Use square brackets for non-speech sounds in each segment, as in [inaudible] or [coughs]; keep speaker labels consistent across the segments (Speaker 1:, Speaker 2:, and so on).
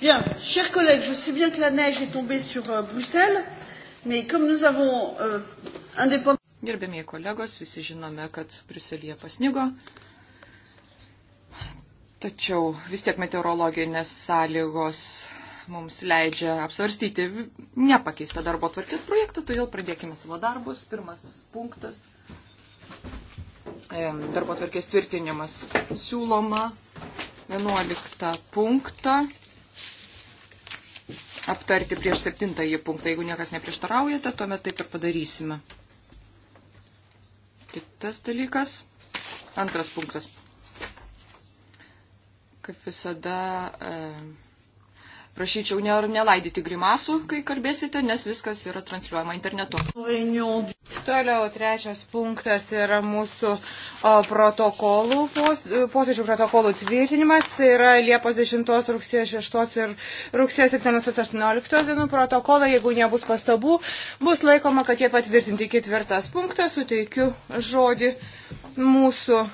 Speaker 1: Bien, chers collègues, je sais bien que la neige est tombée sur euh, Bruxelles, mais comme nous avons euh, indépendant. Gerbėmėjai
Speaker 2: kolegos, visi žinome, kad Bruselėje pasnigo, tačiau vis tiek meteorologinės sąlygos mums leidžia apsvarstyti nepakeistą darbo tvarkės projektą, todėl pradėkime savo darbus. Pirmas punktas. Darbo tvarkės tvirtinimas siūloma 11 punktą aptarti prieš septintąjį punktą. Jeigu niekas neprieštaraujate, tuomet taip ir padarysime. Kitas dalykas. Antras punktas. Kaip visada. E, Prašyčiau ne, nelaidyti grimasų, kai kalbėsite, nes viskas yra transliuojama internetu. Toliau trečias punktas yra mūsų
Speaker 3: protokolų, pos, posėdžių protokolų tvirtinimas. Tai yra Liepos 10, rugsėjo 6 ir rugsėjo 17-18 dienų protokolai. Jeigu nebus pastabų, bus laikoma, kad jie patvirtinti. Ketvirtas punktas, suteikiu žodį mūsų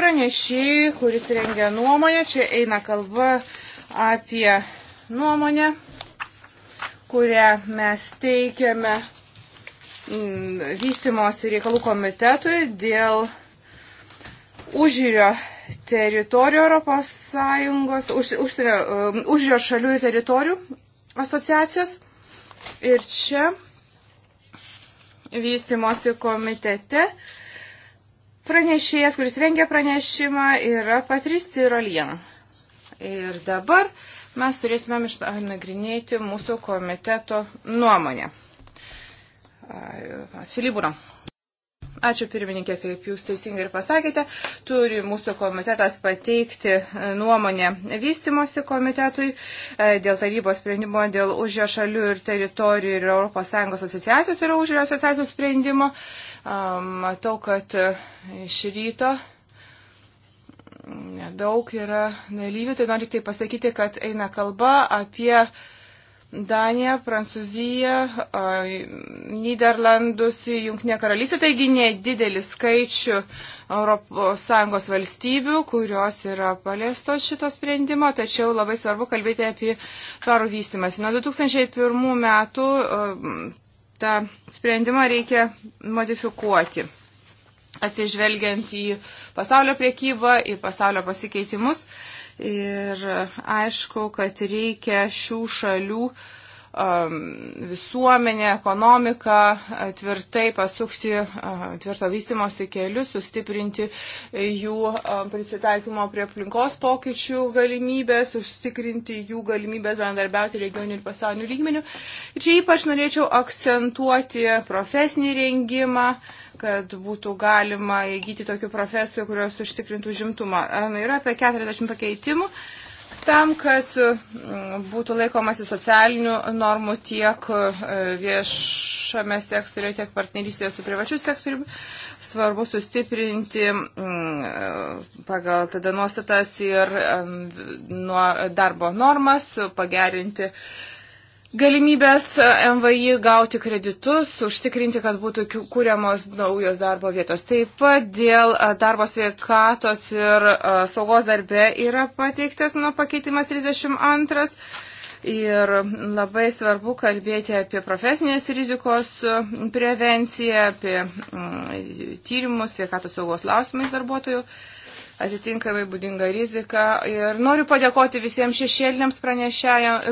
Speaker 3: pranešėjai, kuris rengia nuomonę. Čia eina kalba apie nuomonę, kurią mes teikiame mm, vystimosi reikalų komitetui dėl užžiūrio teritorijų Europos Sąjungos, už, užsienio, um, užžiūrio šalių ir teritorijų asociacijos. Ir čia vystimosi komitete pranešėjas, kuris rengia pranešimą, yra Patristi Rolien. Ir dabar uh, mes turėtumėm išnagrinėti mūsų komiteto nuomonę. Filibūno. Ačiū pirmininkė, kaip jūs teisingai ir pasakėte, turi mūsų komitetas pateikti nuomonę vystimosi komitetui e, dėl tarybos sprendimo, dėl užjo šalių ir teritorijų ir ES asociacijos ir užjo asociacijos sprendimo. Matau, kad iš ryto nedaug yra dalyvių, tai noriu tai pasakyti, kad eina kalba apie Daniją, Prancūziją, Niderlandus, Junktinė karalystė, taigi nedidelis skaičių ES valstybių, kurios yra paliestos šito sprendimo, tačiau labai svarbu kalbėti apie tvarų vystimąsi. Nuo 2001 metų tą sprendimą reikia modifikuoti atsižvelgiant į pasaulio priekybą, į pasaulio pasikeitimus. Ir aišku, kad reikia šių šalių um, visuomenė, ekonomika tvirtai pasukti uh, tvirto vystimosi kelius, sustiprinti jų um, prisitaikymo prie aplinkos pokyčių galimybės, užtikrinti jų galimybės bendarbiauti regionių ir pasaulinių lygmenių. Čia ypač norėčiau akcentuoti profesinį rengimą, uh, kad būtų galima įgyti tokių profesijų, kurios užtikrintų žimtumą. Yra apie 40 pakeitimų tam, kad mm, būtų laikomasi socialinių normų tiek e, viešame sektoriuje, tiek partnerystėje su privačiu sektoriumi. Svarbu sustiprinti mm, e, pagal tada nuostatas ir darbo normas, pagerinti uh, galimybės e, MVI gauti kreditus, užtikrinti, kad būtų kūriamos naujos darbo vietos. Taip pat dėl e, darbo sveikatos ir e, saugos darbe yra pateiktas nuo pakeitimas 32. Ir labai svarbu kalbėti apie profesinės rizikos prevenciją, apie mm, tyrimus sveikatos saugos klausimais darbuotojų atitinkamai būdinga rizika. Ir noriu padėkoti visiems šešėliniams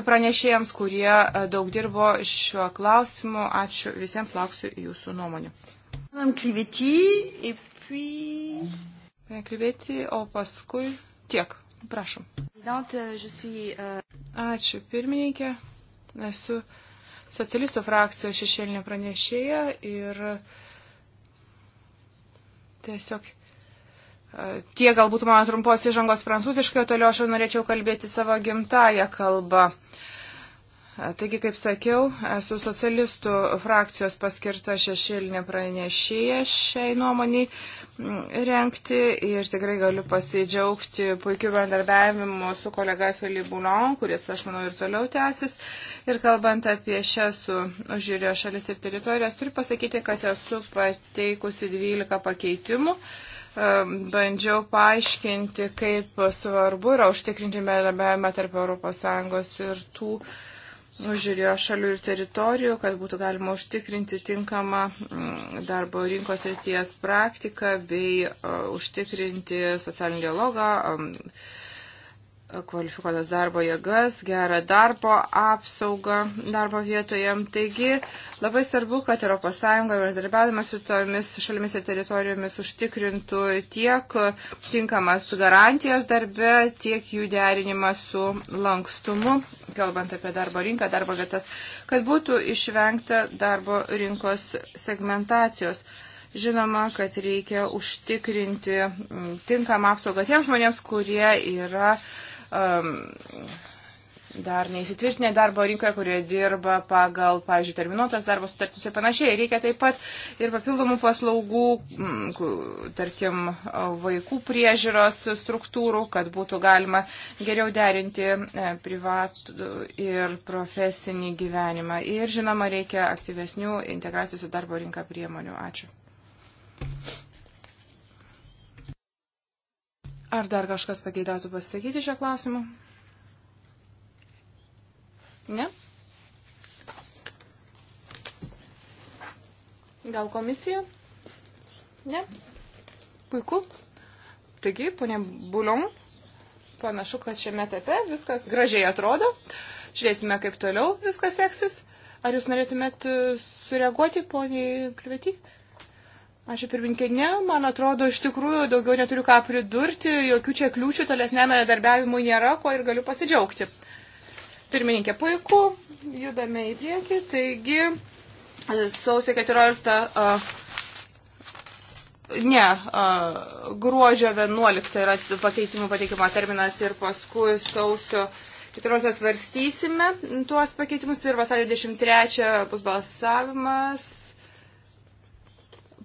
Speaker 3: pranešėjams, kurie e, daug dirbo šiuo klausimu. Ačiū visiems, lauksiu jūsų nuomonių. Pane Krivėti, o paskui tiek. Prašom. Euh, Ačiū pirmininkė. Esu socialistų frakcijos šešėlinė pranešėja ir tiesiog E, tie galbūt mano trumpos įžangos prancūziškai, o toliau aš jau norėčiau kalbėti savo gimtają kalbą. E, taigi, kaip sakiau, esu socialistų frakcijos paskirta šešilinė pranešėja šiai nuomoniai renkti ir tikrai galiu pasidžiaugti puikiu bendarbiavimu su kolega Filip Boulon, kuris, aš manau, ir toliau tęsis. Ir kalbant apie šias užžiūrio šalis ir teritorijas, turiu pasakyti, kad esu pateikusi 12 pakeitimų. Uh, bandžiau paaiškinti, kaip svarbu yra užtikrinti bendrabiavimą tarp ES ir tų žiūrėjo šalių ir teritorijų, kad būtų galima užtikrinti tinkamą
Speaker 2: mm,
Speaker 3: darbo rinkos ryties praktiką bei e, užtikrinti socialinį dialogą, kvalifikuotas darbo jėgas, gerą darbo apsaugą darbo vietoje. Taigi labai svarbu, kad ES bendradarbiavimas su tomis šalimis ir teritorijomis užtikrintų tiek tinkamas garantijas darbe, tiek jų derinimą su lankstumu, kalbant apie darbo rinką, darbo vietas, kad būtų išvengta darbo rinkos segmentacijos. Žinoma, kad reikia užtikrinti tinkamą apsaugą tiems žmonėms, kurie yra uh, um, dar neįsitvirtinę darbo rinkoje, kurie dirba pagal, pavyzdžiui, terminuotas darbo sutartis ir panašiai. Reikia taip pat ir papildomų paslaugų, tarkim, vaikų priežiūros struktūrų, kad būtų galima geriau derinti e, privatų ir profesinį gyvenimą. Ir, žinoma, reikia aktyvesnių integracijos į darbo rinką priemonių. Ačiū. Ar dar kažkas pageidautų pasakyti šio klausimu? Ne? Gal komisija? Ne? Puiku. Taigi, ponė Buliom, panašu, kad šiame etape viskas gražiai atrodo. Žiūrėsime, kaip toliau viskas seksis. Ar jūs norėtumėt sureaguoti, ponė Kliuvetį? Ačiū pirminkė, ne, man atrodo, iš tikrųjų daugiau neturiu ką pridurti, jokių čia kliūčių tolesnėme darbiavimui nėra, ko ir galiu pasidžiaugti. Pirmininkė, puiku, judame į priekį, taigi sausio 14. Uh, ne, uh, gruodžio 11 yra pakeitimų pateikimo terminas ir paskui sausio 14 svarstysime tuos pakeitimus ir vasario 23 bus balsavimas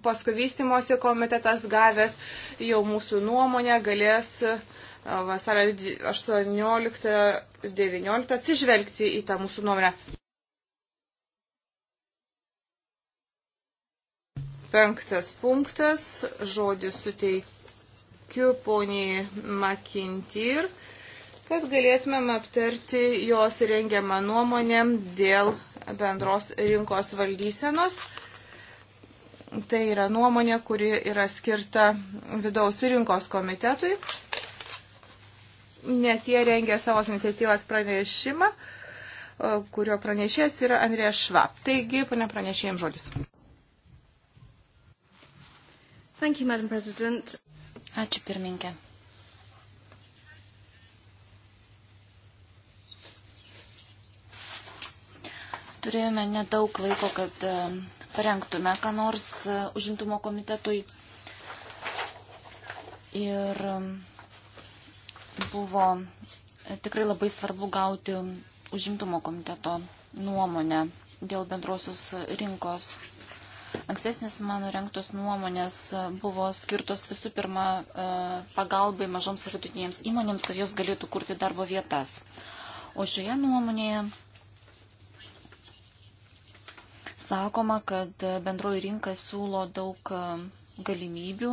Speaker 3: paskui vystimosi komitetas gavęs jau mūsų nuomonę galės e, vasario 18-19 atsižvelgti į tą mūsų nuomonę. Penktas punktas, žodis suteikiu poniai Makintyr kad galėtumėm aptarti jos rengiamą nuomonę dėl bendros rinkos valdysenos. Tai yra nuomonė, kuri yra skirta vidaus rinkos komitetui, nes jie rengia savo iniciatyvos pranešimą, kurio pranešės yra Andrė Švab. Taigi, pane pranešėjim
Speaker 1: žodis.
Speaker 4: Thank you, Madam President. Ačiū pirmininkė. Turėjome nedaug laiko, kad parengtume ką nors e, užimtumo komitetui. Ir buvo e, tikrai labai svarbu gauti užimtumo komiteto nuomonę dėl bendrosios rinkos. Ankstesnės mano renktos nuomonės e, buvo skirtos visų pirma pagalbai mažoms ir vidutinėms įmonėms, kad jos galėtų kurti darbo vietas. O šioje nuomonėje sakoma, kad bendroji rinka siūlo daug e, galimybių,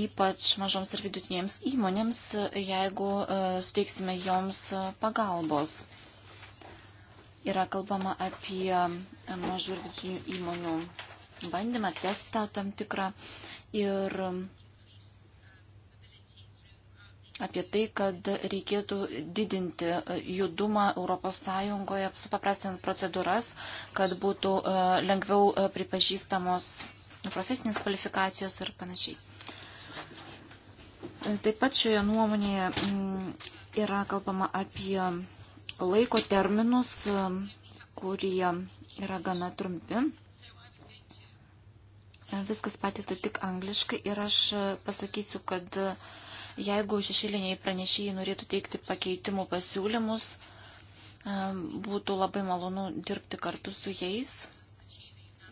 Speaker 4: ypač mažoms ir vidutinėms įmonėms, jeigu e, suteiksime joms e, pagalbos. Yra kalbama apie mažų ir vidutinių įmonių bandymą, testą tam tikrą ir apie tai, kad reikėtų didinti e, judumą ES, supaprastinant procedūras, kad būtų e, lengviau e, pripažįstamos profesinės kvalifikacijos ir panašiai. Taip pat šioje nuomonėje mm, yra kalbama apie laiko terminus, kurie yra gana trumpi. Viskas patikta tik angliškai ir aš pasakysiu, kad uh, Jeigu šešėliniai pranešėjai norėtų teikti pakeitimų pasiūlymus, e, būtų labai malonu dirbti kartu su jais,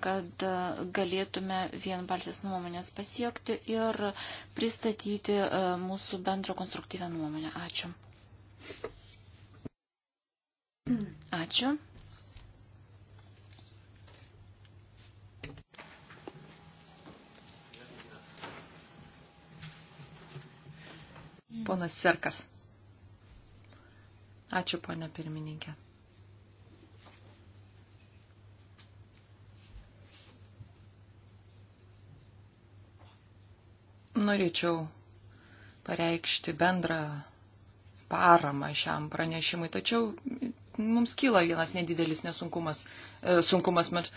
Speaker 4: kad e, galėtume vienbalsės nuomonės pasiekti ir pristatyti e, mūsų bendrą konstruktyvę nuomonę. Ačiū. Ačiū.
Speaker 2: Ponas Serkas. Ačiū, ponia pirmininkė. Norėčiau pareikšti bendrą paramą šiam pranešimui, tačiau mums kyla vienas nedidelis nesunkumas, e, sunkumas, bet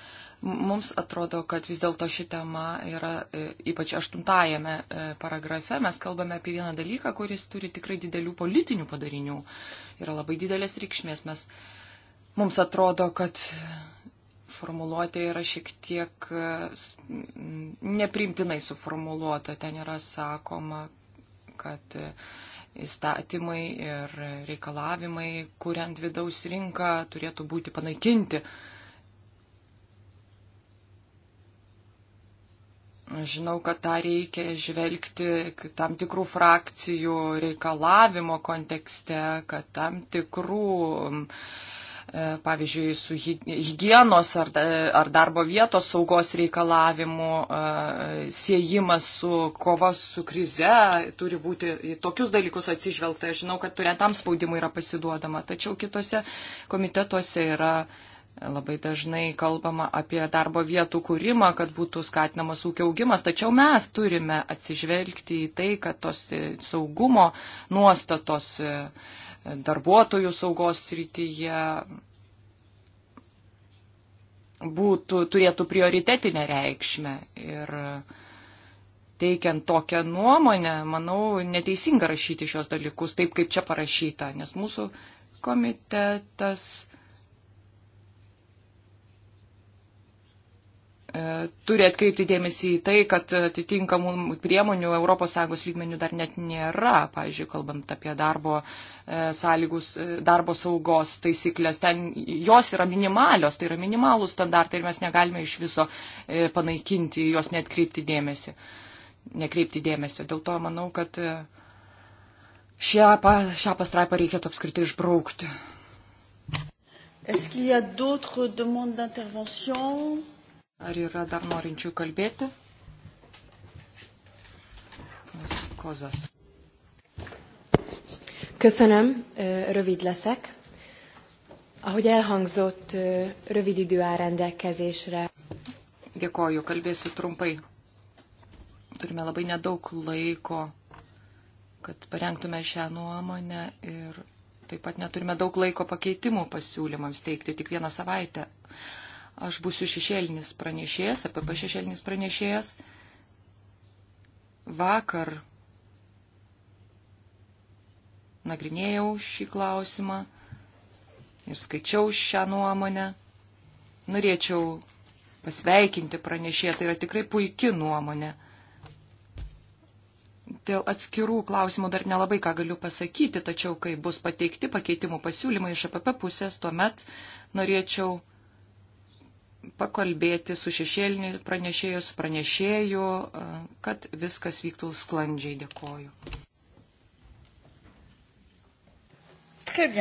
Speaker 2: Mums atrodo, kad vis dėlto ši tema yra e, ypač aštuntajame e, paragrafe. Mes kalbame apie vieną dalyką, kuris turi tikrai didelių politinių padarinių. Yra labai didelės reikšmės. Mes, mums atrodo, kad formuluotė yra šiek tiek e, neprimtinai suformuluota. Ten yra sakoma, kad įstatymai ir reikalavimai, kuriant vidaus rinką, turėtų būti panaikinti. Žinau, kad tą reikia žvelgti tam tikrų frakcijų reikalavimo kontekste, kad tam tikrų, e, pavyzdžiui, su hygienos e, ar darbo vietos saugos reikalavimu e, siejimas su kovos su krize turi būti į tokius dalykus atsižvelgta. Žinau, kad turėtam spaudimui yra pasiduodama, tačiau kitose komitetuose yra Labai dažnai kalbama apie darbo vietų kūrimą, kad būtų skatinamas ūkio augimas, tačiau mes turime atsižvelgti į tai, kad tos e, saugumo nuostatos e, darbuotojų saugos srityje būtų, turėtų prioritetinę reikšmę. Ir teikiant tokią nuomonę, manau, neteisinga rašyti šios dalykus taip, kaip čia parašyta, nes mūsų komitetas E, turi atkreipti dėmesį į tai, kad atitinkamų priemonių ES lygmenių dar net nėra, pavyzdžiui, kalbant apie darbo e, sąlygus, e, darbo saugos taisyklės, ten jos yra minimalios, tai yra minimalų standartai ir mes negalime iš viso panaikinti, jos netkreipti dėmesį. Nekreipti dėmesio. Dėl to manau, kad šią, šią pastraipą reikėtų apskritai išbraukti.
Speaker 1: Est-ce qu'il y a d'autres demandes d'intervention
Speaker 2: Ar yra dar norinčių kalbėti? Kozas. Köszönöm, rövid leszek. Ahogy elhangzott, rövid idő áll rendelkezésre. Dėkoju, kalbėsiu trumpai. Turime labai nedaug laiko, kad parengtume šią nuomonę ir taip pat neturime daug laiko pakeitimų pasiūlymams teikti, tik vieną savaitę. Uh, Aš būsiu šešėlinis pranešėjas, APP šešėlinis pranešėjas. Vakar nagrinėjau šį klausimą ir skaičiau šią nuomonę. Norėčiau pasveikinti pranešėją, tai yra tikrai puikia nuomonė. Dėl atskirų klausimų dar nelabai ką galiu pasakyti, tačiau kai bus pateikti pakeitimų pasiūlymai iš APP pusės, tuomet norėčiau pakalbėti su šešėliniu pranešėju, su pranešėju, e, kad viskas vyktų sklandžiai. Dėkoju.
Speaker 1: Euh,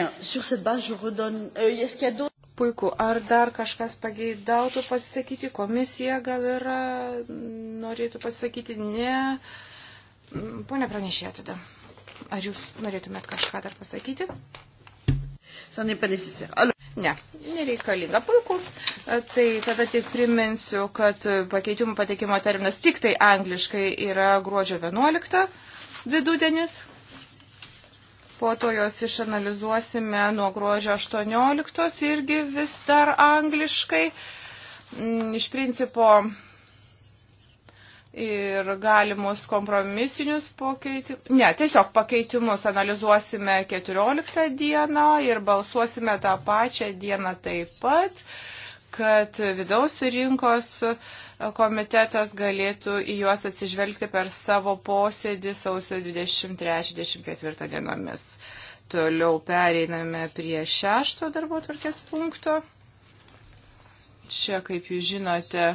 Speaker 1: Puiku. Ar dar kažkas
Speaker 3: pageidautų pasisakyti? Komisija gal yra, norėtų pasisakyti? Ne. Mm, pone pranešė tada. Ar jūs norėtumėt kažką dar pasakyti? Ça n'est pas nécessaire. Alors... Ne, nereikalinga. Puiku. Tai tada tik priminsiu, kad pakeitimų pateikimo terminas tik tai angliškai yra gruodžio 11 vidudienis. Po to jos išanalizuosime nuo gruodžio 18 irgi vis dar angliškai. Mm, iš principo ir galimus kompromisinius pakeitimus. Ne, tiesiog pakeitimus analizuosime 14 dieną ir balsuosime tą pačią dieną taip pat, kad vidaus rinkos komitetas galėtų į juos atsižvelgti per savo posėdį sausio 23-24 dienomis. Toliau pereiname prie šešto darbo tvarkės punkto. Čia, kaip jūs žinote,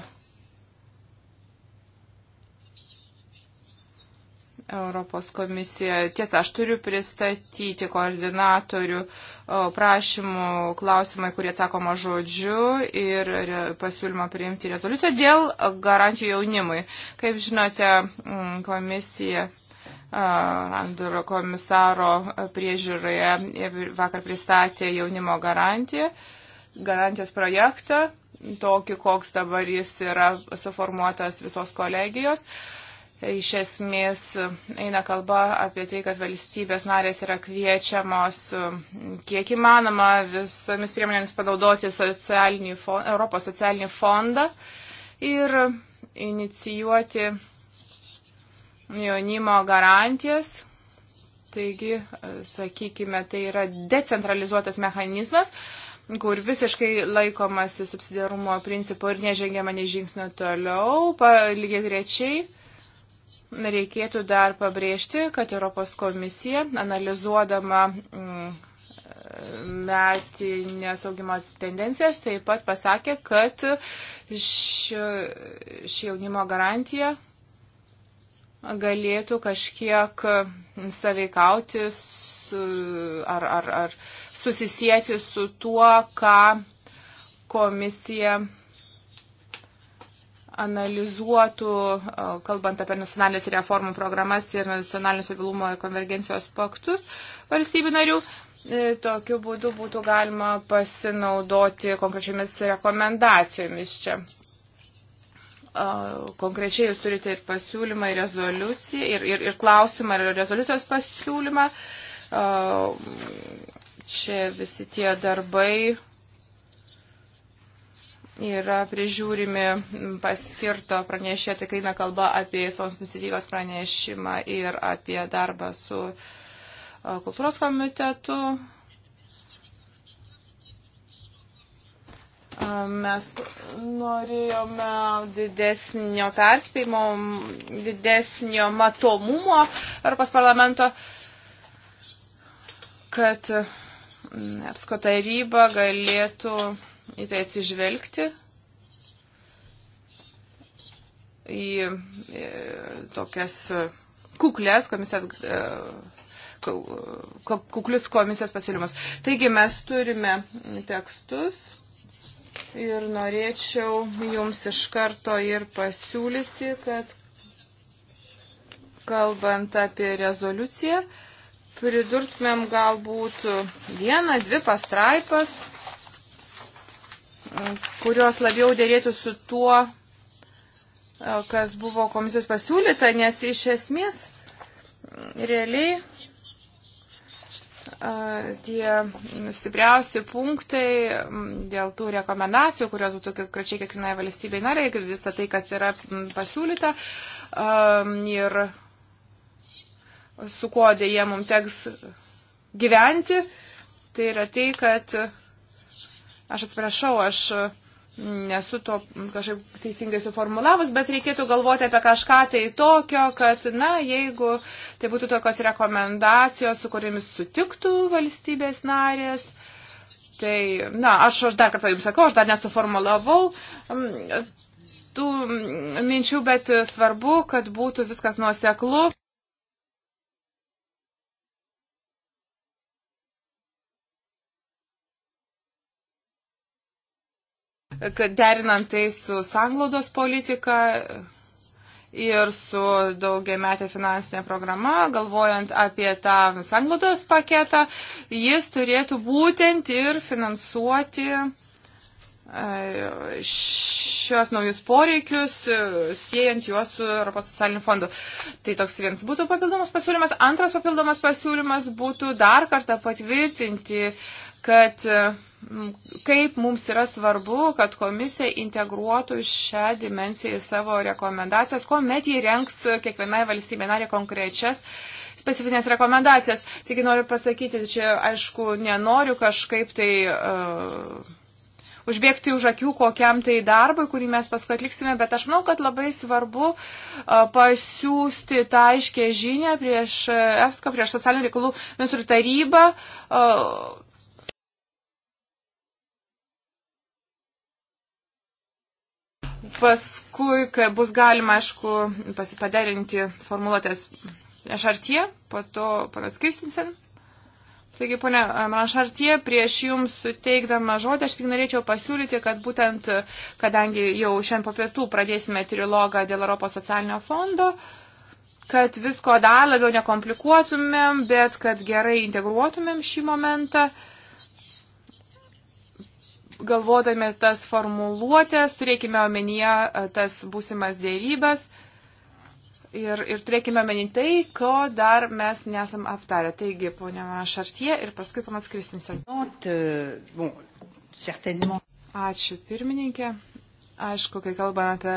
Speaker 3: Europos komisija. Tiesa, aš turiu pristatyti koordinatorių prašymų klausimai, kurie atsakoma žodžiu ir pasiūlymą priimti rezoliuciją dėl garantijų jaunimui. Kaip žinote, komisija Randuro komisaro priežiūroje vakar pristatė jaunimo garantiją, garantijos projektą, tokį, koks dabar jis yra suformuotas visos kolegijos. Uh, Iš esmės eina kalba apie tai, kad valstybės narės yra kviečiamos kiek įmanoma visomis priemonėmis panaudoti socialinį fond, Europos socialinį fondą ir inicijuoti jaunimo garantijas. Taigi, sakykime, tai yra decentralizuotas mechanizmas, kur visiškai laikomasi subsidiarumo principo ir nežengiama nei žingsnio toliau, lygiai grečiai reikėtų dar pabrėžti, kad Europos komisija, analizuodama mm, metinės augimo tendencijas, taip pat pasakė, kad ši, ši jaunimo garantija galėtų kažkiek saveikauti su, ar, ar, ar susisieti su tuo, ką komisija analizuotų, kalbant apie nacionalinės reformų programas ir nacionalinės stabilumo ir konvergencijos paktus valstybių narių. E, tokiu būdu būtų galima pasinaudoti konkrečiomis rekomendacijomis čia. Konkrečiai jūs turite ir pasiūlymą, ir rezoliuciją, ir, ir, ir klausimą, ir rezoliucijos pasiūlymą. Čia visi tie darbai yra prižiūrimi paskirto pranešė, tai kaina kalba apie savo iniciatyvos pranešimą ir apie darbą su kultūros komitetu. Mes norėjome didesnio perspėjimo, didesnio matomumo Europos parlamento, kad apsko taryba galėtų į tai atsižvelgti, į e, tokias kuklės komisijos e, kuklius komisijos pasiūlymus. Taigi mes turime tekstus ir norėčiau jums iš karto ir pasiūlyti, kad kalbant apie rezoliuciją, pridurtumėm galbūt vieną, dvi pastraipas kurios labiau dėrėtų su tuo, e, kas buvo komisijos pasiūlyta, nes iš esmės mm, realiai e, tie stipriausi punktai mm, dėl tų rekomendacijų, kurios būtų konkrečiai kiekvienai valstybei nariai, visą tai, kas yra mm, pasiūlyta ir su kuo dėje mums teks gyventi, tai yra tai, kad Aš atsiprašau, aš e, nesu to kažkaip teisingai suformulavus, bet reikėtų galvoti apie kažką tai tokio, kad, na, jeigu tai būtų tokios rekomendacijos, su kuriamis sutiktų valstybės narės. Tai, na, aš, aš dar kartą jums sakau, aš dar nesuformulavau tų minčių, bet svarbu, kad būtų viskas nuoseklu. kad derinant tai su sanglaudos politika ir su daugiametė finansinė programa, galvojant apie tą sanglaudos paketą, jis turėtų būtent ir finansuoti e, šios naujus poreikius, e, siejant juos su Europos socialiniu fondu. Tai toks vienas būtų papildomas pasiūlymas. Antras papildomas pasiūlymas būtų dar kartą patvirtinti, kad uh, kaip mums yra svarbu, kad komisija integruotų šią dimensiją į savo rekomendacijas, kuomet jie renks kiekvienai valstybė narė konkrečias specifines rekomendacijas. Taigi noriu pasakyti, čia aišku, nenoriu kažkaip tai. Uh, užbėgti už akių kokiam tai darbui, kurį mes paskui atliksime, bet aš manau, kad labai svarbu uh, pasiūsti tą aiškę žinę prieš uh, EFSKA, prieš socialinių reikalų ministrų tarybą, uh, paskui, kai bus galima, aišku, pasipaderinti formuluotės Šartie, po to panas Kristinsen. Taigi, ponė Manšartie, prieš jums suteikdama žodį, aš tik norėčiau pasiūlyti, kad būtent, kadangi jau šiandien po pietų pradėsime trilogą dėl Europos socialinio fondo, kad visko dar labiau nekomplikuotumėm, bet kad gerai integruotumėm šį momentą. Uh, galvodami tas formuluotės, turėkime omenyje e, tas būsimas dėrybas ir, ir turėkime omeny tai, ko dar mes nesam aptarę. Taigi, ponia Šartie ir paskui panas Kristinsen. Euh, Ačiū, pirmininkė. Aišku, kai kalbame apie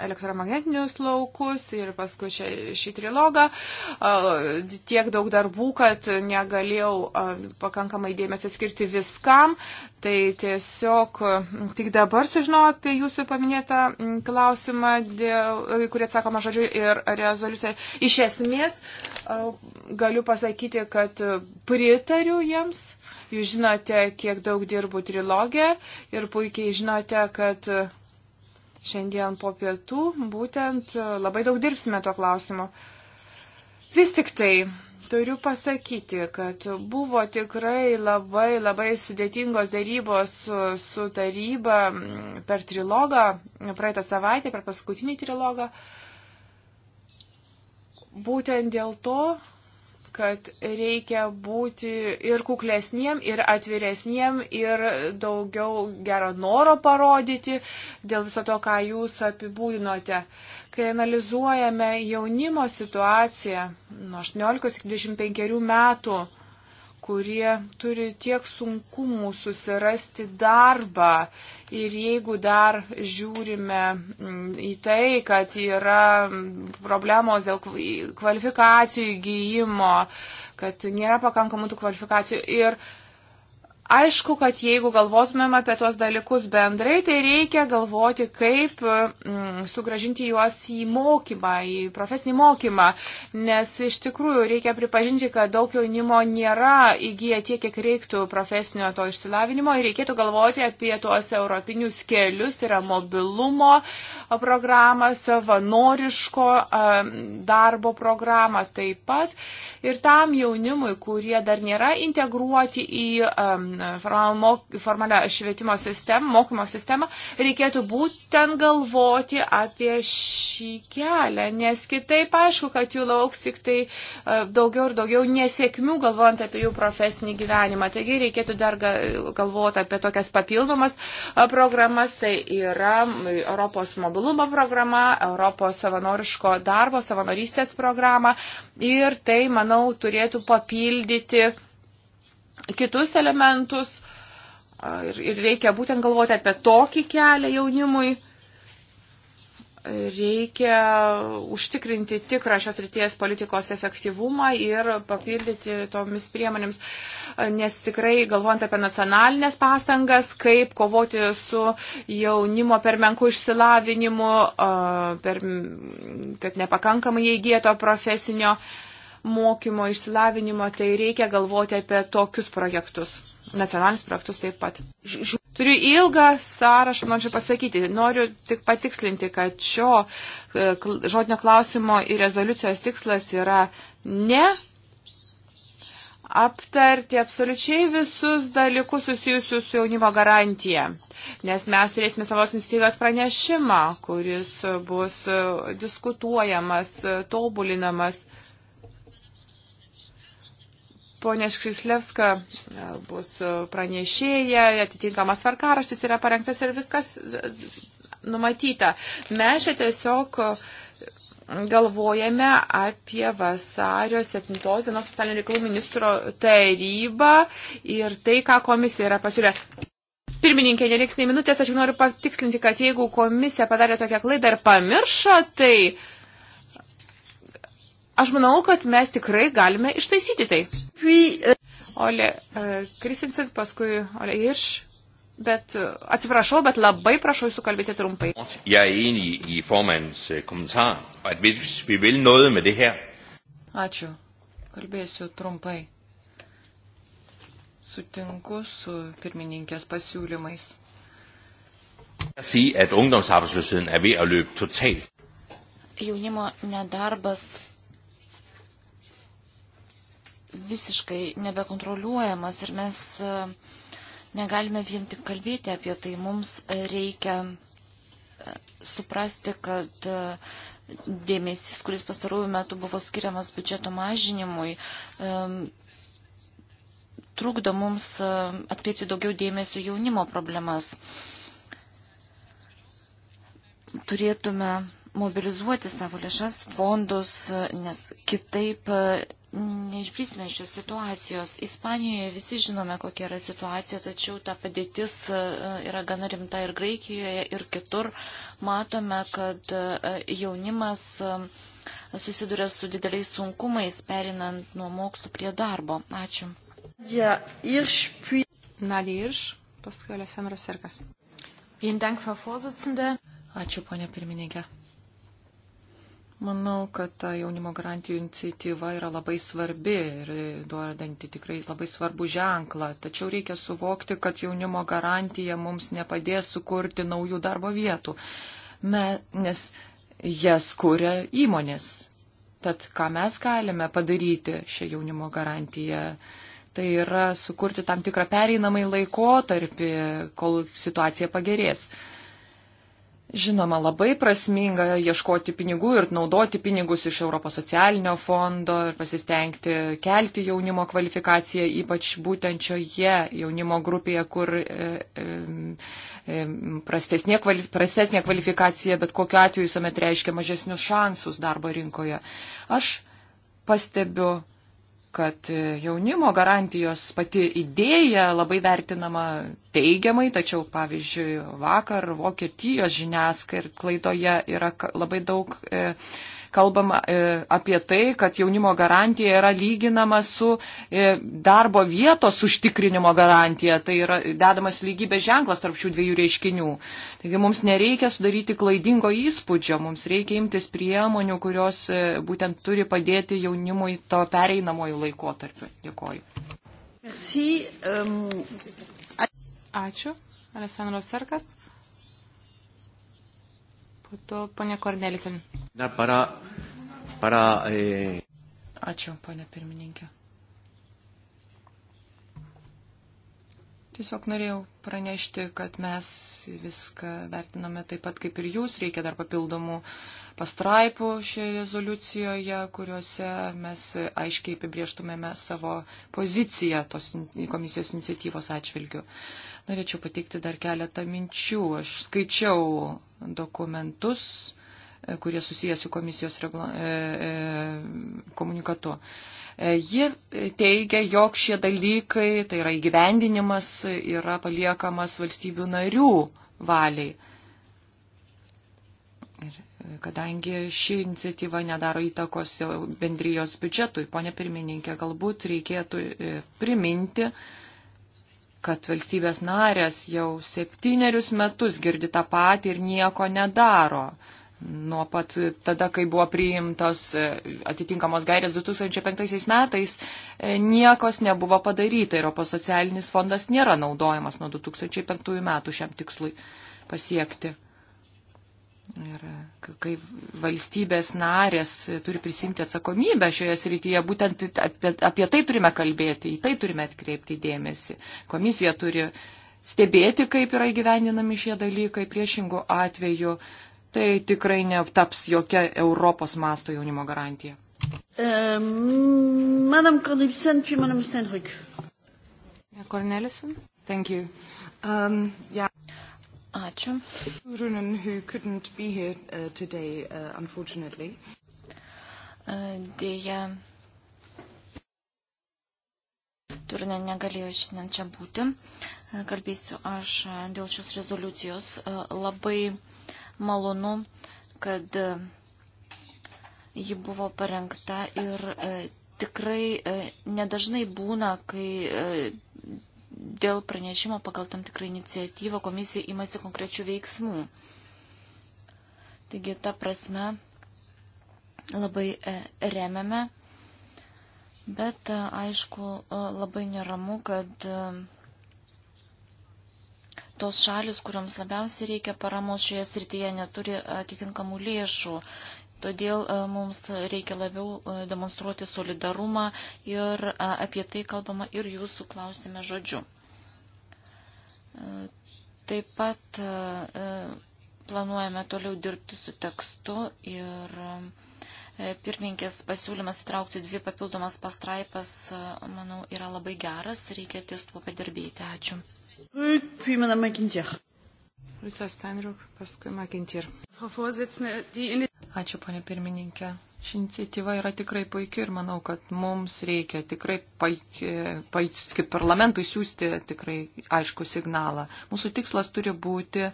Speaker 3: elektromagnetinius laukus ir paskui šį, šį trilogą, tiek daug darbų, kad negalėjau pakankamai dėmesio skirti viskam, tai tiesiog tik dabar sužinojau apie jūsų paminėtą klausimą, dėl, kurį atsakoma žodžiu ir rezoliucija. Iš esmės galiu pasakyti, kad pritariu jiems Jūs žinote, kiek daug dirbu trilogė ir puikiai žinote, kad šiandien po pietų būtent labai daug dirbsime tuo klausimu. Vis tik tai turiu pasakyti, kad buvo tikrai labai labai sudėtingos darybos su, su taryba per trilogą, praeitą savaitę, per paskutinį trilogą. Būtent dėl to, kad reikia būti ir kuklesniem, ir atviresniem, ir daugiau gero noro parodyti dėl viso to, ką jūs apibūdinote. Kai analizuojame jaunimo situaciją nuo 18 iki 25 metų, kurie turi tiek sunkumų susirasti darbą, Ir jeigu dar žiūrime mm, į tai, kad yra problemos dėl kvalifikacijų įgyjimo, kad nėra pakankamų tų kvalifikacijų ir uh, Aišku, kad jeigu galvotumėm apie tuos dalykus bendrai, tai reikia galvoti, kaip mm, sugražinti juos į mokymą, į profesinį mokymą, nes iš tikrųjų reikia pripažinti, kad daug jaunimo nėra įgyję tiek, kiek reiktų profesinio to išsilavinimo ir reikėtų galvoti apie tuos europinius kelius, tai yra mobilumo programą, savanoriško darbo programą taip pat. Ir tam jaunimui, kurie dar nėra integruoti į um, formalią švietimo sistemą, mokymo sistemą, reikėtų būtent galvoti apie šį kelią, nes kitaip aišku, kad jų lauks tik tai e, daugiau ir daugiau nesėkmių galvojant apie jų profesinį gyvenimą. Taigi reikėtų dar galvoti apie tokias papildomas e, programas, tai yra Europos mobilumo programa, Europos savanoriško darbo, savanorystės programa ir tai, manau, turėtų papildyti kitus elementus. Ir, ir reikia būtent galvoti apie tokį kelią jaunimui. Reikia užtikrinti tikrą šios ryties politikos efektyvumą ir papildyti tomis priemonėms, nes tikrai galvojant apie nacionalinės pastangas, kaip kovoti su jaunimo per menku išsilavinimu, per, kad nepakankamai įgyto profesinio uh, mokymo, išsilavinimo, tai reikia galvoti apie tokius projektus nacionalinius projektus taip pat. Turiu ilgą sąrašą, man čia pasakyti. Noriu tik patikslinti, kad šio e, žodinio klausimo ir rezoliucijos tikslas yra ne aptarti absoliučiai visus dalykus susijusius su jaunimo garantija. Nes mes turėsime savo iniciatyvės pranešimą, kuris bus e, diskutuojamas, e, tobulinamas ponė Škrislevska e, bus e, pranešėja, atitinkamas varkaraštis yra parengtas ir viskas e, numatyta. Mes čia tiesiog galvojame apie vasario 7 dienos socialinių reikalų ministro tarybą ir tai, ką komisija yra pasiūlę. Pirmininkė, nereiks nei minutės, aš noriu patikslinti, kad jeigu komisija padarė tokią klaidą ir pamiršo, tai uh, Aš manau, kad mes tikrai galime ištaisyti tai. Euh, Ole e, Kristinsen, paskui Ole Irš. Bet e, atsiprašau, bet labai
Speaker 2: prašau jūsų kalbėti trumpai.
Speaker 3: Jeg er enig i formandens e, kommentar, og at hvis vi vil
Speaker 2: noget med det her. Ačiū. Kalbėsiu trumpai. Sutinku su pirmininkės pasiūlymais. Sige, at ungdomsarbejdsløsheden er ved at løbe totalt.
Speaker 4: Jaunimo nedarbas visiškai nebekontroliuojamas ir mes e, negalime vien tik kalbėti apie tai. Mums reikia e, suprasti, kad e, dėmesys, kuris pastarųjų metų buvo skiriamas biudžeto mažinimui, trukdo mums atkreipti daugiau dėmesio jaunimo problemas. Turėtume mobilizuoti savo lėšas, fondus, nes kitaip neišbrisime šios situacijos. Ispanijoje visi žinome, kokia yra situacija, tačiau ta padėtis e, yra gana rimta ir Graikijoje, ir kitur. Matome, kad e, jaunimas e, susiduria su dideliais sunkumais, perinant nuo mokslų prie darbo. Ačiū. Ja, irš, pui... Nadė Irš, paskui Alessandro Serkas.
Speaker 2: Ačiū, ponė pirmininkė. Manau, kad ta jaunimo garantijų iniciatyva yra labai svarbi ir duodanti tikrai labai svarbų ženklą. Tačiau reikia suvokti, kad jaunimo garantija mums nepadės sukurti naujų darbo vietų, Me, nes jas kuria įmonės. Tad ką mes galime padaryti šią jaunimo garantiją? Tai yra sukurti tam tikrą pereinamąjį laikotarpį, kol situacija pagerės. Žinoma, labai prasminga ieškoti pinigų ir naudoti pinigus iš Europos socialinio fondo ir pasistengti kelti jaunimo kvalifikaciją, ypač būtent šioje jaunimo grupėje, kur e, e, prastesnė, kvalif prastesnė kvalifikacija, bet kokiu atveju visuomet reiškia mažesnius šansus darbo rinkoje. Aš pastebiu kad jaunimo garantijos pati idėja labai vertinama teigiamai, tačiau pavyzdžiui vakar Vokietijos žiniasklaidoje yra labai daug e, kalbama e, apie tai, kad jaunimo garantija yra lyginama su e, darbo vietos užtikrinimo garantija. Tai yra dedamas lygybės ženklas tarp šių dviejų reiškinių. Taigi mums nereikia sudaryti klaidingo įspūdžio, mums reikia imtis priemonių, kurios e, būtent turi padėti jaunimui to pereinamojų laikotarpiu. Dėkoju.
Speaker 3: Merci, um... Ačiū. Alessandro Serkas. Po to, ponė Kornelisen.
Speaker 1: Na, para, para, e...
Speaker 2: Ačiū, ponė pirmininkė. Tiesiog norėjau pranešti, kad mes viską vertiname taip pat kaip ir jūs. Reikia dar papildomų pastraipų šioje rezoliucijoje, kuriuose mes aiškiai apibrieštumėme savo poziciją tos komisijos iniciatyvos atžvilgių. Norėčiau pateikti dar keletą minčių. Aš skaičiau dokumentus, e, kurie susijęs su komisijos regla, e, e, komunikatu. E, ji teigia, jog šie dalykai, tai yra įgyvendinimas, yra paliekamas valstybių narių valiai. Ir e, kadangi ši iniciatyva nedaro įtakos bendrijos biudžetui, ponė pirmininkė, galbūt reikėtų e, priminti, kad valstybės narės jau septynerius metus girdi tą patį ir nieko nedaro. Nuo pat tada, kai buvo priimtos e, atitinkamos gairės 2005 metais, e, niekas nebuvo padaryta. Europos socialinis fondas nėra naudojamas nuo 2005 metų šiam tikslui pasiekti. Ir kai valstybės narės turi prisimti atsakomybę šioje srityje, būtent apie, apie tai turime kalbėti, į tai turime atkreipti dėmesį. Komisija turi stebėti, kaip yra įgyveninami šie dalykai, priešingų atveju tai tikrai netaps jokia Europos masto jaunimo garantija.
Speaker 1: Um, e, Madam Cornelissen, puis Madam Steinrück. Cornelissen. Thank you. Um, yeah. Ačiū.
Speaker 3: Uh,
Speaker 4: uh, dėja, Turinė negalėjo šiandien čia būti. Kalbėsiu aš dėl šios rezoliucijos. Labai malonu, kad ji buvo parengta ir tikrai nedažnai būna, kai dėl pranešimo pagal tam tikrą iniciatyvą komisija imasi konkrečių veiksmų. Taigi, ta prasme, labai e, remiame, bet, e, aišku, e, labai neramu, kad tos šalis, kuriuoms labiausiai reikia paramos šioje srityje, neturi atitinkamų lėšų. Todėl e, mums reikia labiau e, demonstruoti solidarumą ir e, apie tai kalbama ir jūsų klausime žodžiu. Taip pat planuojame toliau dirbti su tekstu ir pirmininkės pasiūlymas įtraukti dvi papildomas pastraipas, manau, yra labai geras, reikia ties tuo padirbėti. Ačiū.
Speaker 1: Puis Madame McIntyre.
Speaker 4: Liutas
Speaker 2: Steinruk, paskui Magintir. Ačiū, ponė pirmininkė. Ši iniciatyva yra tikrai puikia ir manau, kad mums reikia tikrai, paikia, paikia, kaip parlamentui, siūsti tikrai aišku signalą. Mūsų tikslas turi būti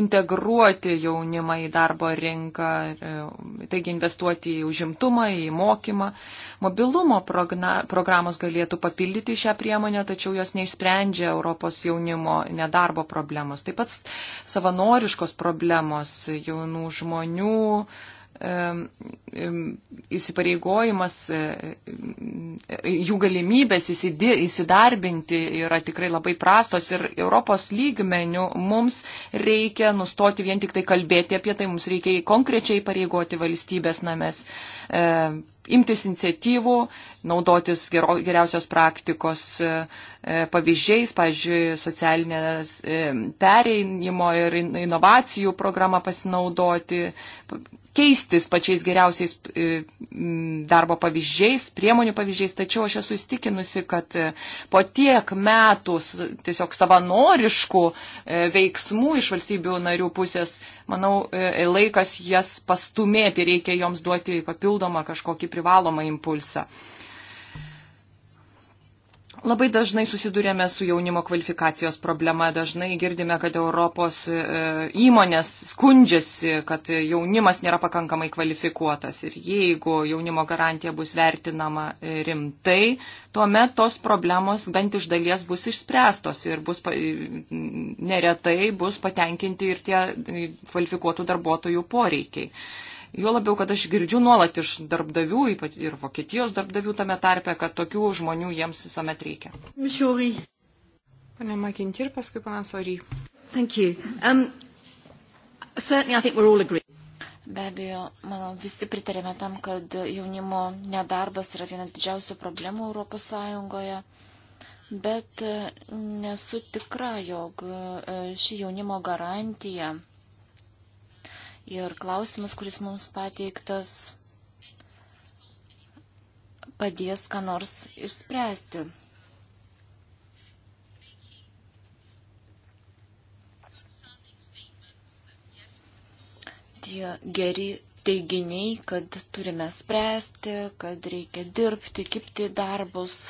Speaker 2: integruoti jaunimą į darbo rinką, e, taigi investuoti į užimtumą, į mokymą. Mobilumo programos galėtų papildyti šią priemonę, tačiau jos neišsprendžia Europos jaunimo nedarbo problemos. Taip pat savanoriškos problemos jaunų žmonių įsipareigojimas, e, e, jų galimybės įsidarbinti yra tikrai labai prastos ir Europos lygmenių mums reikia nustoti vien tik tai kalbėti apie tai, mums reikia konkrečiai pareigoti valstybės namės, e, imtis iniciatyvų, naudotis geriausios praktikos pavyzdžiais, pavyzdžiui, socialinės perėjimo ir inovacijų programą pasinaudoti, keistis pačiais geriausiais e, darbo pavyzdžiais, priemonių pavyzdžiais, tačiau aš esu įstikinusi, kad e, po tiek metų tiesiog savanoriškų e, veiksmų iš valstybių narių pusės, manau, laikas jas pastumėti, reikia joms duoti papildomą kažkokį privalomą impulsą. Labai dažnai susidurėme su jaunimo kvalifikacijos problema, dažnai girdime, kad Europos e, įmonės skundžiasi, kad jaunimas nėra pakankamai kvalifikuotas ir jeigu jaunimo garantija bus vertinama e, rimtai, tuomet tos problemos bent iš dalies bus išspręstos ir bus, neretai bus patenkinti ir tie kvalifikuotų darbuotojų poreikiai. Jo labiau, kad aš girdžiu nuolat iš darbdavių, ypač ir Vokietijos darbdavių tame tarpe, kad tokių žmonių jiems visuomet reikia.
Speaker 4: Mišiori. Pane Makinti ir paskui panas Ory. Um, Be abejo, manau, visi pritarėme tam, kad jaunimo nedarbas yra viena didžiausių problemų Europos Sąjungoje. Bet e, nesu tikra, jog e, ši jaunimo garantija Ir klausimas, kuris mums pateiktas, padės ką nors išspręsti. Tie geri teiginiai, kad turime spręsti, kad reikia dirbti, kipti darbus,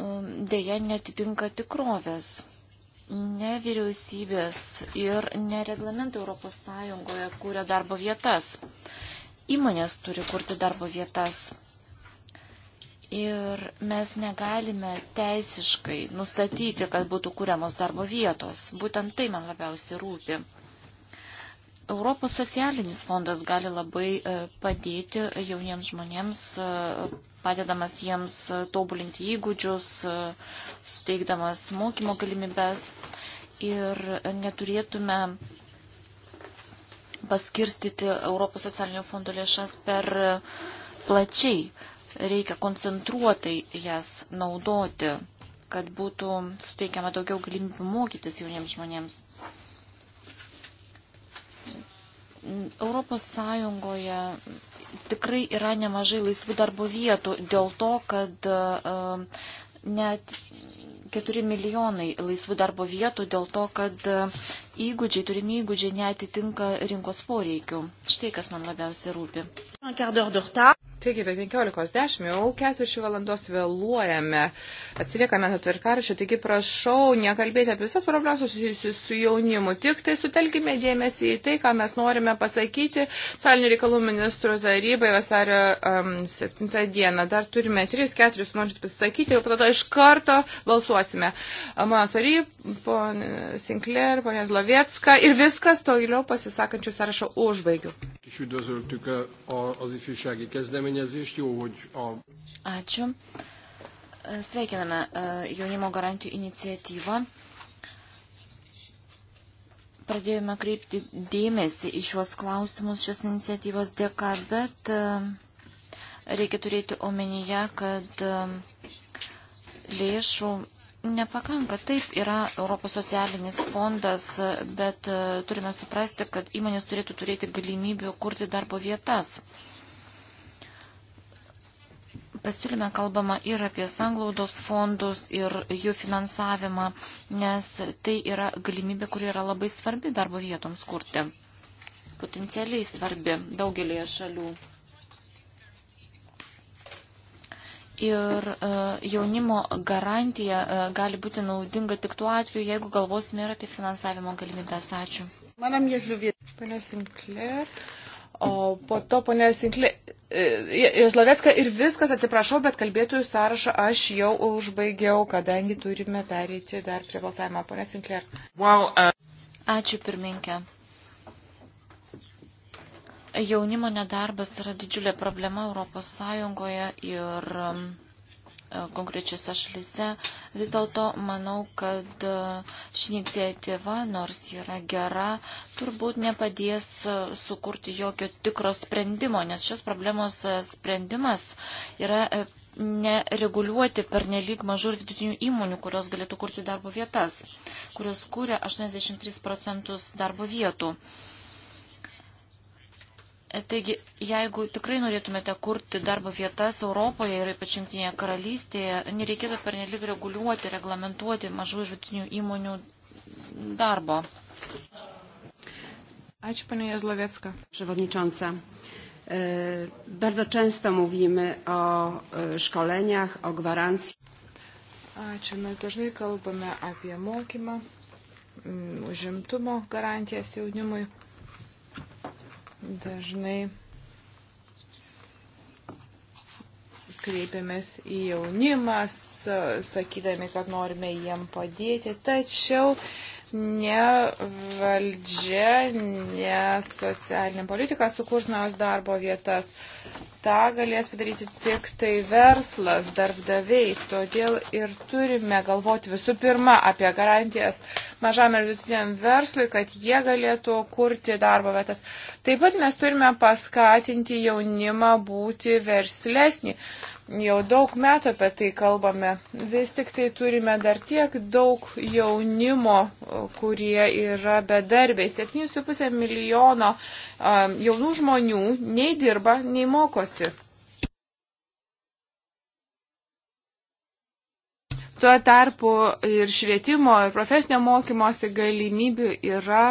Speaker 4: um, dėja netitinka tikrovės ne vyriausybės ir nereglamentai ES kūrė darbo vietas. Įmonės turi kurti darbo vietas. Ir mes negalime teisiškai nustatyti, kad būtų kūriamos darbo vietos. Būtent tai man labiausiai rūpi. Europos socialinis fondas gali labai e, padėti jauniems žmonėms, e, padedamas jiems e, tobulinti įgūdžius, suteikdamas mokymo galimybės ir neturėtume paskirstyti Europos socialinio fondo lėšas per plačiai. Reikia koncentruotai jas naudoti, kad būtų suteikiama daugiau galimybių mokytis jauniems žmonėms. Europos Sąjungoje tikrai yra nemažai laisvų darbo vietų dėl to, kad e, net 4 milijonai laisvų darbo vietų dėl to, kad e, įgūdžiai, turimi įgūdžiai netitinka rinkos poreikių. Štai kas man labiausiai rūpi.
Speaker 3: Taigi, be 15.10 jau ketvirčių valandos vėluojame, atsiliekame nuo tvarkaršio, taigi prašau nekalbėti apie visas problemas susijusius su jaunimu, tik tai sutelkime dėmesį į tai, ką mes norime pasakyti salinių reikalų ministrų tarybai vasario um, 7 dieną. Dar turime 3-4 norinčius pasisakyti ir po to iš karto balsuosime. Mano Sary, ponė Sinclair, ponė Zlovietska ir viskas, toliau pasisakančių sąrašo užbaigiu.
Speaker 4: Kis üdvözöltük az ifjúsági kezdeményezést kezdeményezést. Jó, hogy a... Ačiū. Sveikiname e, jaunimo garantijų iniciatyvą. Pradėjome kreipti dėmesį į šiuos klausimus šios iniciatyvos dėka, bet e, reikia turėti omenyje, kad e, lėšų Nepakanka, taip yra Europos socialinis fondas, bet turime suprasti, kad įmonės turėtų turėti galimybių kurti darbo vietas. Pasiūlyme kalbama ir apie sanglaudos fondus, ir jų finansavimą, nes tai yra galimybė, kuri yra labai svarbi darbo vietoms kurti. Potencialiai svarbi daugelėje šalių. Ir e, jaunimo garantija e, gali būti naudinga tik tuo atveju, jeigu galvosime ir apie finansavimo galimybės. Ačiū. Manam Jėzliuvė. Pane Sinclair.
Speaker 3: O po to, pane Sinclair, Slovetską ir viskas, atsiprašau, bet kalbėtojų sąrašą aš jau užbaigiau, kadangi
Speaker 4: turime pereiti dar prie balsavimo. Pone Sinclair. Well, uh... Ačiū pirminkė. Jaunimo nedarbas yra didžiulė problema Europos Sąjungoje ir um, E, konkrečiose šalise. Vis dėlto manau, kad e, ši iniciatyva, nors yra gera, turbūt nepadės e, sukurti jokio tikro sprendimo, nes šios problemos sprendimas yra nereguliuoti per nelik mažų ir vidutinių įmonių, kurios galėtų kurti darbo vietas, kurios kūrė 83 procentus darbo vietų. Taigi, jeigu tikrai norėtumėte kurti darbo vietas Europoje ir ypač Junktinėje karalystėje, nereikėtų pernelyg reguliuoti, reglamentuoti mažų ir vidutinių įmonių darbo. Ačiū, panė Jazloviecka. Przewodnicząca. E, bardzo często
Speaker 3: mówimy o e, szkoleniach, o gwarancji. Ačiū, mes dažnai kalbame apie mokymą, užimtumo garantijas jaunimui dažnai kreipiamės į jaunimą, sakydami, kad norime jiem padėti, tačiau ne valdžia, ne socialinė politika sukurs naujas darbo vietas. Ta galės padaryti tik tai verslas, darbdaviai. Todėl ir turime galvoti visų pirma apie garantijas mažam ir vidutiniam verslui, kad jie galėtų kurti darbo vietas. Taip pat mes turime paskatinti jaunimą būti verslesnį. Uh, jau daug metų apie tai kalbame. Vis tik tai turime dar tiek daug jaunimo, kurie yra bedarbiai. 7,5 milijono um, jaunų žmonių nei dirba, nei mokosi. Tuo tarpu ir švietimo, ir profesinio mokymosi galimybių yra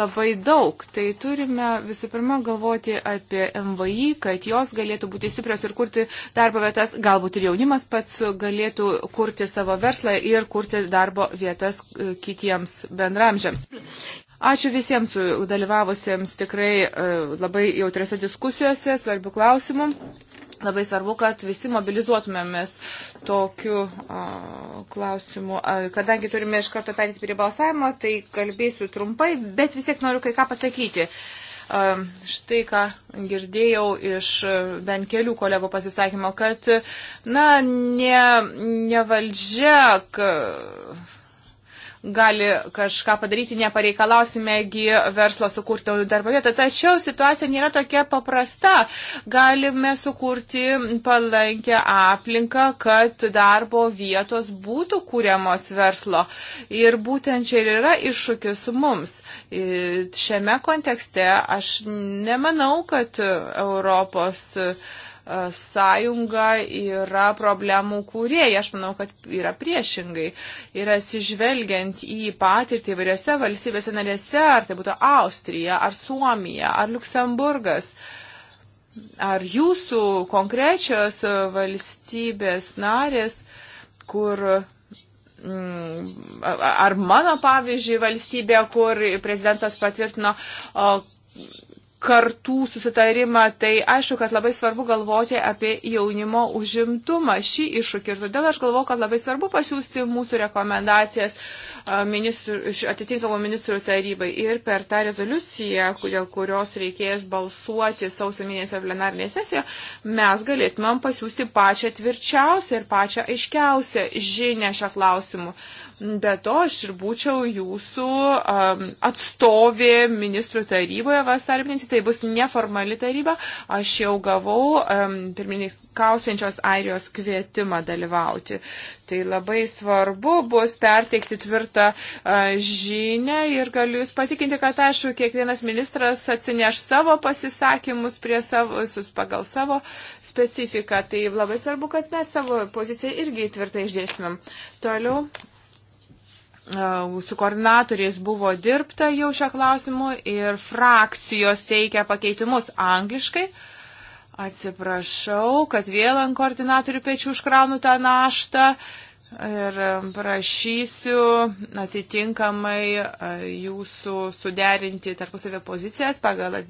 Speaker 3: labai daug. Tai turime visų pirma galvoti apie MVI, kad jos galėtų būti stiprios ir kurti darbo vietas. Galbūt ir jaunimas pats galėtų kurti savo verslą ir kurti darbo vietas e, kitiems bendramžiams. Ačiū visiems dalyvavusiems tikrai e, labai jautriose diskusijose, svarbių klausimų. Labai svarbu, kad visi mobilizuotumėmės tokiu uh, klausimu. Kadangi turime iš karto perėti prie balsavimo, tai kalbėsiu trumpai, bet vis tiek noriu kai ką pasakyti. Uh, štai ką girdėjau iš bent kelių kolegų pasisakymo, kad, na, ne, ne valdžia, kad gali kažką padaryti, nepareikalausimegi verslo sukurti darbo vietą. Tačiau situacija nėra tokia paprasta. Galime sukurti palankę aplinką, kad darbo vietos būtų kūriamos verslo. Ir būtent čia ir yra iššūkis mums. Šiame kontekste aš nemanau, kad Europos uh, E, sąjunga yra problemų kūrėjai. Aš manau, kad yra priešingai. Ir atsižvelgiant į patirtį įvairiose valstybėse narėse, ar tai būtų Austrija, ar Suomija, ar Luksemburgas, ar jūsų konkrečios valstybės narės, kur mm, ar mano, pavyzdžiui, valstybė, kur prezidentas patvirtino kartų susitarimą, tai aišku, kad labai svarbu galvoti apie jaunimo užimtumą, šį iššūkį. Ir todėl aš galvoju, kad labai svarbu pasiūsti mūsų rekomendacijas ministrų, atitinkamų ministrų tarybai. Ir per tą rezoliuciją, dėl kurios reikės balsuoti sausio mėnesio plenarinėje sesijoje, mes galėtumėm pasiūsti pačią tvirčiausią ir pačią aiškiausią žinę šią klausimą. Be to, aš ir būčiau jūsų um, atstovė ministrų taryboje vasarį mėnesį, tai bus neformali taryba. Aš jau gavau um, pirmininkausiančios Airijos kvietimą dalyvauti. Tai labai svarbu bus perteikti tvirtą uh, žinę ir galiu Jūs patikinti, kad aišku, kiekvienas ministras atsineš savo pasisakymus prie savo, visus pagal savo specifiką. Tai labai svarbu, kad mes savo poziciją irgi tvirtai išdėsimėm. Toliau. Uh, su koordinatoriais buvo dirbta jau šią klausimų ir frakcijos teikia pakeitimus angliškai. Atsiprašau, kad vėl ant koordinatorių pečių užkraunu tą naštą ir um, prašysiu atitinkamai uh, jūsų suderinti tarpusavio pozicijas pagal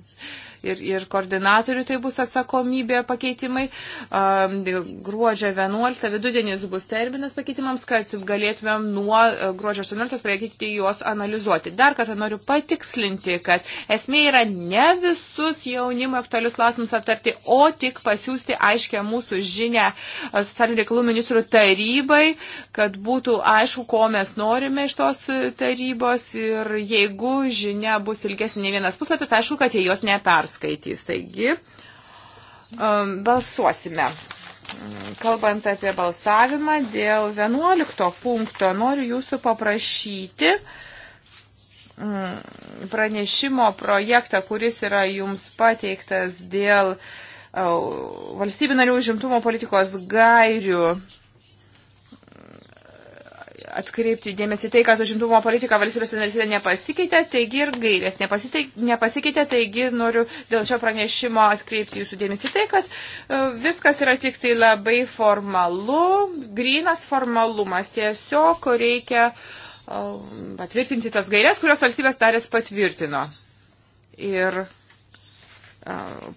Speaker 3: ir, ir koordinatorių tai bus atsakomybė pakeitimai. Um, gruodžio 11 vidudienis bus terminas pakeitimams, kad galėtumėm nuo e, gruodžio 18 pradėti juos analizuoti. Dar kartą noriu patikslinti, kad esmė yra ne visus jaunimo aktualius klausimus aptarti, o tik pasiūsti aiškę mūsų žinę e, socialinių reikalų ministrų tarybai, kad būtų aišku, ko mes norime iš tos e, tarybos ir jeigu žinia bus ilgesnė ne vienas puslapis, aišku, kad jie jos nepers perskaitys. Taigi, um, balsuosime. Kalbant apie balsavimą dėl 11 punkto, noriu jūsų paprašyti mm, pranešimo projektą, kuris yra jums pateiktas dėl uh, valstybinarių užimtumo politikos gairių atkreipti dėmesį tai, kad užimtumo politika valstybės narėse nepasikeitė, taigi ir gairės nepasikeitė, taigi noriu dėl šio pranešimo atkreipti jūsų dėmesį tai, kad e, viskas yra tik tai labai formalu, grinas formalumas, tiesiog reikia e, patvirtinti tas gairės, kurios valstybės narės patvirtino. Ir e,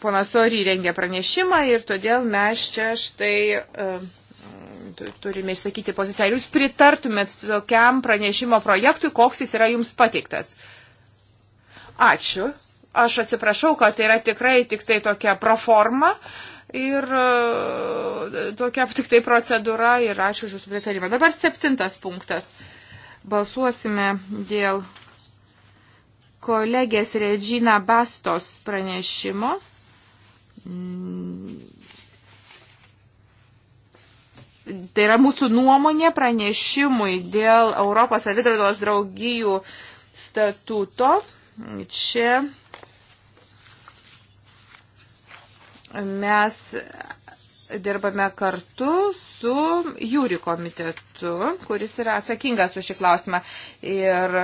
Speaker 3: ponas Ori rengė pranešimą ir todėl mes čia štai uh, turime išsakyti poziciją. Ar jūs pritartumėt tokiam pranešimo projektui, koks jis yra jums pateiktas? Ačiū. Aš atsiprašau, kad tai yra tikrai tik tai tokia proforma ir e, tokia tik tai procedūra ir ačiū už jūsų pritarimą. Dabar septintas punktas. Balsuosime dėl kolegės Regina Bastos pranešimo tai yra mūsų nuomonė pranešimui dėl Europos savidraudos draugijų statuto. Čia mes dirbame kartu su jūri komitetu, kuris yra atsakingas už šį klausimą. Ir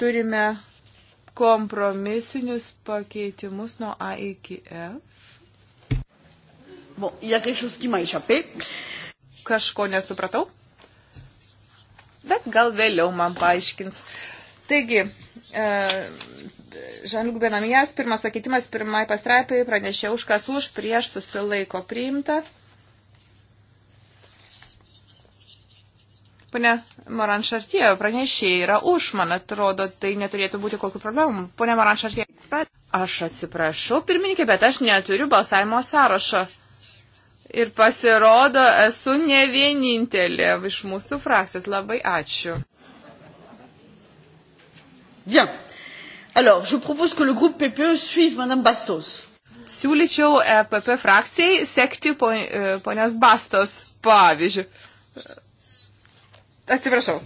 Speaker 3: turime kompromisinius pakeitimus nuo A iki F. Bon, il y a quelque chose qui m'a échappé. Kažko nesupratau. Bet gal vėliau man paaiškins. Taigi, e, Žanliuk Benamijas, pirmas pakeitimas, pirmai pastraipai, pranešė už kas už, prieš susilaiko priimta. Pane Moran Šartie, pranešė yra už, man atrodo, tai neturėtų būti kokių problemų. Pane Moran Šartie, aš atsiprašau, pirmininkė, bet aš neturiu balsavimo sąrašo. Ir pasirodo, esu ne vienintelė iš mūsų frakcijos. Labai ačiū.
Speaker 1: Bien. Alors, je propose que le groupe PPE suive Madame Bastos.
Speaker 3: Siūlyčiau EPP frakcijai sekti e, ponios Bastos pavyzdžių. Atsiprašau.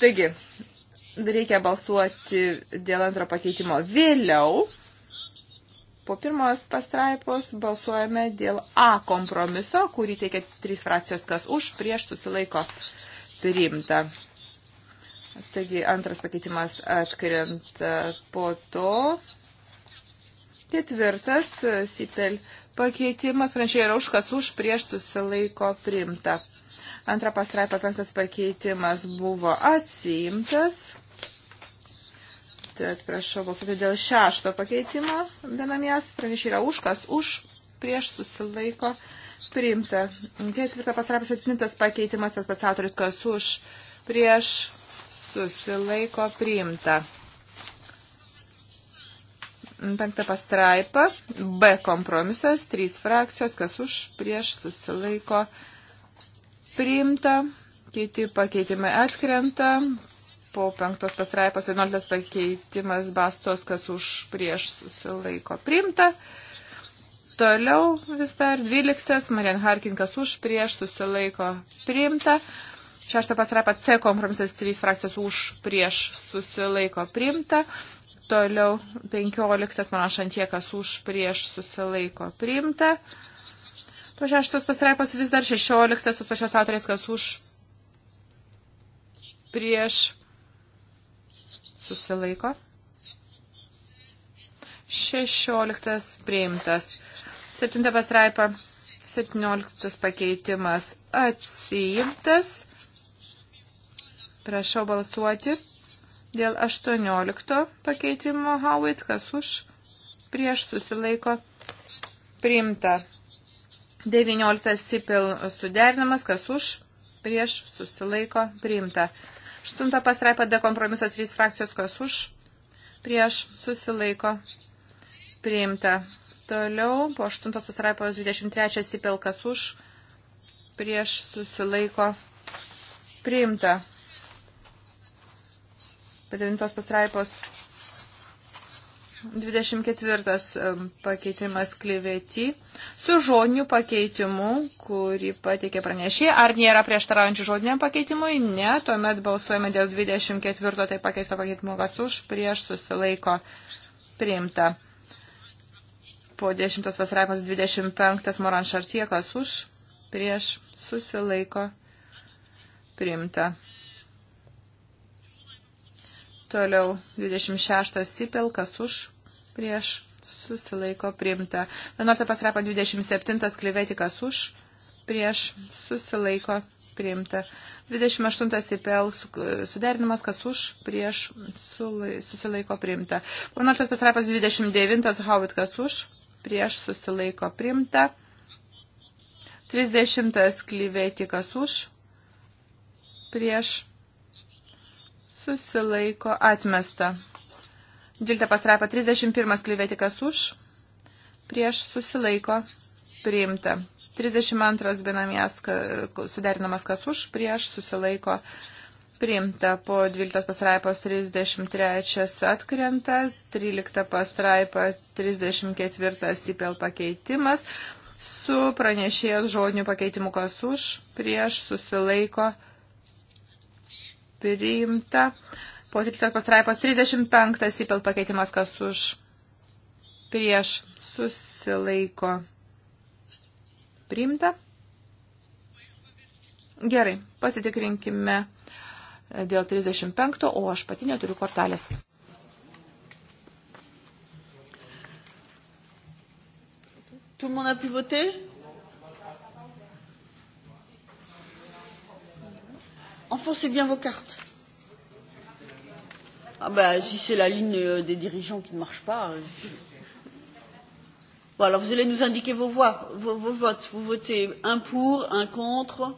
Speaker 3: Taigi, reikia balsuoti dėl antro pakeitimo vėliau. Po pirmos pastraipos balsuojame dėl A kompromiso, kurį teikia trys frakcijos, kas už, prieš susilaiko priimta. Taigi antras pakeitimas atkrenta po to. Ketvirtas, Sipel pakeitimas, pranešėjai yra už, kas už, prieš susilaiko priimta. Antra pastraipa penktas pakeitimas buvo atsiimtas atsiprašau, balsuoti dėl šešto pakeitimo benamies, pranešė yra už, kas už, prieš susilaiko priimta. Ketvirta pasrapas atmintas pakeitimas, tas pats autoris, kas už, prieš susilaiko priimta. Penktą pastraipą, B kompromisas, trys frakcijos, kas už, prieš susilaiko priimta, kiti pakeitimai atkrenta, po penktos pasraipos 11 pakeitimas bastos, kas už prieš susilaiko primta. Toliau vis dar 12, Marian Harkinkas už prieš susilaiko primta. Šeštą pasraipą C kompromisas 3 frakcijos už prieš susilaiko primta. Toliau 15, mano šantiekas už prieš susilaiko primta. Po šeštos pasraipos vis dar 16, tos pačios autorės, kas už prieš susilaiko. 16 priimtas. 7 pasraipa 17 pakeitimas atsiimtas. Prašau balsuoti dėl 18 pakeitimo Howitt, kas už prieš susilaiko priimta. 19 sipil suderinamas, kas už prieš susilaiko priimta. Aštunta pasraipa D kompromisas 3 frakcijos kas už, prieš susilaiko priimta. Toliau po aštuntos pasraipos 23 sipelkas už, prieš susilaiko priimta. Po devintos pasraipos 24 pakeitimas klivėti su žodiniu pakeitimu, kurį pateikė pranešė. Ar nėra prieštaraujančių žodiniam pakeitimui? Ne. Tuomet balsuojame dėl 24 tai pakeisto pakeitimo, kas už prieš susilaiko priimta. Po 10 vasaraipos 25 Moran Šartie, kas už prieš susilaiko priimta. Toliau 26 Sipel, kas už, prieš susilaiko priimta. 11 pasrapa 27 klivetikas už, prieš susilaiko priimta. 28 IPL suderinimas, kas už, prieš susilaiko priimta. 11 pasrapas 29 Howitt, kas už, prieš susilaiko priimta. 30 klyvetikas už, prieš susilaiko atmesta. 12 pastraipa 31 klyvetikas už, prieš susilaiko priimta. 32 benamijas suderinamas kas už, prieš susilaiko priimta. Po 12 pastraipos 33 atkrenta, 13 pastraipa 34 įpėl pakeitimas su pranešėjos žodinių pakeitimų kas už, prieš susilaiko priimta. Po 13 pastraipos 35 įpilt pakeitimas, kas už prieš susilaiko priimta. Gerai, pasitikrinkime dėl 35, o aš pati neturiu
Speaker 1: kortelės. Tout le monde a pu voter Enfoncez bien vos cartes. Ah bah, si c'est la ligne euh, des dirigeants qui ne marche pas. Euh... Bon, alors vous allez nous indiquer vos voix, vos, vos votes. Vous votez un pour, un contre.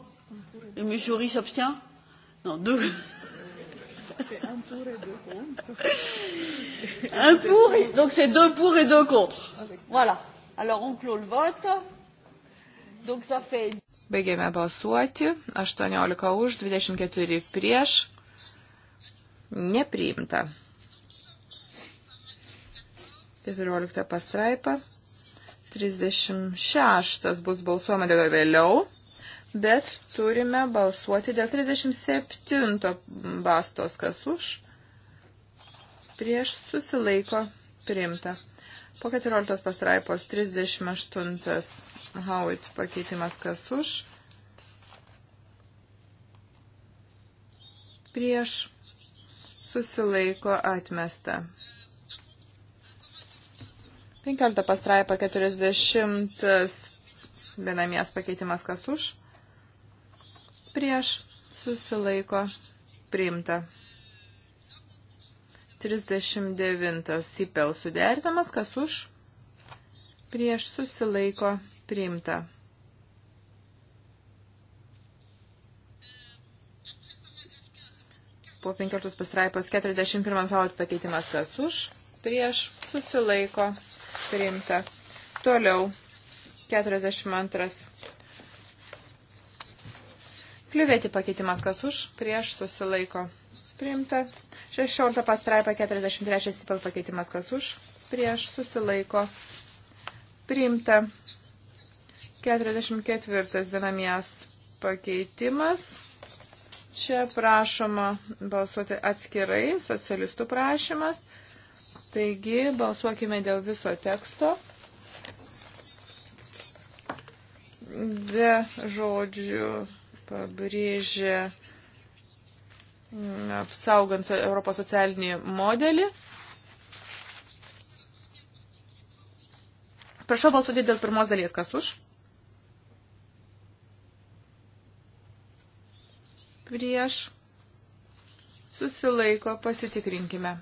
Speaker 1: Et M. Horry s'abstient Non, deux. [laughs] un pour et deux contre. un pour, et, donc c'est deux pour et deux contre. Voilà. Alors on clôt le vote. Donc ça fait.
Speaker 3: Baigėme balsuoti. 18 už, 24 prieš nepriimta. 14 pastraipa. 36 bus balsuojama dėl vėliau, bet turime balsuoti dėl 37 bastos, kas už, prieš susilaiko priimta. Po 14 pastraipos 38 Howitt pakeitimas, kas už, prieš susilaiko atmesta. 15 pastraipa 40 vienamies pakeitimas kas už, prieš susilaiko priimta. 39 sipel sudertamas kas už, prieš susilaiko priimta. po 15 pastraipos 41 savo pakeitimas kas už, prieš, susilaiko, priimta. Toliau 42. Kliuvėti pakeitimas kas už, prieš, susilaiko, priimta. 16 pastraipa 43 sipil pakeitimas kas už, prieš, susilaiko, priimta. 44 vienamies pakeitimas Čia prašoma balsuoti atskirai, socialistų prašymas. Taigi balsuokime dėl viso teksto. Be žodžių pabrėžė mm, apsaugant Europos socialinį modelį. Prašau balsuoti dėl pirmos dalies, kas už. prieš, susilaiko, pasitikrinkime.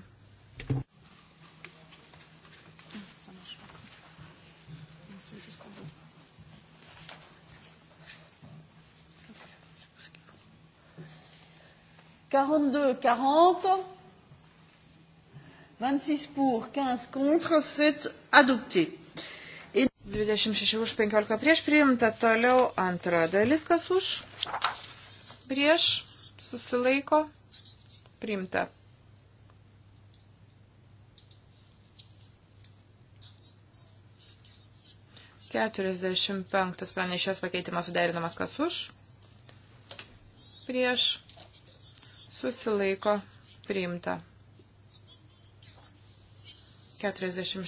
Speaker 1: Quarante-deux, quarante, vingt-six pour, quinze contre, c'est adopté. 26 už 15 prieš priimta, toliau antra dalis, kas už,
Speaker 3: prieš, susilaiko, priimta. Keturiasdešimt penktas pranešės pakeitimas suderinamas kas už, prieš, susilaiko, priimta. 46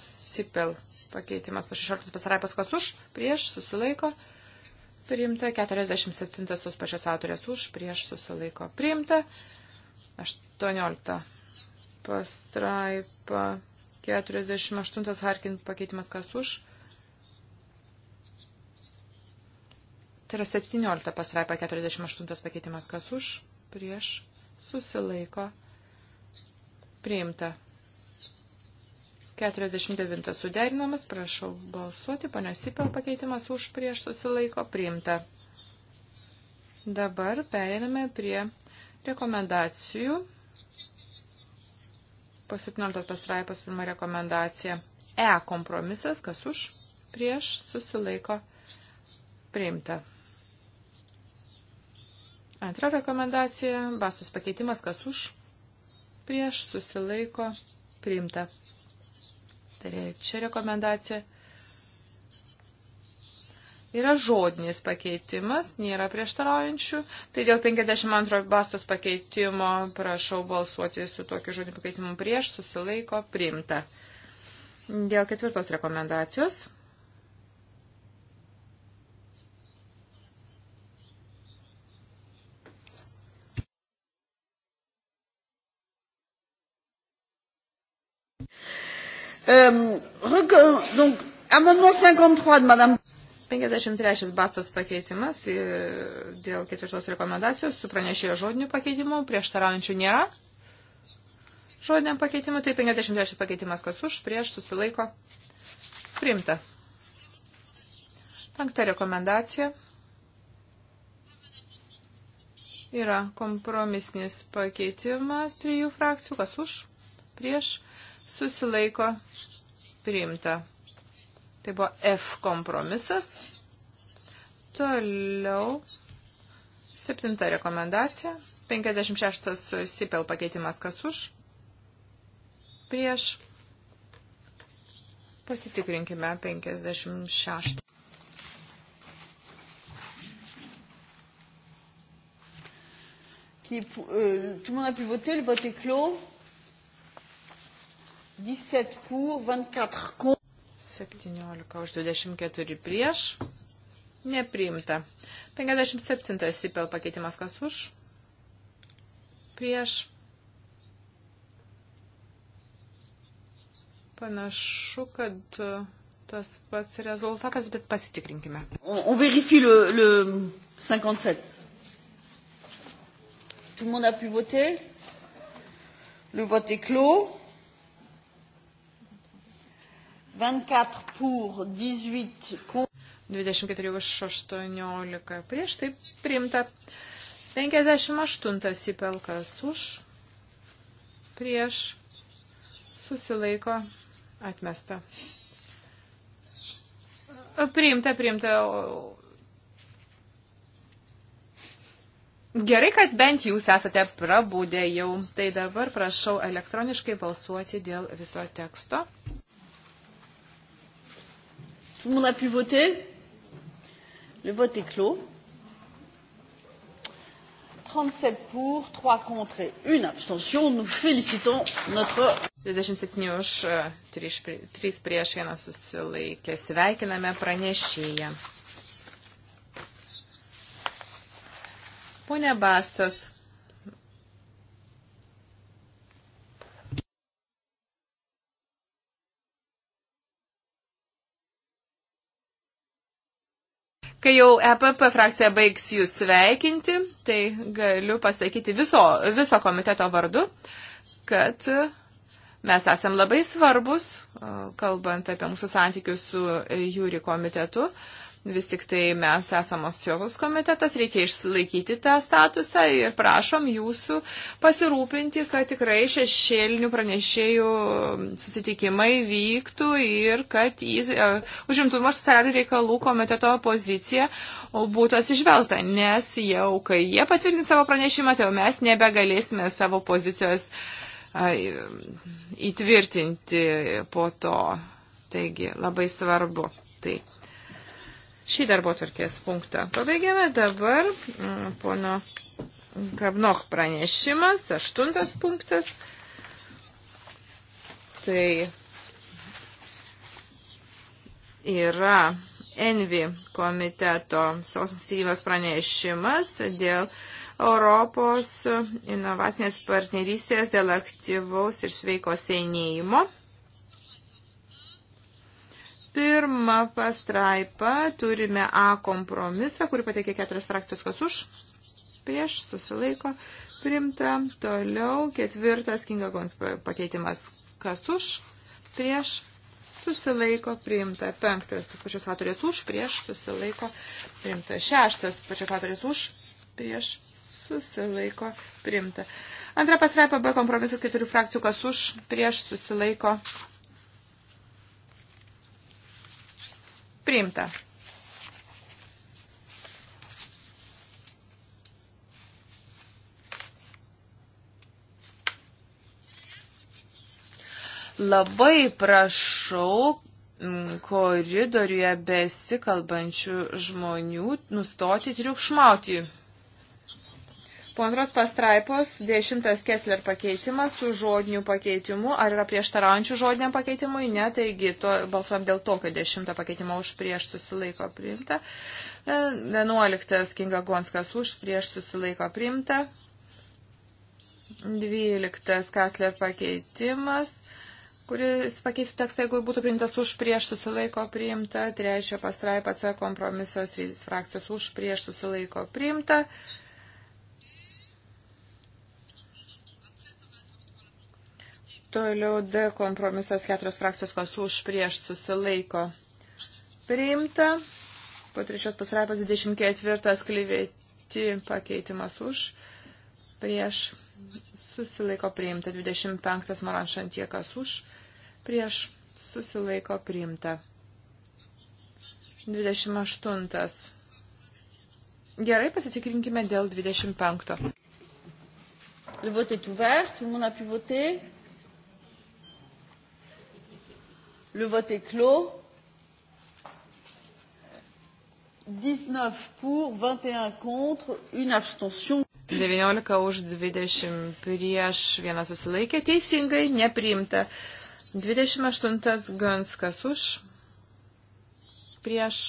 Speaker 3: sipel pakeitimas po 16 pasaraipos kas už, prieš, susilaiko, priimta priimta, 47 sus pačios autorės už, prieš susilaiko priimta, 18 pastraipa, 48 Harkin pakeitimas kas už. Tai yra 17 pastraipa, 48 pakeitimas kas už, prieš susilaiko priimta. 49 suderinamas, prašau balsuoti, ponios Sipel pakeitimas už prieš susilaiko priimta. Dabar pereiname prie rekomendacijų. Po 17 pastraipos pirma rekomendacija. E kompromisas, kas už prieš susilaiko priimta. Antra rekomendacija, bastus pakeitimas, kas už prieš susilaiko priimta. Trečia rekomendacija. Yra žodinis pakeitimas, nėra prieštaraujančių. Tai dėl 52 bastos pakeitimo prašau balsuoti su tokiu žodiniu pakeitimu prieš, susilaiko, priimta. Dėl ketvirtos rekomendacijos
Speaker 1: Um, donc, amendement 53 de Madame.
Speaker 3: 53 bastos pakeitimas e, dėl ketvirtos rekomendacijos su pranešėjo žodiniu pakeitimu, prieštaraujančių nėra. Žodiniam pakeitimu, tai 53 pakeitimas kas už, prieš, susilaiko. Priimta. Penkta rekomendacija yra kompromisnis pakeitimas trijų frakcijų, kas už, prieš, susilaiko priimta. Tai buvo F kompromisas. Toliau septinta rekomendacija. 56 sipel pakeitimas kas už. Prieš. Pasitikrinkime
Speaker 1: 56. Qui, euh, tout le monde a pu voter, le vote est clos. 17 pour, 24 contre.
Speaker 3: 17 už 24 prieš. Nepriimta. 57 sipel pakeitimas kas už. Prieš. Panašu, kad e, tas pats rezultatas, bet pasitikrinkime.
Speaker 1: On, on vérifie le, le 57. Tout le monde a pu voter. Le vote est clos. 24
Speaker 3: pour, 18 contre. 24 už 18 prieš, taip priimta. 58 įpelkas už, prieš, susilaiko, atmesta. Priimta, priimta. Gerai, kad bent jūs esate prabūdę jau. Tai dabar prašau elektroniškai balsuoti dėl viso teksto.
Speaker 1: Tout le monde a pu voter Le vote est clos. 37 pour, 3 contre et 1 abstention. Nous félicitons
Speaker 3: notre. 37
Speaker 1: už, 3 e, prieš, 1 susilaikė.
Speaker 3: Sveikiname pranešėją. Pone Bastas, Kai jau EPP frakcija baigs jūs sveikinti, tai galiu pasakyti viso, viso komiteto vardu, kad mes esam labai svarbus, kalbant apie mūsų santykius su jūri komitetu. Uh, Vis tik tai mes esamos ciovos komitetas, reikia išlaikyti tą statusą ir prašom jūsų pasirūpinti, kad tikrai šešėlinių pranešėjų susitikimai vyktų ir kad į e, užimtumo socialinių reikalų komiteto poziciją būtų atsižvelgta, nes jau kai jie patvirtins savo pranešimą, tai jau mes nebegalėsime savo pozicijos įtvirtinti po to. Taigi labai svarbu tai šį darbo tvarkės punktą. Pabaigėme dabar mm, pono Kabnoch pranešimas, aštuntas punktas. Tai yra Envi komiteto sausinstyvas pranešimas dėl Europos inovacinės partnerystės dėl aktyvaus ir sveiko senėjimo. Pirma pastraipa, turime A kompromisą, kurį pateikė keturios frakcijos, kas už, prieš, susilaiko, primta. Toliau ketvirtas Kinga Gons pakeitimas, kas už, prieš, susilaiko, primta. Penktas, pačios autorės už, prieš, susilaiko, primta. Šeštas, pačios autorės už, prieš, susilaiko, primta. Antra pasraipa B kompromisas keturių frakcijų, kas už, prieš, susilaiko, primta Priimta. Labai prašau mm, koridoriuje besikalbančių žmonių nustoti triukšmauti. Po antros pastraipos dešimtas Kessler pakeitimas su žodiniu pakeitimu. Ar yra prieštaraujančių žodiniam pakeitimui? Ne, taigi to, balsuojam dėl tokio dešimto pakeitimo už prieš susilaiko priimta. E, vienuoliktas Kinga Gonskas už prieš susilaiko priimta. Dvyliktas Kessler pakeitimas kuris pakeistų tekstą, jeigu būtų priimtas už prieš susilaiko priimta. Trečia pastraipa C kompromisas, trys frakcijos už prieš susilaiko priimta. Uh, Toliau D kompromisas keturios frakcijos, kas už prieš susilaiko priimta. Po trečios pasraipos 24 klyvėti pakeitimas už prieš susilaiko priimta. 25 maranšantiekas už prieš susilaiko priimta. 28. Gerai,
Speaker 1: pasitikrinkime dėl 25. Le vote est ouvert, tout le monde a pu voter. Le vote est clos. 19 pour, 21 contre, une abstention.
Speaker 3: 19 už
Speaker 1: 20 prieš, vienas susilaikė
Speaker 3: teisingai, nepriimta. 28 Ganskas už, prieš,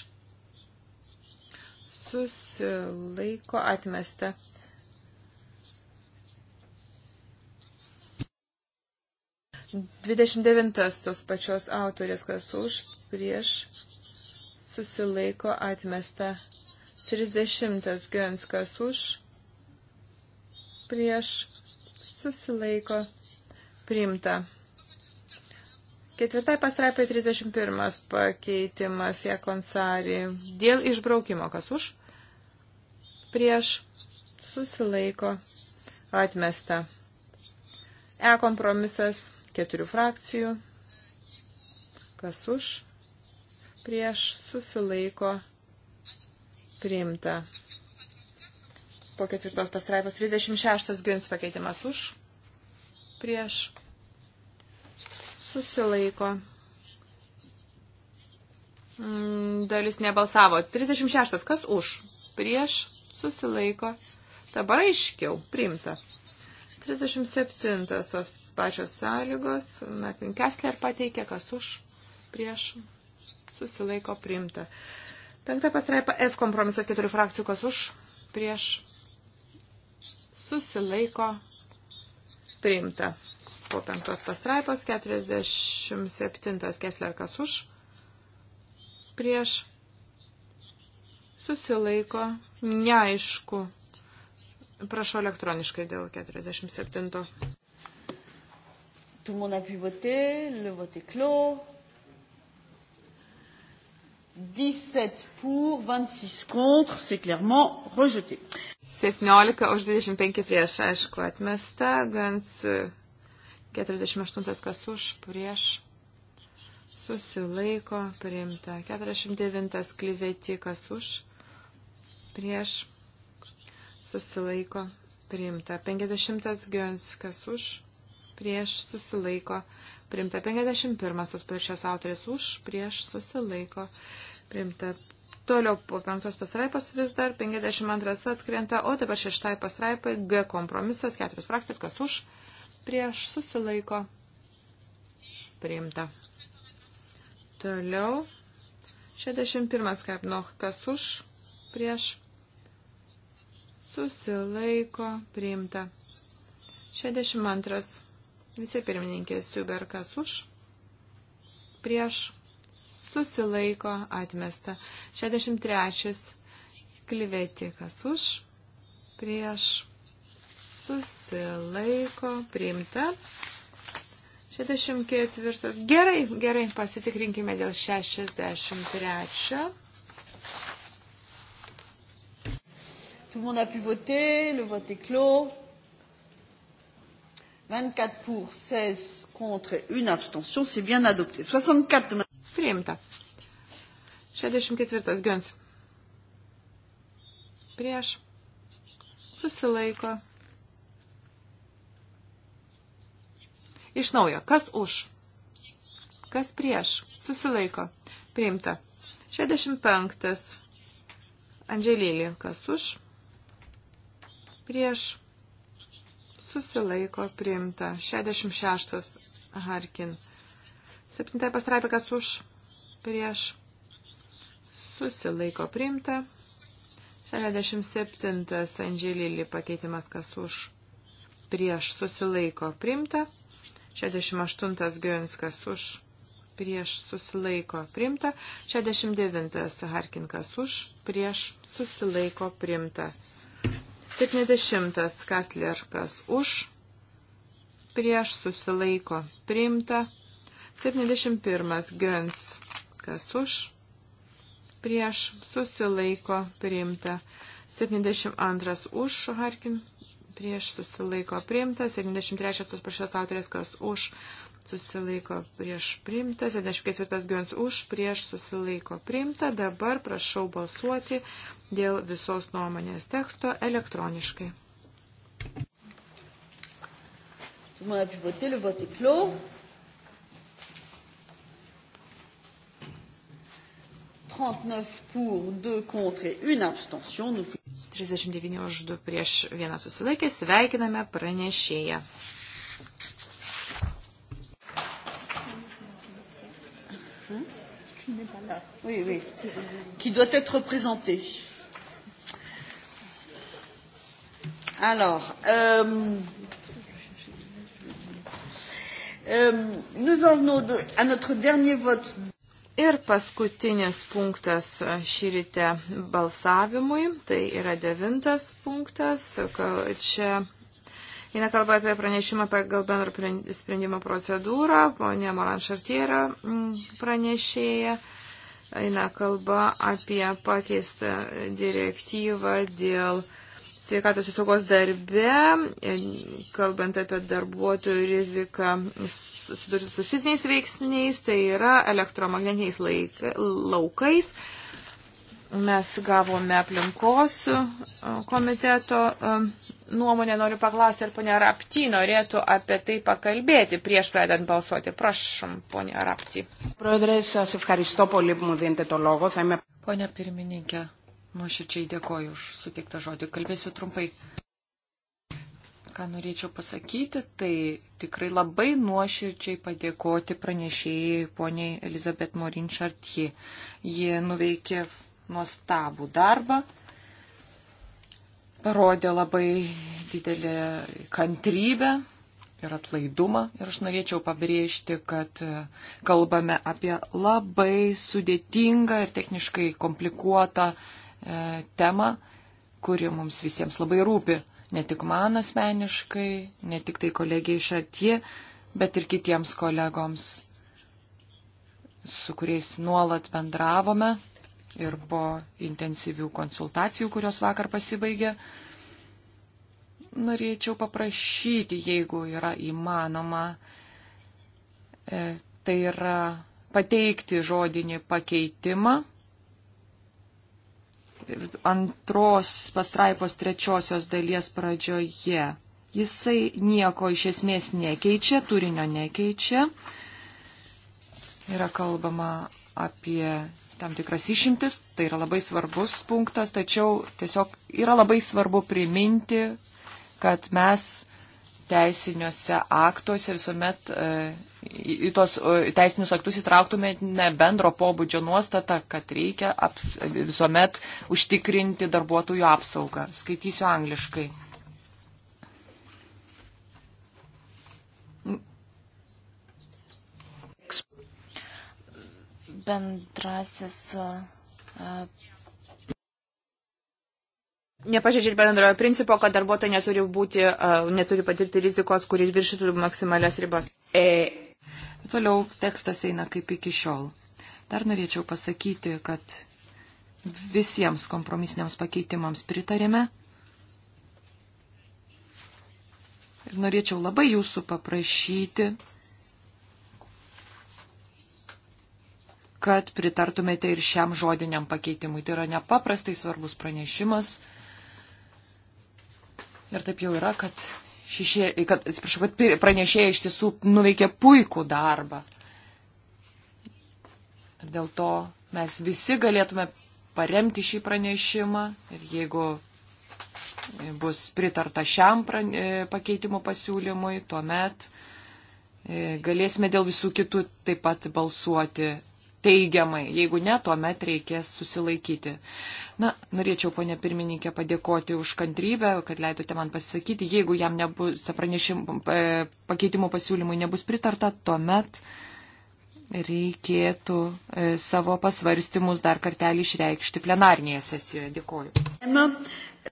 Speaker 3: susilaiko atmesta. 29 tos pačios autorės, kas už, prieš, susilaiko atmesta. 30 Gönsk, kas už, prieš, susilaiko priimta. Ketvirtai pastraipė 31 pakeitimas Jekonsari. Dėl išbraukimo, kas už, prieš, susilaiko atmesta. E kompromisas keturių frakcijų. Kas už, prieš, susilaiko, priimta. Po ketvirtos pasraipos 36 gins pakeitimas už, prieš, susilaiko. Mm, dalis nebalsavo. 36. Kas už? Prieš susilaiko. Dabar aiškiau. Primta. 37. Tos pačios sąlygos. Martin Kessler pateikė, kas už, prieš, susilaiko priimta. Penkta pastraipa F kompromisas keturių frakcijų, kas už, prieš, susilaiko priimta. Po penktos pastraipos 47 Kessler, kas už, prieš, susilaiko, neaišku. Prašau elektroniškai dėl 47.
Speaker 1: Tout le monde a pu voter. Le vote est clos. 17 pour, 26 contre. C'est clairement rejeté.
Speaker 3: 17 už 25 prieš, aišku, atmesta, gans 48 kas už, prieš, susilaiko, priimta, 49 klyvėti kas už, prieš, susilaiko, priimta, 50 gans kas už, prieš susilaiko primta. 51 tos pačios autorės už prieš susilaiko primta. Toliau po penktos pastraipos vis dar 52 atkrenta, o dabar šeštai pastraipai G kompromisas, keturios frakcijos, kas už prieš susilaiko priimta. Toliau 61 karpnoch, kas už prieš susilaiko priimta. 62 Vicepirmininkė Siuberkas už, prieš, susilaiko, atmesta. 63. Klyvetikas už, prieš, susilaiko, priimta. 64. Gerai, gerai, pasitikrinkime dėl
Speaker 1: 63. Tout le monde a pu voter, le vote est clos. 24 pour, 16 contre et une abstention. C'est bien adopté. 64 de Priimta. 64 Gans. Prieš.
Speaker 3: Susilaiko. Iš naujo. Kas už? Kas prieš? Susilaiko. Priimta. 65. Andželėlį. Kas už? Prieš susilaiko priimta. 66 Harkin. 7 pastraipikas už prieš susilaiko priimta. 67 Andželilį pakeitimas kas už prieš susilaiko priimta. 68 Gionskas už prieš susilaiko priimta. 69 Harkinkas už prieš susilaiko priimta. 70 kaslerkas už, prieš susilaiko priimta. 71 gens kas už, prieš susilaiko priimta. 72 už Harkin, prieš susilaiko priimta. 73 tos pačios autorės kas už, susilaiko prieš primtą, 74 gyvens už, prieš susilaiko primtą. Dabar prašau balsuoti dėl visos nuomonės teksto
Speaker 1: elektroniškai. Tout le monde a pu voter, le vote est clos. 39 pour, 2 contre et 1 abstention. Nous... 39
Speaker 3: už 2 prieš 1 susilaikė. Sveikiname pranešėją.
Speaker 1: qui n'est pas là, oui, oui. qui doit être présentée. Alors, euh, euh, nous en venons à notre dernier vote. Ir
Speaker 3: paskutinis punktas šį rytę balsavimui, tai yra devintas punktas, kad čia Eina kalba apie pranešimą pagal bendrą sprendimo procedūrą. Ponė Moran Šartie yra mm, pranešėja. Eina kalba apie pakeistą direktyvą dėl sveikatos įsaugos darbe, e, kalbant apie darbuotojų riziką susidurti su fiziniais veiksniais, tai yra elektromagnetiniais laik, laukais. Mes gavome aplinkos e, komiteto. Um, nuomonę noriu paklausti, ar ponia Rapti norėtų apie tai pakalbėti prieš pradedant balsuoti. Prašom, ponia Rapti.
Speaker 2: Ponia pirmininkė, nuoširdžiai dėkoju už suteiktą žodį. Kalbėsiu trumpai. Ką norėčiau pasakyti, tai tikrai labai nuoširdžiai padėkoti pranešėjai poniai Elizabet Morin Šartji. Ji nuveikė nuostabų darbą parodė labai didelį kantrybę ir atlaidumą. Ir aš norėčiau pabrėžti, kad e, kalbame apie labai sudėtingą ir techniškai komplikuotą e, temą, kuri mums visiems labai rūpi. Ne tik man asmeniškai, ne tik tai kolegiai iš artie, bet ir kitiems kolegoms, su kuriais nuolat bendravome ir po intensyvių konsultacijų, kurios vakar pasibaigė, norėčiau paprašyti, jeigu yra įmanoma, e, tai yra pateikti žodinį pakeitimą antros pastraipos trečiosios dalies pradžioje. Jisai nieko iš esmės nekeičia, turinio nekeičia. Yra kalbama apie tam tikras išimtis, tai yra labai svarbus punktas, tačiau tiesiog yra labai svarbu priminti, kad mes teisiniuose aktuose visuomet e, į tos e, teisinius aktus įtrauktume ne bendro pobūdžio nuostatą, kad reikia ap, visuomet užtikrinti darbuotojų apsaugą. Skaitysiu
Speaker 4: angliškai. bendrasis. Nepažeidžiant
Speaker 3: bendrojo principo, kad darbuotojai neturi, būti, neturi patirti rizikos, kuris viršytų maksimalias
Speaker 2: ribas. E. Toliau tekstas eina kaip iki šiol. Dar norėčiau pasakyti, kad visiems kompromisiniams pakeitimams pritarėme. Ir norėčiau labai jūsų paprašyti kad pritartumėte ir šiam žodiniam pakeitimui. Tai yra nepaprastai svarbus pranešimas. Ir taip jau yra, kad, šišė, kad, atsiprašau, kad pranešėjai iš tiesų nuveikė puikų darbą. Ir dėl to mes visi galėtume paremti šį pranešimą ir jeigu bus pritarta šiam e, pakeitimo pasiūlymui, tuomet e, galėsime dėl visų kitų taip pat balsuoti teigiamai. Jeigu ne, tuomet reikės susilaikyti. Na, norėčiau, ponė pirmininkė, padėkoti už kantrybę, kad leidote man pasisakyti. Jeigu jam nebus, pranešim, pakeitimų pasiūlymui nebus pritarta, tuomet reikėtų e, savo pasvarstymus dar kartelį išreikšti plenarnėje sesijoje. Dėkoju.
Speaker 1: Emma.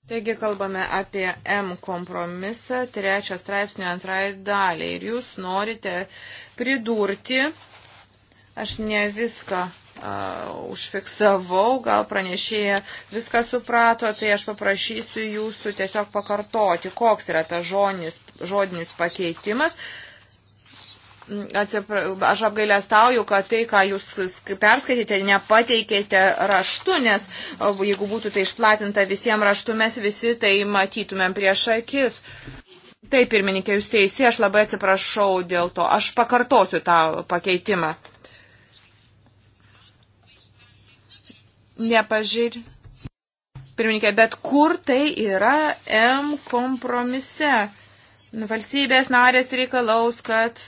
Speaker 1: Taigi
Speaker 3: kalbame apie M kompromisą, trečią straipsnio antrai daliai. Ir jūs norite pridurti Aš ne viską uh, užfiksavau, gal pranešėja viską suprato, tai aš paprašysiu jūsų tiesiog pakartoti, koks yra tas žodinis, žodinis pakeitimas. Atsipra... Aš apgailestauju, kad tai, ką jūs perskaitėte, nepateikėte raštu, nes jeigu būtų tai išplatinta visiems raštu, mes visi tai matytumėm prieš akis. Taip, pirmininkė, jūs teisė, aš labai atsiprašau dėl to. Aš pakartosiu tą pakeitimą. nepažir. Pirmininkė, bet kur tai yra M kompromise? Valstybės narės reikalaus, kad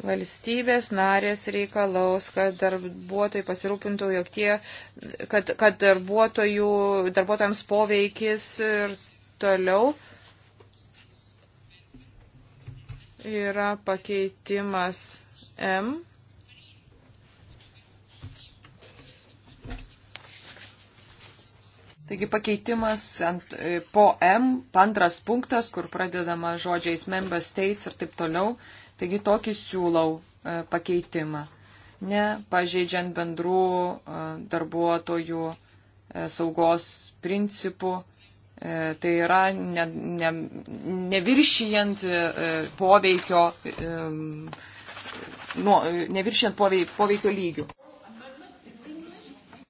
Speaker 3: Valstybės narės reikalaus, kad darbuotojai pasirūpintų, jog tie, kad, kad darbuotojų, darbuotojams poveikis ir toliau yra pakeitimas
Speaker 2: M. Taigi pakeitimas ant, e, po M, antras punktas, kur pradedama žodžiais member states ir taip toliau. Taigi tokį siūlau e, pakeitimą, ne pažeidžiant bendrų e, darbuotojų saugos principų, tai yra ne, ne, neviršijant poveikio, nu, neviršijant poveikio, poveikio lygių,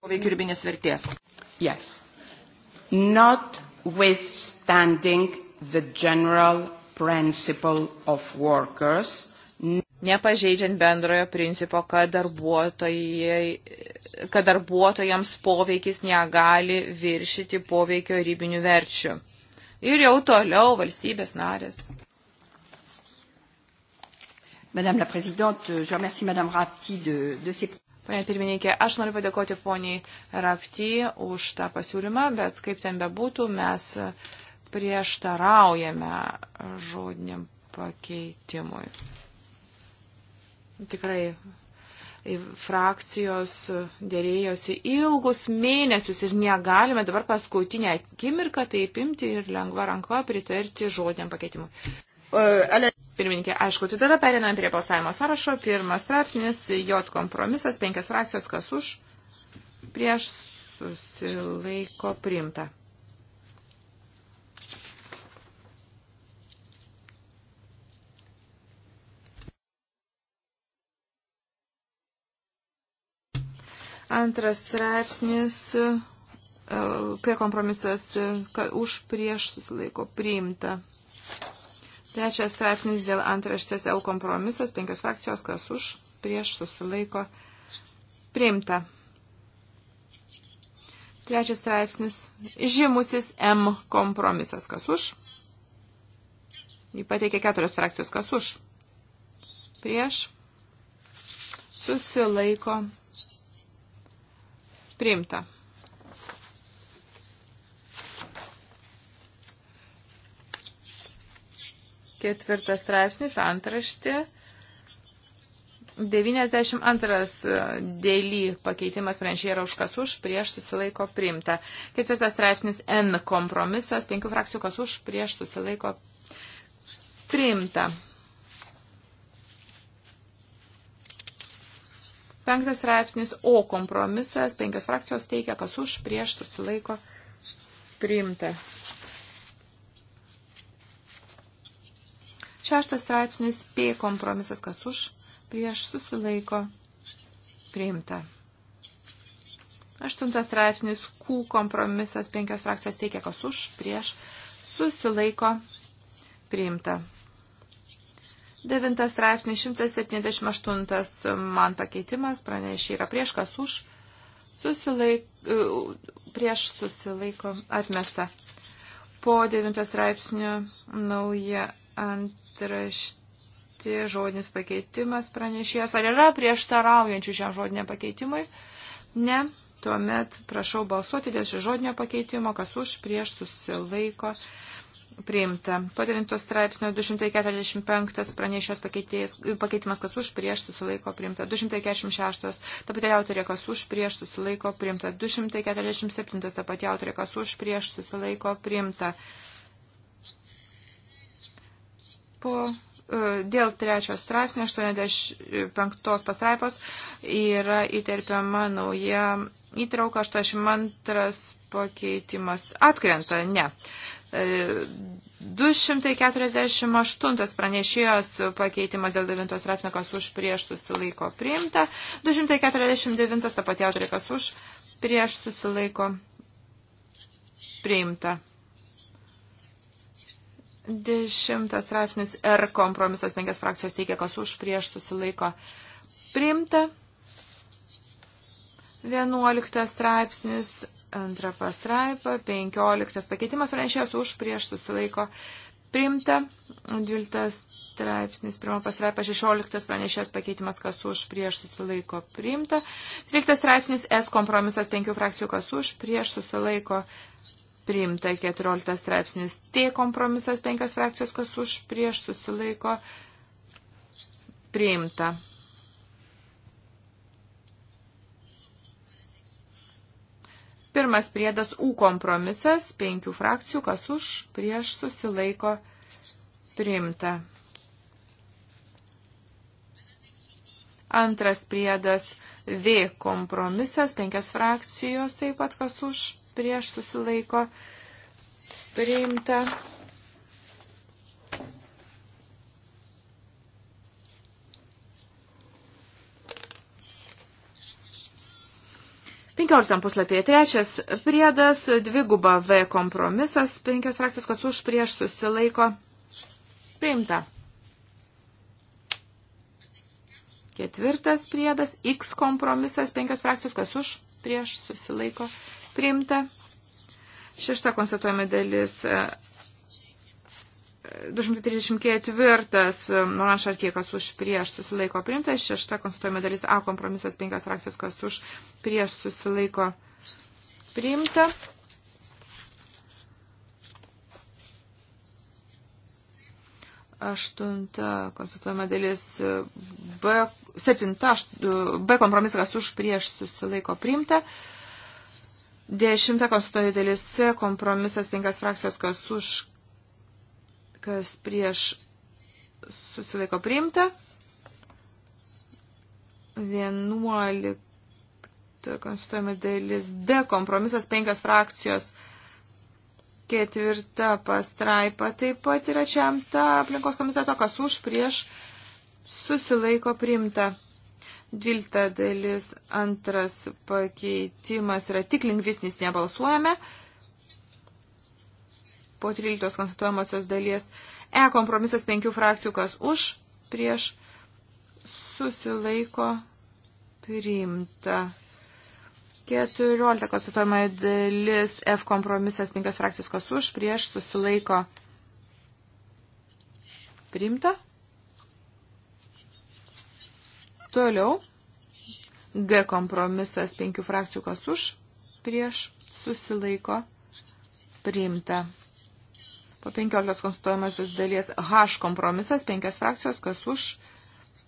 Speaker 2: poveikio ribinės vertės. Yes notwithstanding
Speaker 3: the general principle of workers. Nepažeidžiant bendrojo principo, kad, kad darbuotojams poveikis negali viršyti poveikio ribinių verčių. Ir jau toliau valstybės narės. Madame la Présidente, je remercie Madame Rapti de, de ses. Pane pirmininkė, aš noriu padėkoti poniai Rapti už tą pasiūlymą, bet kaip ten bebūtų, mes prieštaraujame žodiniam pakeitimui. Tikrai frakcijos dėrėjosi ilgus mėnesius ir negalime dabar paskutinę akimirką taip imti ir lengva ranka pritarti žodiniam pakeitimui. Pirmininkė, aišku, tai tada perinam prie balsavimo sąrašo. Pirmas straipsnis, J kompromisas, penkias frakcijos, kas už, prieš susilaiko primta. Antras straipsnis, kai kompromisas už prieš susilaiko priimta. Trečias straipsnis dėl antraštės L kompromisas, penkios frakcijos, kas už, prieš susilaiko priimta. Trečias straipsnis žymusis M kompromisas, kas už. Jį pateikė keturios frakcijos, kas už. Prieš susilaiko priimta. Ketvirtas straipsnis, antraštė. 92 dėly pakeitimas pranešėjai yra už kas už, prieš susilaiko priimta. Ketvirtas straipsnis N kompromisas, penkių frakcijų kas už, prieš susilaiko priimta. Penktas straipsnis O kompromisas, penkios frakcijos teikia kas už, prieš susilaiko priimta. Šeštas straipsnis P kompromisas, kas už, prieš susilaiko priimta. Aštuntas straipsnis Q kompromisas, penkios frakcijos teikia, kas už, prieš susilaiko priimta. Devintas straipsnis 178 man pakeitimas, pranešė yra prieš, kas už, susilaik, e, prieš susilaiko atmesta. Po devintas straipsnių nauja ant antraštė žodinis pakeitimas pranešėjas. Ar yra prieštaraujančių šiam žodiniam pakeitimui? Ne. Tuomet prašau balsuoti dėl šio žodinio pakeitimo, kas už prieš susilaiko priimta. Po 9 straipsnio 245 pranešęs pakeitimas, kas už prieš susilaiko priimta. 246 ta pati autorė, kas už prieš susilaiko priimta. 247 ta pati autorė, kas už prieš susilaiko priimta po e, dėl trečios straipsnio 85 pastraipos yra įterpiama nauja įtrauka 82 pakeitimas. Atkrenta, ne. 248 e, pranešėjos pakeitimas dėl 9 straipsnio, kas už prieš susilaiko priimta. 249 ta pati autorė, kas už prieš susilaiko priimta. Dešimtas straipsnis R kompromisas penkias frakcijos teikia, kas už prieš susilaiko priimta. Vienuoliktas straipsnis antra pastraipa, penkioliktas pakeitimas pranešėjas už prieš susilaiko priimta. Dviltas straipsnis, pirmo pastraipa, 16 pranešės pakeitimas, kas už, prieš susilaiko priimta. 13 straipsnis S kompromisas, penkių frakcijų, kas už, prieš susilaiko priimta 14 straipsnis. T kompromisas 5 frakcijos, kas už prieš susilaiko priimta. Pirmas priedas U kompromisas 5 frakcijų, kas už prieš susilaiko priimta. Antras priedas V kompromisas, penkios frakcijos taip pat kas už prieš susilaiko priimta. Penkioliktam puslapyje trečias priedas, dviguba V kompromisas, penkios frakcijos, kas už prieš susilaiko priimta. Ketvirtas priedas, X kompromisas, penkios frakcijos, kas už prieš susilaiko priimta priimta. Šešta konstatuojama dalis. 234 Noran Šartiekas už prieš susilaiko priimta. Šešta konstatuojama dalis A kompromisas 5 frakcijos kas už prieš susilaiko priimta. aštunta konstatuojama dalis e, B, septinta, e, B kompromisas už prieš susilaiko priimta, Dešimta konstitucijų dalis C, kompromisas penkios frakcijos, kas už, kas prieš susilaiko priimta. Vienuolikta konstitucijų dalis D, kompromisas penkios frakcijos, ketvirta pastraipa taip pat yra čia apta aplinkos komiteto, kas už prieš susilaiko priimta. Dvilta dalis antras pakeitimas yra tik lingvisnis, nebalsuojame. Po 13 konstatuojamosios dalies E kompromisas penkių frakcijų, kas už, prieš, susilaiko, priimta. 14 konstatuojama dalis F kompromisas penkios frakcijos, kas už, prieš, susilaiko, priimta. Toliau G kompromisas penkių frakcijų kas už, prieš susilaiko priimta. Po 15 konstatuojamosios dalies H kompromisas penkios frakcijos kas už,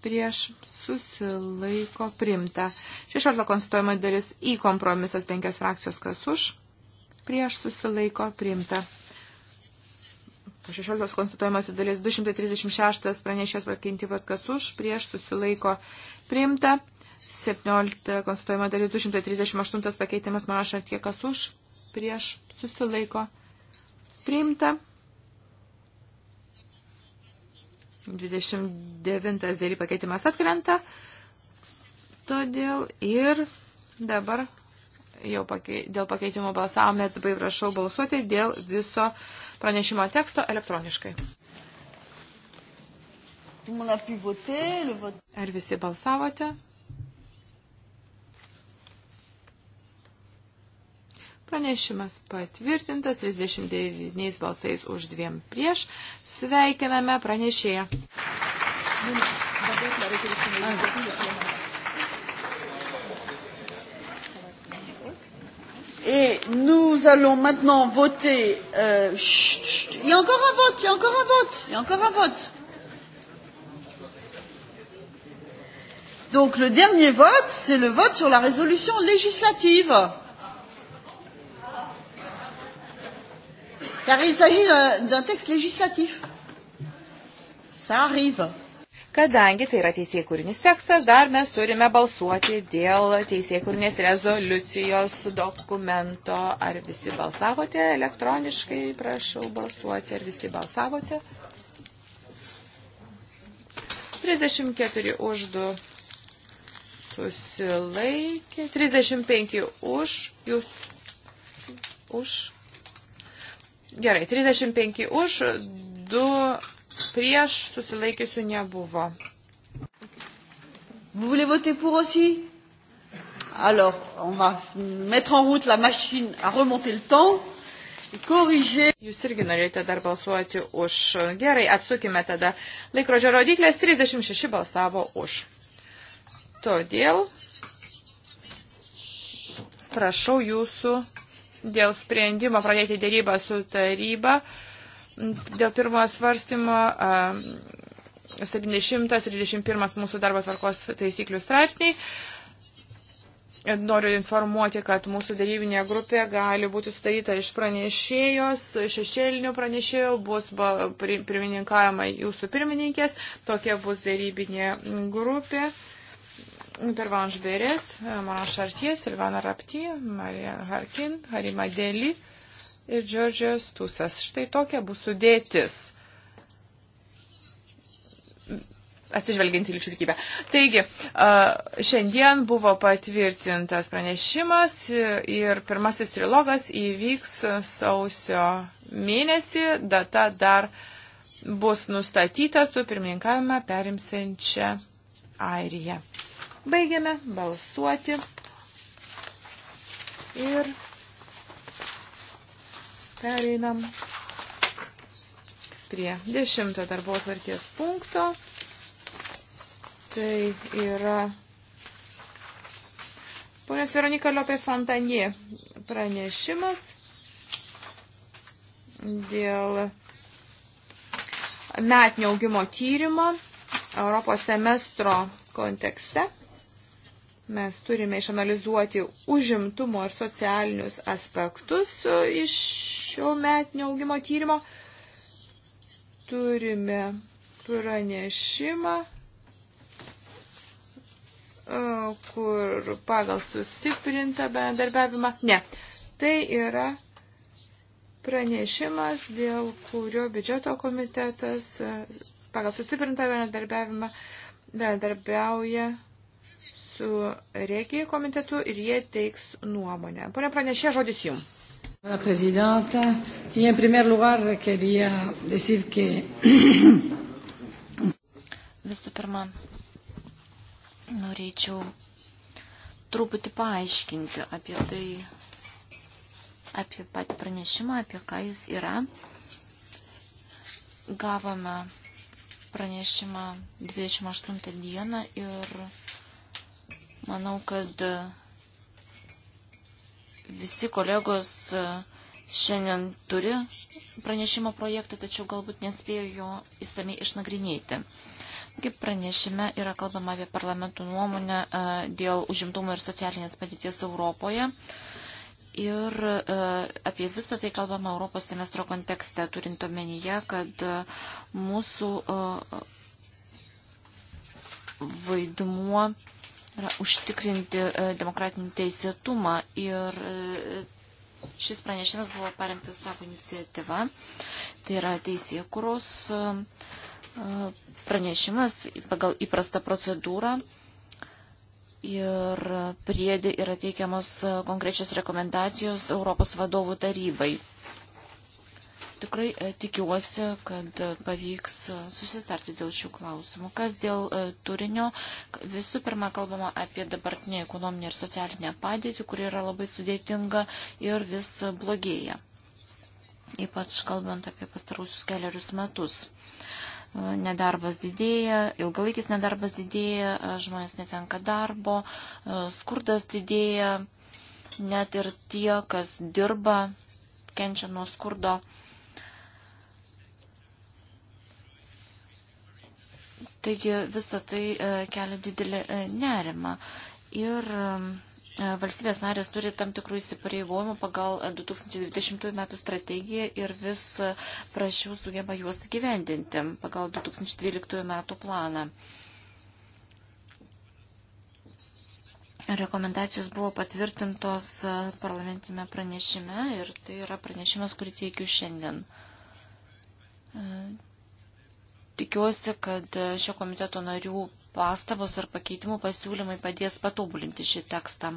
Speaker 3: prieš susilaiko priimta. 16 konstatuojama dalis I kompromisas penkios frakcijos kas už, prieš susilaiko priimta. 16 konstatuojamosios dalies 236 pranešės pakeitimas, kas už, prieš susilaiko priimta. 17 konstatuojama dalis 238 pakeitimas, man rašant, kiek kas už, prieš susilaiko priimta. 29 dėlį pakeitimas atkrenta. Todėl ir dabar jau pakei, dėl pakeitimo balsavome, labai prašau balsuoti dėl viso uh, pranešimo teksto elektroniškai.
Speaker 1: Ar visi balsavote?
Speaker 3: Pranešimas patvirtintas 39 balsais už dviem prieš. Sveikiname pranešėją.
Speaker 1: Dabar, dabar, dabar, dabar, dabar, dabar, dabar. Et nous allons maintenant voter. Euh, chut, chut, il y a encore un vote, il y a encore un vote, il y a encore un vote. Donc le dernier vote, c'est le vote sur la résolution législative. Car il s'agit d'un texte législatif. Ça arrive. Kadangi tai yra teisėkūrinis
Speaker 3: tekstas, dar mes turime balsuoti dėl teisėkūrinės rezoliucijos dokumento. Ar visi balsavote elektroniškai? Prašau balsuoti. Ar visi balsavote? 34 už 2 susilaikė. 35 už. Jūs už. Gerai, 35 už,
Speaker 1: 2 Prieš susilaikiusių nebuvo. Vous voulez voter pour aussi Alors, on va mettre en route la machine à remonter le temps. Corriger. Jūs irgi norėjote dar balsuoti
Speaker 3: už. Gerai, atsukime tada. Laikrodžio rodiklės 36 balsavo už. Todėl prašau jūsų dėl sprendimo pradėti dėrybą su taryba. Uh, Dėl pirmojo svarstymo 70 ir 21 mūsų darbo tvarkos taisyklių straipsniai. Noriu informuoti, kad mūsų darybinė grupė gali būti sudaryta iš pranešėjos, šešėlinių pranešėjų, bus pirmininkavimai jūsų pirmininkės, tokia bus darybinė grupė. Pervanš Berės, Mano Šarties, Silvana Rapti, Marija Harkin, Harima Deli ir Džordžijos Tusas. Štai tokia bus sudėtis. Atsižvelgiant į lyčių lygybę. Taigi, šiandien buvo patvirtintas pranešimas ir pirmasis trilogas įvyks sausio mėnesį, data dar bus nustatyta su pirmininkavimą perimsiančia Airija. Baigiame balsuoti ir Pereinam prie dešimto darbo atvarkės punkto. Tai yra ponios Veronika Liopė Fontanie pranešimas dėl metinio augimo tyrimo Europos semestro kontekste. Mes turime išanalizuoti užimtumo ir socialinius aspektus e, iš šio metinio augimo tyrimo. Turime pranešimą, e, kur pagal sustiprintą bendarbiavimą. Ne, tai yra pranešimas, dėl kurio biudžeto komitetas e, pagal sustiprintą bendarbiavimą bendarbiauja su regijai komitetu ir jie teiks nuomonę. Pone pranešė,
Speaker 2: žodis jums.
Speaker 1: Hola, presidenta. Y en primer lugar quería decir
Speaker 4: que. [coughs] Visų pirma, norėčiau truputį paaiškinti apie tai, apie patį pranešimą, apie ką jis yra. Gavome pranešimą 28 dieną ir Manau, kad e, visi kolegos e, šiandien turi pranešimo projektą, tačiau galbūt nespėjo jo įsamei išnagrinėti. Kaip pranešime yra kalbama apie parlamentų nuomonę e, dėl užimtumo ir socialinės padėties Europoje. Ir apie visą tai kalbama Europos semestro kontekste, turint omenyje, kad mūsų vaidmuo yra užtikrinti e, demokratinį teisėtumą ir e, šis pranešimas buvo parengtas savo iniciatyva. Tai yra teisėkuros e, pranešimas pagal įprastą procedūrą. Ir priedė yra teikiamos konkrečios rekomendacijos Europos vadovų tarybai tikrai e, tikiuosi, kad e, pavyks e, susitarti dėl šių klausimų. Kas dėl turinio, visų pirma, kalbama apie dabartinę ekonominę ir socialinę padėtį, kuri yra labai sudėtinga ir vis blogėja. Ypač kalbant apie pastarusius keliarius metus nedarbas didėja, ilgalaikis nedarbas didėja, žmonės netenka darbo, skurdas didėja, net ir tie, kas dirba, kenčia nuo skurdo. Taigi visa tai e, kelia didelį e, nerimą. Ir e, valstybės narės turi tam tikrų įsipareigojimų pagal 2020 m. strategiją ir vis prašiau sugeba juos gyvendinti pagal 2012 m. planą. Rekomendacijos buvo patvirtintos parlamentime pranešime ir tai yra pranešimas, kurį teikiu šiandien. Tikiuosi, kad šio komiteto narių pastabos ar pakeitimų pasiūlymai padės patobulinti šį tekstą.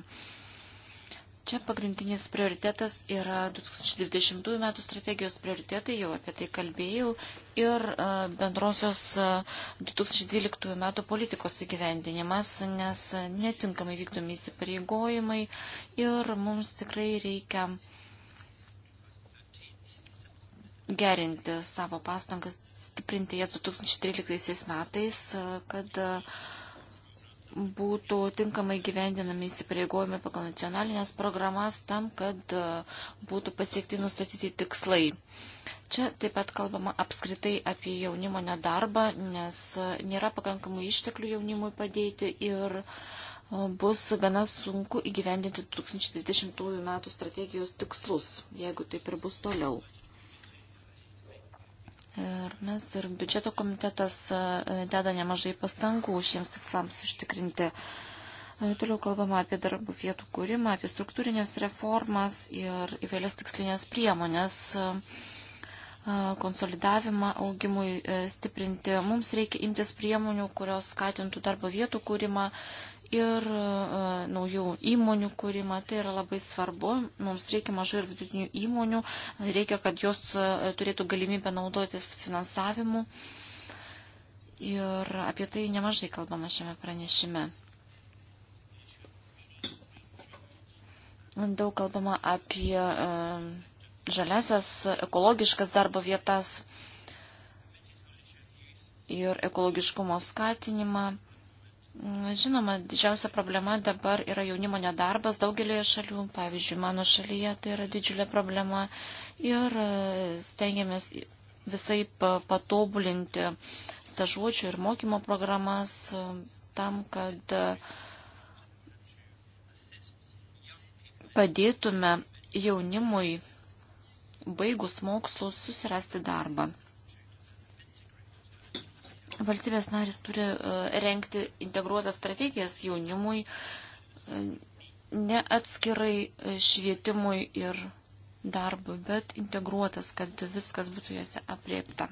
Speaker 4: Čia pagrindinis prioritetas yra 2020 metų strategijos prioritetai, jau apie tai kalbėjau, ir e, bendrosios 2012 e, metų politikos įgyvendinimas, nes netinkamai vykdomi įsipareigojimai ir mums tikrai reikia gerinti savo pastangas stiprinti jas 2013 metais, e, kad e, būtų tinkamai gyvendinami įsipareigojimai pagal nacionalinės programas tam, kad e, būtų pasiekti nustatyti tikslai. Čia taip pat kalbama apskritai apie jaunimo nedarbą, nes nėra pakankamai išteklių jaunimui padėti ir bus gana sunku įgyvendinti 2020 m. strategijos tikslus, jeigu taip ir bus toliau. Ir mes ir biudžeto komitetas e, deda nemažai pastangų šiems tikslams užtikrinti. E, toliau kalbama apie darbų vietų kūrimą, apie struktūrinės reformas ir įvairias tikslinės priemonės e, konsolidavimą augimui stiprinti. Mums reikia imtis priemonių, kurios skatintų darbo vietų kūrimą, ir e, naujų įmonių kūrimą. Tai yra labai svarbu. Mums reikia mažų ir vidutinių įmonių. Reikia, kad jos e, turėtų galimybę naudotis finansavimu. Ir apie tai nemažai kalbama šiame pranešime. Daug kalbama apie e, žaliasias, ekologiškas darbo vietas ir ekologiškumo skatinimą. Žinoma, didžiausia problema dabar yra jaunimo nedarbas daugelėje šalių, pavyzdžiui, mano šalyje tai yra didžiulė problema ir e, stengiamės visai e, patobulinti stažuočių ir mokymo programas e, tam, kad padėtume jaunimui baigus mokslus susirasti darbą. Valstybės narys turi e, renkti integruotas strategijas jaunimui, e, ne atskirai švietimui ir darbui, bet integruotas, kad viskas būtų juose apriepta.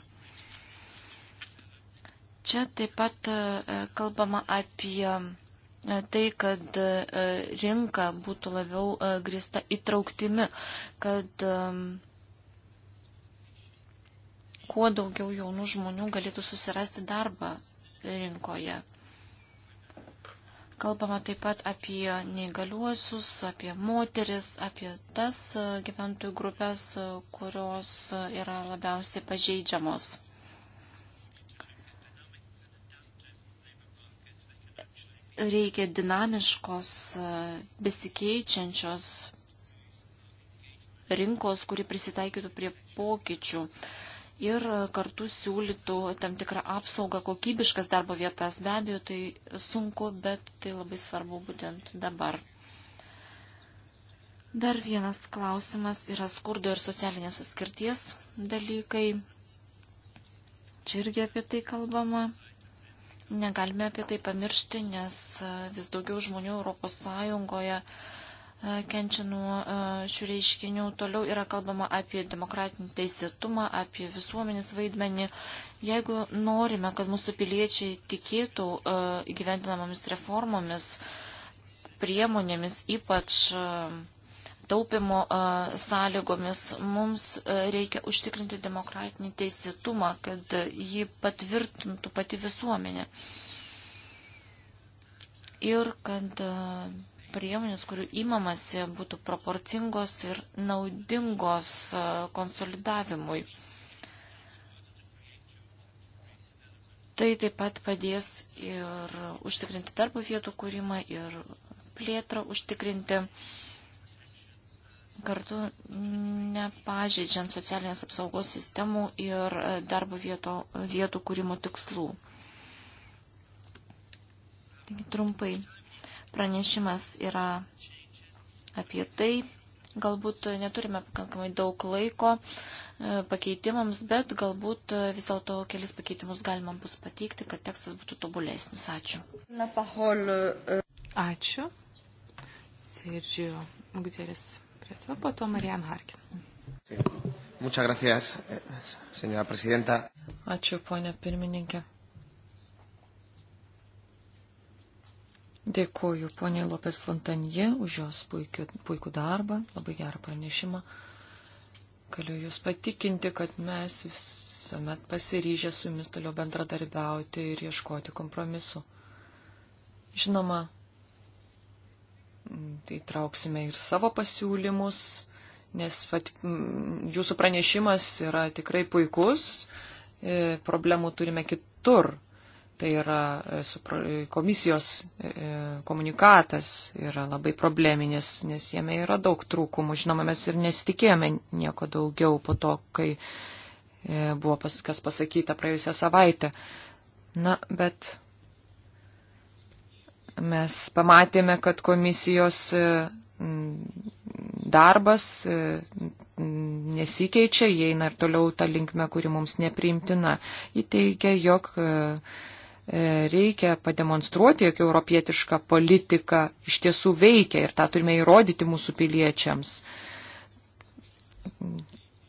Speaker 4: Čia taip pat e, kalbama apie tai, kad rinka būtų labiau grįsta įtrauktimi, kad kuo daugiau jaunų žmonių galėtų susirasti darbą rinkoje. Kalbama taip pat apie neįgaliuosius, apie moteris, apie tas gyventojų grupės, kurios yra labiausiai pažeidžiamos. Reikia dinamiškos, besikeičiančios rinkos, kuri prisitaikytų prie pokyčių. Uh, ir kartu siūlytų tam tikrą apsaugą, kokybiškas darbo vietas. Be abejo, tai sunku, bet tai labai svarbu būtent dabar. Dar vienas klausimas yra skurdo ir socialinės atskirties dalykai. Čia irgi apie tai kalbama. Negalime apie tai pamiršti, nes vis daugiau žmonių Europos Sąjungoje uh, E, kenčia nuo e, šių reiškinių. Toliau yra kalbama apie demokratinį teisėtumą, apie visuomenės vaidmenį. Jeigu norime, kad mūsų piliečiai tikėtų e, įgyvendinamomis reformomis, priemonėmis, ypač taupimo sąlygomis, mums reikia užtikrinti demokratinį teisėtumą, kad jį patvirtintų pati visuomenė. Ir kad priemonės, kurių įmamasi, būtų proporcingos ir naudingos e, konsolidavimui. Tai taip pat padės ir užtikrinti darbo vietų kūrimą ir plėtrą užtikrinti kartu nepažeidžiant socialinės apsaugos sistemų ir e, darbo vieto, vietų kūrimo tikslų. Taigi trumpai Pranešimas yra apie tai. Galbūt neturime pakankamai daug laiko e, pakeitimams, bet galbūt e, vis dėlto kelis pakeitimus galima bus pateikti, kad tekstas būtų tobulesnis. Ačiū.
Speaker 1: E,
Speaker 3: Ačiū. Sergio Gutierrez Preto, po
Speaker 2: to Marian Harkin.
Speaker 1: Muchas gracias, eh, señora presidenta.
Speaker 2: Ačiū, ponia pirmininkė. Dėkuoju poniai Lopės Fontanje už jos puikiu, puikų darbą, labai gerą pranešimą. Galiu Jūs patikinti, kad mes visuomet pasiryžę su Jumis toliau bendradarbiauti ir ieškoti kompromisu. Žinoma, tai trauksime ir savo pasiūlymus, nes pat, Jūsų pranešimas yra tikrai puikus, e, problemų turime kitur Tai yra e, e, komisijos e, komunikatas yra labai probleminis, nes jame yra daug trūkumų. Žinoma, mes ir nesitikėjome nieko daugiau po to, kai buvo pas, kas pasakyta praėjusią savaitę. Na, bet mes pamatėme, kad komisijos darbas nesikeičia, jie eina ir toliau tą linkmę, kuri mums nepriimtina. Įteigia, jog uh, E, reikia pademonstruoti, jog europietiška politika iš tiesų veikia ir tą turime įrodyti mūsų piliečiams.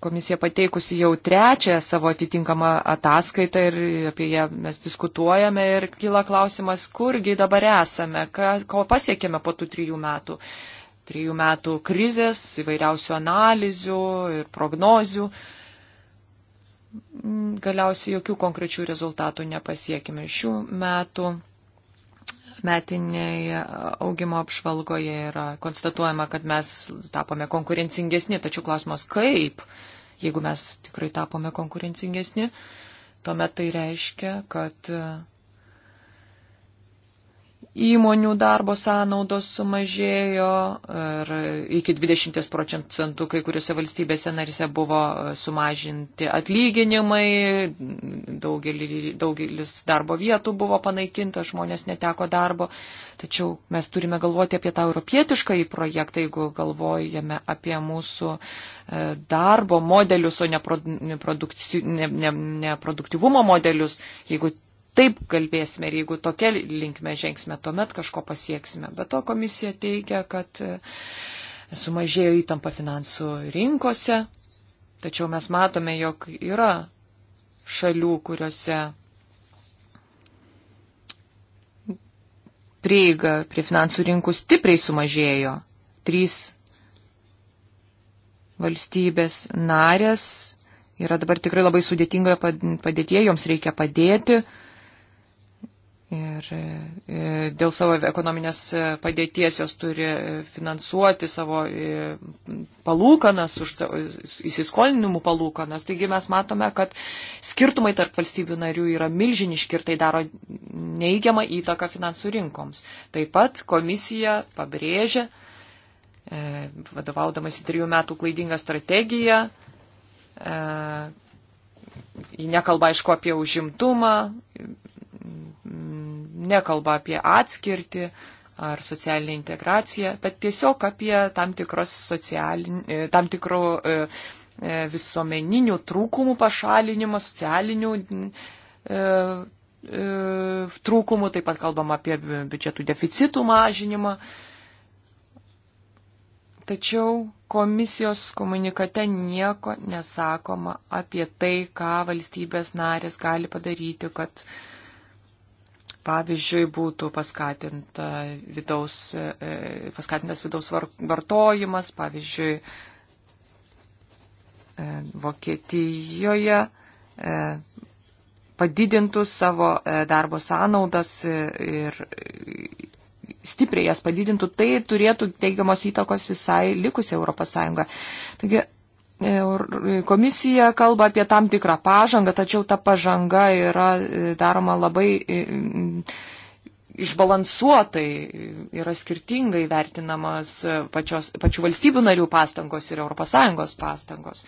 Speaker 2: Komisija pateikusi jau trečią savo atitinkamą ataskaitą ir apie ją mes diskutuojame ir kyla klausimas, kurgi dabar esame, ką, ko pasiekėme po tų trijų metų. Trijų metų krizės, įvairiausių analizių ir prognozių. Uh, galiausiai jokių konkrečių rezultatų nepasiekime. Šių metų metinėje augimo apžvalgoje yra konstatuojama, kad mes tapome konkurencingesni, tačiau klausimas kaip, jeigu mes tikrai tapome konkurencingesni, tuomet tai reiškia, kad įmonių darbo sąnaudos sumažėjo ir iki 20 procentų kai kuriuose valstybėse narise buvo sumažinti atlyginimai, daugelis, daugelis darbo vietų buvo panaikinta, žmonės neteko darbo. Tačiau mes turime galvoti apie tą europietišką į projektą, jeigu galvojame apie mūsų e, darbo modelius, o ne, produkci, ne, ne, ne produktivumo modelius, jeigu taip kalbėsime ir jeigu tokia linkme žengsime, tuomet kažko pasieksime. Bet to komisija teigia, kad e, sumažėjo įtampa finansų rinkose, tačiau mes matome, jog yra šalių, kuriuose prieiga prie finansų rinkų stipriai sumažėjo. Trys valstybės narės yra dabar tikrai labai sudėtingoje padėtyje, joms reikia padėti. Ir e, dėl savo ekonominės padėties jos turi finansuoti savo e, palūkanas, įsiskolinimų palūkanas. Taigi mes matome, kad skirtumai tarp valstybių narių yra milžiniški ir tai daro neįgiamą įtaką finansų rinkoms. Taip pat komisija pabrėžia, e, vadovaudamasi trijų metų klaidingą strategiją, ji nekalba aišku apie užimtumą nekalba apie atskirtį ar socialinę integraciją, bet tiesiog apie tam, e, tam tikrų e, e, visuomeninių trūkumų pašalinimą, socialinių trūkumų, taip pat kalbam apie biudžetų deficitų mažinimą. Tačiau komisijos komunikate nieko nesakoma apie tai, ką valstybės narės gali padaryti, kad uh, pavyzdžiui, būtų paskatinta vidaus, e, e, paskatintas vidaus vartojimas, pavyzdžiui, e, Vokietijoje padidintų savo darbo sąnaudas ir stipriai jas padidintų, tai turėtų teigiamos įtakos visai likusiai ES. Taigi Komisija kalba apie tam tikrą pažangą, tačiau ta pažanga yra e, daroma labai e, išbalansuotai, yra skirtingai vertinamas e, pačios, pačių valstybių narių pastangos ir ES pastangos.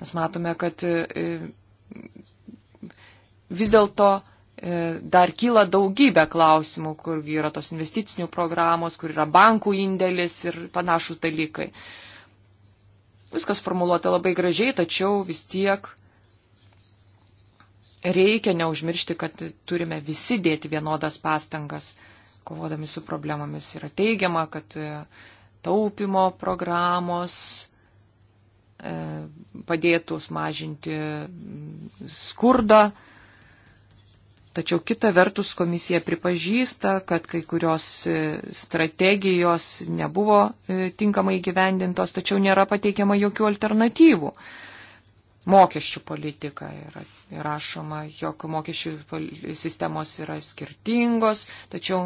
Speaker 2: Mes matome, kad vis dėlto dar kyla daugybė klausimų, kurgi yra tos investicinių programos, kur yra bankų indėlis ir panašus dalykai. Uh, Viskas formuluota labai gražiai, tačiau vis tiek reikia neužmiršti, kad turime visi dėti vienodas pastangas, kovodami su problemomis. Yra teigiama, kad e, taupimo programos e, padėtų sumažinti skurdą, Tačiau kita vertus komisija pripažįsta, kad kai kurios e, strategijos nebuvo e, tinkamai gyvendintos, tačiau nėra pateikiama jokių alternatyvų. Mokesčių politika yra rašoma, jog mokesčių sistemos yra skirtingos, tačiau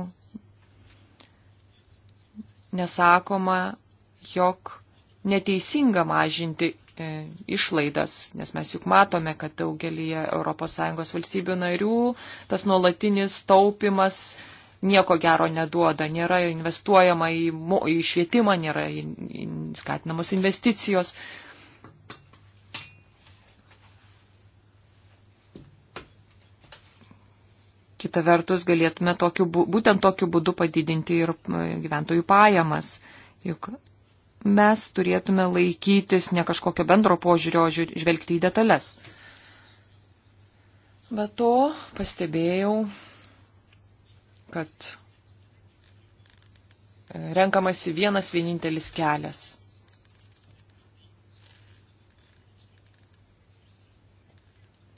Speaker 2: nesakoma, jog neteisinga mažinti E, išlaidas, nes mes juk matome, kad daugelį ES valstybių narių tas nuolatinis taupimas nieko gero neduoda, nėra investuojama į, į švietimą, nėra į, į skatinamos investicijos. Kita vertus, galėtume tokiu, būtent tokiu būdu padidinti ir e, gyventojų pajamas. Juk mes turėtume laikytis ne kažkokio bendro požiūrio, žvelgti į detalės. Be to pastebėjau, kad e, renkamasi vienas vienintelis kelias.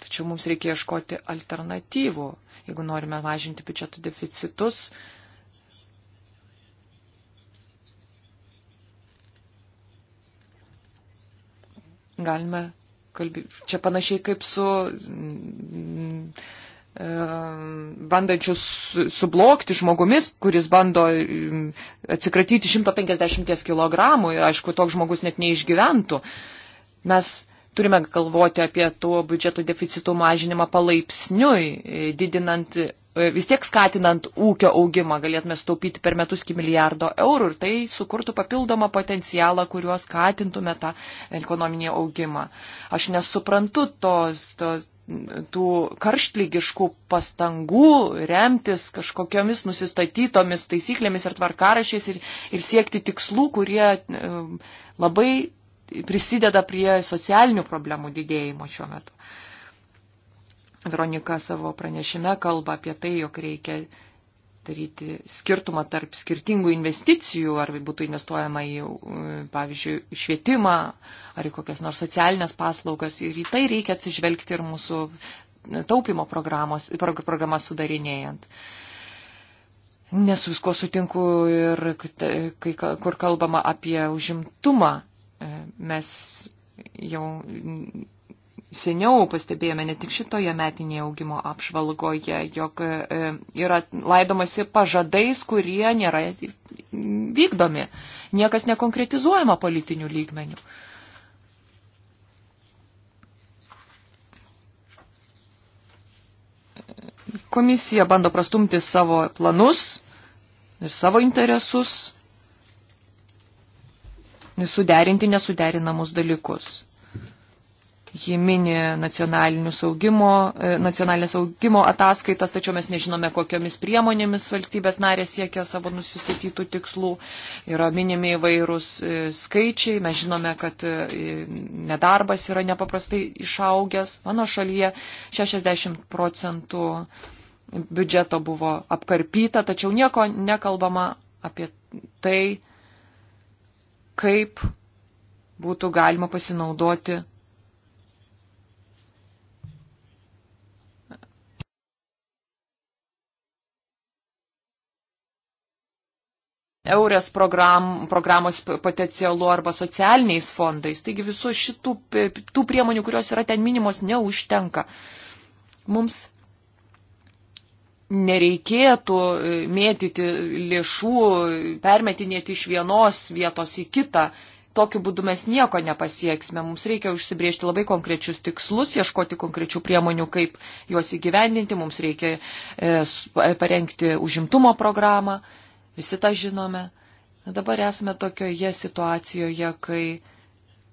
Speaker 2: Tačiau mums reikia ieškoti alternatyvų, jeigu norime mažinti biudžeto deficitus, Galime kalbėti. Čia panašiai kaip su mm, e, bandančius sublokti žmogumis, kuris bando mm, atsikratyti 150 kg ir aišku, toks žmogus net neišgyventų. Mes turime galvoti apie to biudžeto deficito mažinimą palaipsniui, e, didinant E, vis tiek skatinant ūkio augimą galėtume sutaupyti per metus iki milijardo eurų ir tai sukurtų papildomą potencialą, kuriuo skatintume tą ekonominį augimą. Aš nesuprantu tos, tos, tų karštlygiškų pastangų remtis kažkokiamis nusistatytomis taisyklėmis ir tvarkarašiais ir, ir siekti tikslų, kurie e, labai prisideda prie socialinių problemų didėjimo šiuo metu. Uh, Veronika savo pranešime kalba apie tai, jog reikia daryti skirtumą tarp skirtingų investicijų, ar būtų investuojama į, mm, pavyzdžiui, švietimą, ar į kokias nors socialinės paslaugas. Ir į tai reikia atsižvelgti ir mūsų taupimo programos, programas sudarinėjant. Nesu visko sutinku ir kai, kur kalbama apie užimtumą, e, mes jau seniau pastebėjome ne tik šitoje metinėje augimo apžvalgoje, jog e, yra laidomasi pažadais, kurie nėra vykdomi. Niekas nekonkretizuojama politinių lygmenių. Komisija bando prastumti savo planus ir savo interesus, suderinti nesuderinamus dalykus. Ji mini saugimo, e, nacionalinės saugimo ataskaitas, tačiau mes nežinome, kokiomis priemonėmis valstybės narės siekia savo nusistatytų tikslų. Yra minimi įvairūs e, skaičiai, mes žinome, kad e, nedarbas yra nepaprastai išaugęs. Mano šalyje 60 procentų biudžeto buvo apkarpyta, tačiau nieko nekalbama apie tai, kaip būtų galima pasinaudoti eurės program, programos potencialu arba socialiniais fondais. Taigi visų šitų tų priemonių, kurios yra ten minimos, neužtenka. Mums nereikėtų e, mėtyti lėšų, permetinėti iš vienos vietos į kitą. Tokiu būdu mes nieko nepasieksime. Mums reikia užsibriežti labai konkrečius tikslus, ieškoti konkrečių priemonių, kaip juos įgyvendinti. Mums reikia e, parengti užimtumo programą. E, visi tą žinome. Na, dabar esame tokioje situacijoje, kai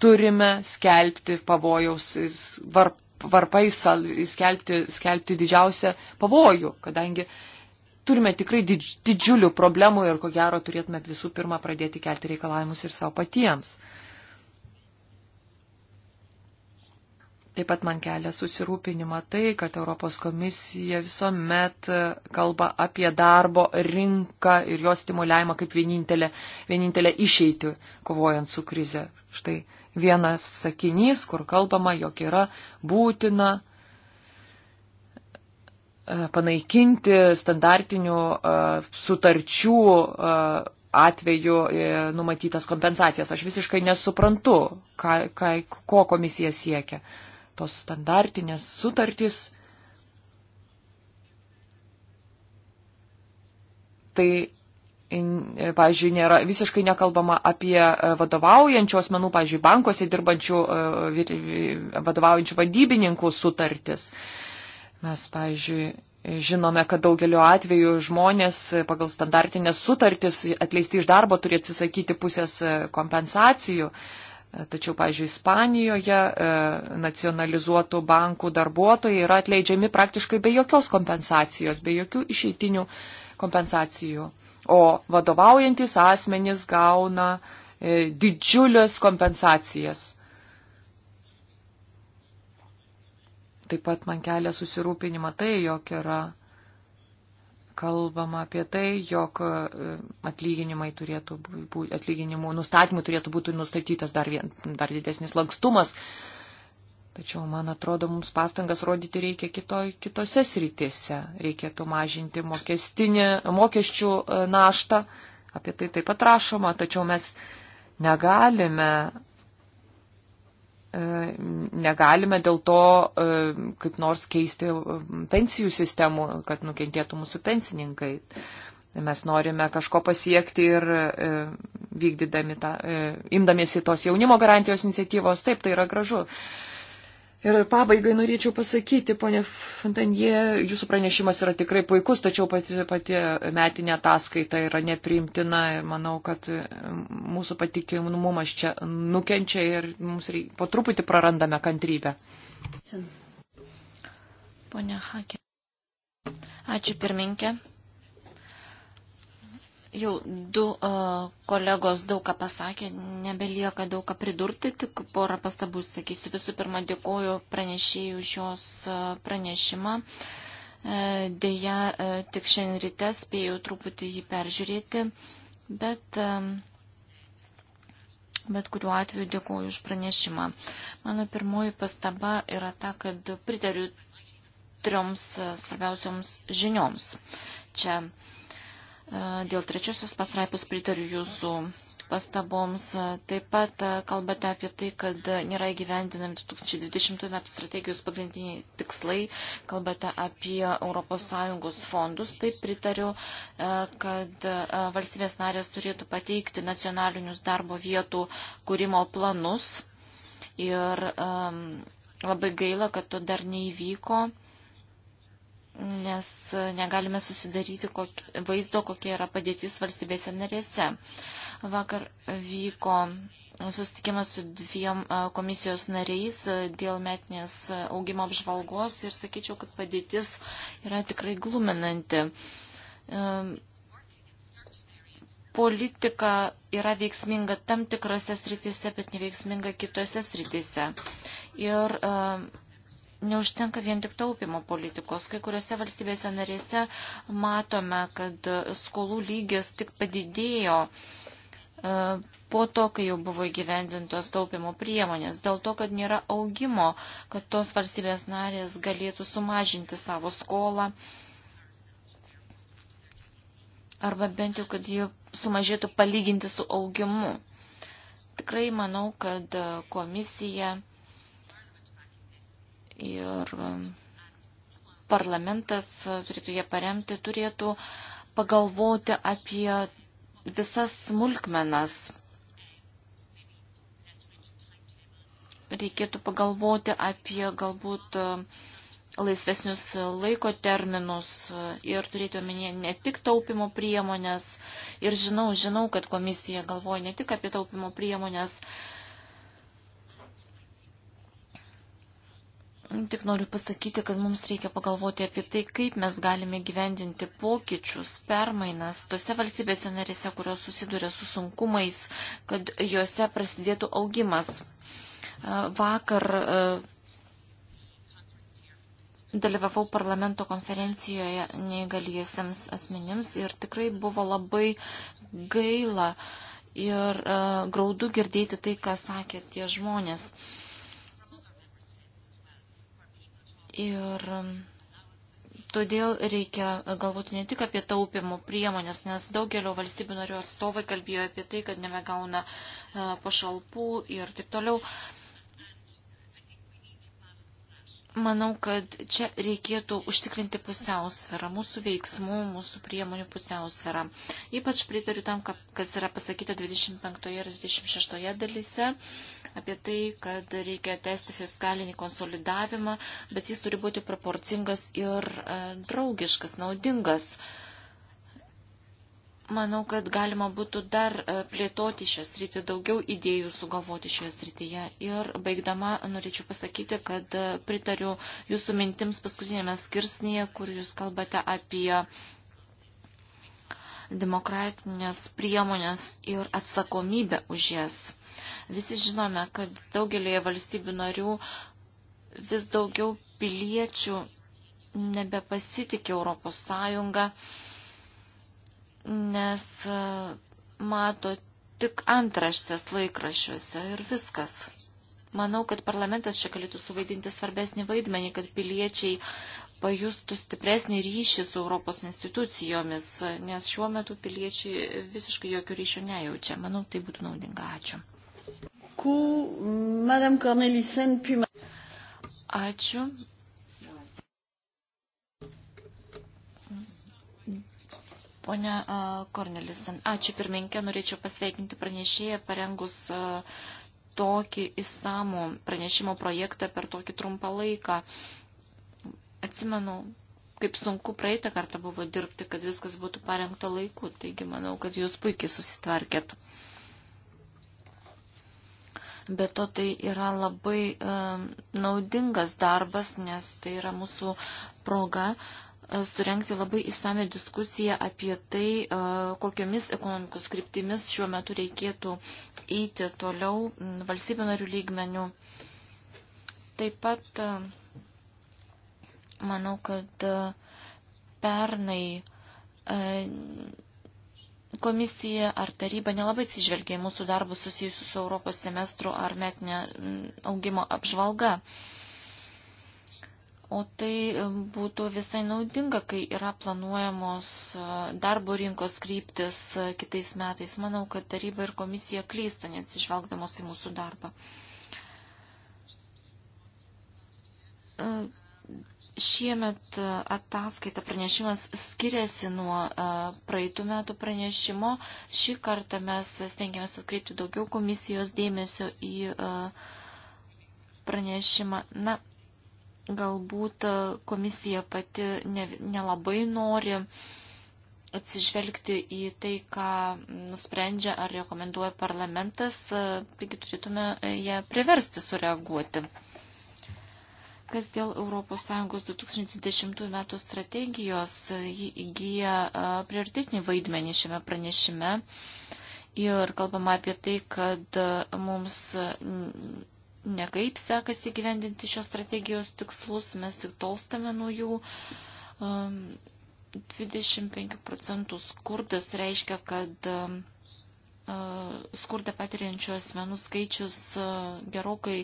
Speaker 2: turime skelbti pavojaus varp, varpais, skelbti, skelbti didžiausią pavojų, kadangi turime tikrai didž, didžiulių problemų ir ko gero turėtume visų pirma pradėti kelti reikalavimus ir savo patiems. Taip pat man kelia susirūpinimą tai, kad Europos komisija visuomet kalba apie darbo rinką ir jos stimuliavimą kaip vienintelę, vienintelę išeitį kovojant su krize. Štai vienas sakinys, kur kalbama, jog yra būtina e, panaikinti standartinių e, sutarčių e, atveju numatytas kompensacijas. Aš visiškai nesuprantu, ką, ką, ko komisija siekia tos standartinės sutartys, tai, pavyzdžiui, nėra, visiškai nekalbama apie e, vadovaujančių asmenų, pavyzdžiui, bankuose dirbančių e, vadovaujančių vadybininkų sutartis. Mes, pavyzdžiui, Žinome, kad daugeliu atveju žmonės pagal standartinės sutartis atleisti iš darbo turi atsisakyti pusės e, kompensacijų. Uh, Tačiau, pažiūrėjau, Ispanijoje e, nacionalizuotų bankų darbuotojai yra atleidžiami praktiškai be jokios kompensacijos, be jokių išeitinių kompensacijų. O vadovaujantis asmenys gauna e, didžiulės kompensacijas. Taip pat man kelia susirūpinimą tai, jog yra kalbama apie tai, jog e, atlyginimai turėtų būti, atlyginimų nustatymų turėtų būti nustatytas dar, vien, dar didesnis lankstumas. Tačiau, man atrodo, mums pastangas rodyti reikia kito, kitose sritise. Reikėtų mažinti mokesčių e, naštą. Apie tai taip pat rašoma. Tačiau mes negalime E, negalime dėl to e, kaip nors keisti e, pensijų sistemų, kad nukentėtų mūsų pensininkai. Mes norime kažko pasiekti ir vykdydami tą, imdamiesi tos jaunimo garantijos iniciatyvos, taip, tai yra gražu. Ir pabaigai norėčiau pasakyti, ponė Fontanie, jūsų pranešimas yra tikrai puikus, tačiau pati, pati metinė ataskaita yra nepriimtina ir manau, kad mūsų patikimumas čia nukenčia ir mums reik, po truputį prarandame kantrybę.
Speaker 4: Pone Hakė. Ačiū pirminkė. Jau du uh, kolegos daug ką pasakė, nebelieka daug ką pridurti, tik porą pastabų sakysiu. Visų pirma, dėkoju pranešėjų šios uh, pranešimą. Uh, e, deja, uh, e, tik šiandien ryte spėjau truputį jį peržiūrėti, bet, uh, bet kuriuo atveju dėkoju už pranešimą. Mano pirmoji pastaba yra ta, kad pritariu trioms svarbiausioms žinioms. Čia uh, Dėl trečiosios pastraipos pritariu jūsų pastaboms. Taip pat kalbate apie tai, kad nėra įgyvendinami 2020 metų strategijos pagrindiniai tikslai. Kalbate apie ES fondus. Taip pritariu, kad valstybės narės turėtų pateikti nacionalinius darbo vietų kūrimo planus. Ir um, labai gaila, kad to dar neįvyko nes negalime susidaryti kokį, vaizdo, kokia yra padėtis valstybėse narėse. Vakar vyko susitikimas su dviem komisijos nariais dėl metinės augimo apžvalgos ir sakyčiau, kad padėtis yra tikrai gluminanti. Politika yra veiksminga tam tikrose srityse, bet neveiksminga kitose srityse. Ir uh, neužtenka vien tik taupimo politikos. Kai kuriuose valstybėse narėse matome, kad skolų lygis tik padidėjo e, po to, kai jau buvo įgyvendintos taupimo priemonės, dėl to, kad nėra augimo, kad tos valstybės narės galėtų sumažinti savo skolą arba bent jau, kad ji sumažėtų palyginti su augimu. Tikrai manau, kad komisija ir um, parlamentas turėtų jie paremti, turėtų pagalvoti apie visas smulkmenas. Reikėtų pagalvoti apie galbūt um, laisvesnius laiko terminus ir turėti omenyje ne tik taupimo priemonės. Ir žinau, žinau, kad komisija galvoja ne tik apie taupimo priemonės, Tik noriu pasakyti, kad mums reikia pagalvoti apie tai, kaip mes galime gyvendinti pokyčius, permainas tose valstybėse narėse, kurios susiduria su sunkumais, kad juose prasidėtų augimas. Vakar dalyvavau parlamento konferencijoje neįgaliesiems asmenims ir tikrai buvo labai gaila ir graudu girdėti tai, ką sakė tie žmonės. Ir um, todėl reikia galvoti ne tik apie taupimo priemonės, nes daugelio valstybių narių atstovai kalbėjo apie tai, kad nebegauna e, pašalpų ir taip toliau. Manau, kad čia reikėtų užtikrinti pusiausvėrą, mūsų veiksmų, mūsų priemonių pusiausvėrą. Ypač pritariu tam, kas yra pasakyta 25 ir 26 dalyse apie tai, kad reikia tęsti fiskalinį konsolidavimą, bet jis turi būti proporcingas ir e, draugiškas, naudingas. Manau, kad galima būtų dar e, plėtoti šią sritį, daugiau idėjų sugalvoti šioje srityje. Ir baigdama norėčiau pasakyti, kad e, pritariu jūsų mintims paskutinėme skirsnėje, kur jūs kalbate apie demokratinės priemonės ir atsakomybę už jas. Visi žinome, kad daugelėje valstybių narių vis daugiau piliečių nebepasitikė Europos Sąjungą, nes e, mato tik antraštės laikrašiuose ir viskas. Manau, kad parlamentas čia galėtų suvaidinti svarbesnį vaidmenį, kad piliečiai pajustų stipresnį ryšį su Europos institucijomis, nes šiuo metu piliečiai visiškai jokių ryšių nejaučia. Manau, tai būtų naudinga. Ačiū.
Speaker 1: Ačiū.
Speaker 4: Pone Kornelisen, ačiū pirmininkė, norėčiau pasveikinti pranešėją parengus tokį įsamų pranešimo projektą per tokį trumpą laiką. Atsimenu, kaip sunku praeitą kartą buvo dirbti, kad viskas būtų parengta laiku, taigi manau, kad jūs puikiai susitvarkėt. Bet to tai yra labai e, naudingas darbas, nes tai yra mūsų proga e, surenkti labai įsame diskusiją apie tai, e, kokiomis ekonomikos kryptimis šiuo metu reikėtų eiti toliau valstybių narių lygmenių. Taip pat e, manau, kad e, pernai e, komisija ar taryba nelabai atsižvelgia į mūsų darbus susijusius su Europos semestru ar metinė mm, augimo apžvalga. O tai mm, būtų visai naudinga, kai yra planuojamos darbo rinkos kryptis kitais metais. Manau, kad taryba ir komisija klysta, neatsižvelgdamos į mūsų darbą. Šiemet e, ataskaita pranešimas skiriasi nuo e, praeitų metų pranešimo. Šį kartą mes stengiamės atkreipti daugiau komisijos dėmesio į e, pranešimą. Na, galbūt komisija pati ne, nelabai nori atsižvelgti į tai, ką nusprendžia ar rekomenduoja parlamentas, taigi turėtume ją priversti sureaguoti. Kas dėl ES 2010 m. strategijos, ji įgyja prioritetinį vaidmenį šiame pranešime ir kalbama apie tai, kad mums nekaip sekasi gyvendinti šios strategijos tikslus, mes tik tolstame nuo jų. 25 procentų skurdas reiškia, kad skurdą patiriančių asmenų skaičius gerokai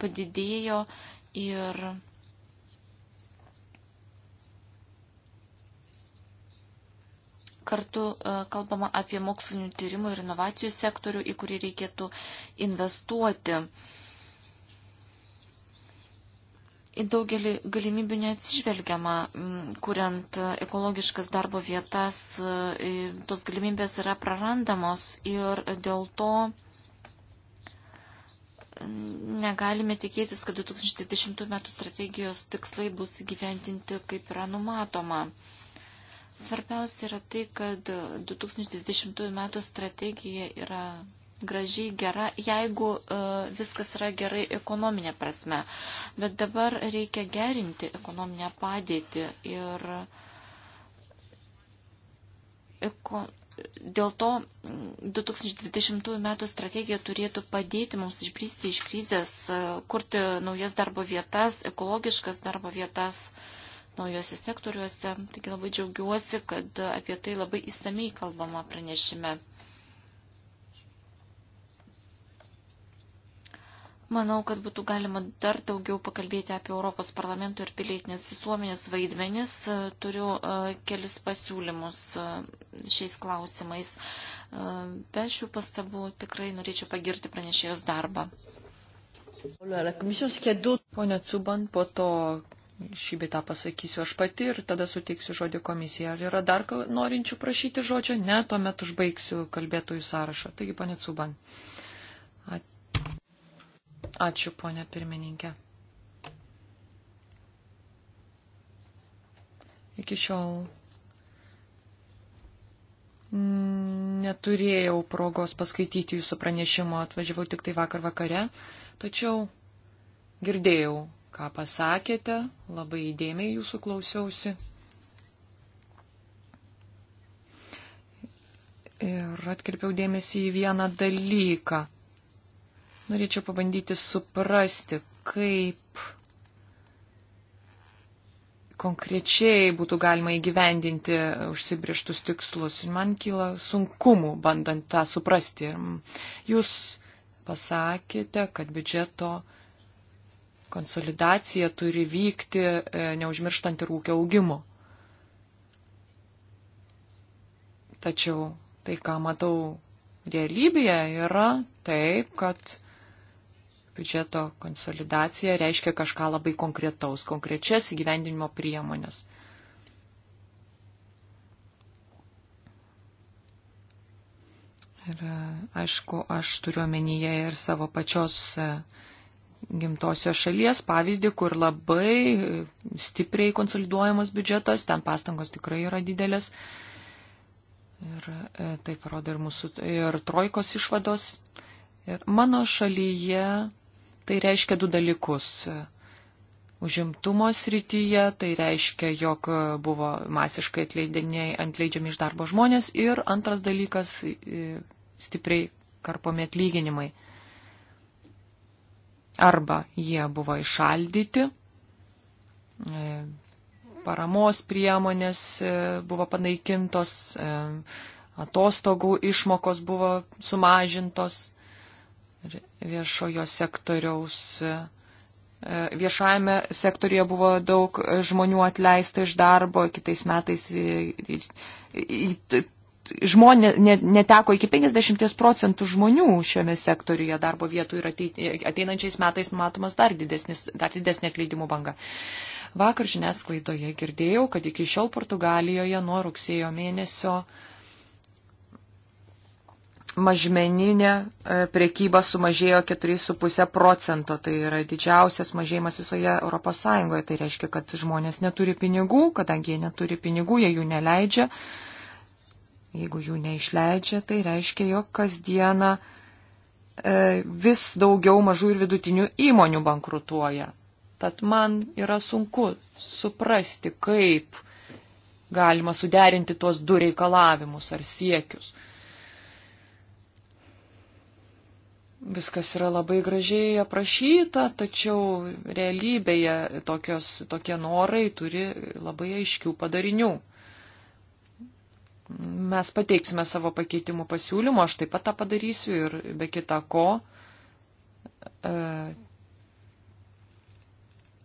Speaker 4: padidėjo Ir kartu e, kalbama apie mokslinių tyrimų ir inovacijų sektorių, į kurį reikėtų investuoti. Į daugelį galimybių neatsižvelgiama, kuriant ekologiškas darbo vietas, e, tos galimybės yra prarandamos ir dėl to negalime tikėtis, kad 2020 m. strategijos tikslai bus gyventinti kaip yra numatoma. Svarbiausia yra tai, kad 2020 m. strategija yra gražiai gera, jeigu uh, viskas yra gerai ekonominė prasme. Bet dabar reikia gerinti ekonominę padėtį ir eko, Dėl to 2020 mm, m. strategija turėtų padėti mums išbristi iš krizės, e, kurti naujas darbo vietas, ekologiškas darbo vietas naujose sektoriuose. Taigi labai džiaugiuosi, kad apie tai labai įsamei kalbama pranešime. Manau, kad būtų galima dar daugiau pakalbėti apie Europos parlamento ir pilietinės visuomenės vaidmenis. Turiu e, kelis pasiūlymus e, šiais klausimais. E, be šių pastabų tikrai norėčiau pagirti pranešėjos darbą.
Speaker 2: Pone Cuban, po to šį bitą pasakysiu aš pati ir tada suteiksiu žodį komisijai. Ar yra dar norinčių prašyti žodžio? Ne, tuomet užbaigsiu kalbėtojų sąrašą. Taigi, pane Cuban. Uh, Ačiū, ponė pirmininkė. Iki šiol neturėjau progos paskaityti jūsų pranešimo, atvažiavau tik tai vakar vakare, tačiau girdėjau, ką pasakėte, labai įdėmiai jūsų klausiausi. Ir atkirpiau dėmesį į vieną dalyką norėčiau pabandyti suprasti, kaip konkrečiai būtų galima įgyvendinti užsibrieštus tikslus. Ir man kyla sunkumų bandant tą suprasti. Jūs pasakėte, kad biudžeto konsolidacija turi vykti e, neužmirštant ir ūkio augimo. Tačiau tai, ką matau realybėje, yra taip, kad biudžeto konsolidacija reiškia kažką labai konkretaus, konkrečias įgyvendinimo priemonės. Ir e, aišku, aš turiu omenyje ir savo pačios e, gimtosios šalies pavyzdį, kur labai stipriai konsoliduojamas biudžetas, ten pastangos tikrai yra didelės. Ir e, tai parodo ir mūsų, ir trojkos išvados. Ir mano šalyje Tai reiškia du dalykus. Užimtumo srityje tai reiškia, jog buvo masiškai atleidžiami iš darbo žmonės ir antras dalykas stipriai karpomi atlyginimai. Arba jie buvo išaldyti, e, paramos priemonės e, buvo panaikintos, e, atostogų išmokos buvo sumažintos viešojo sektoriaus. E, viešajame sektorija buvo daug žmonių atleista iš darbo, kitais metais žmonė, neteko iki 50 procentų žmonių šiame sektoriuje darbo vietų ir ateinančiais metais matomas dar, didesnis, dar didesnė atleidimų banga. Vakar žiniasklaidoje girdėjau, kad iki šiol Portugalijoje nuo rugsėjo mėnesio uh, mažmeninė e, priekyba sumažėjo 4,5 procento. Tai yra didžiausias mažėjimas visoje ES. Tai reiškia, kad žmonės neturi pinigų, kadangi jie neturi pinigų, jie jų neleidžia. Jeigu jų neišleidžia, tai reiškia, jog kasdieną e, vis daugiau mažų ir vidutinių įmonių bankrutuoja. Tad man yra sunku suprasti, kaip galima suderinti tuos du reikalavimus ar siekius. viskas yra labai gražiai aprašyta, tačiau realybėje tokios, tokie norai turi labai aiškių padarinių. Mes pateiksime savo pakeitimų pasiūlymą, aš taip pat tą padarysiu ir be kita ko e,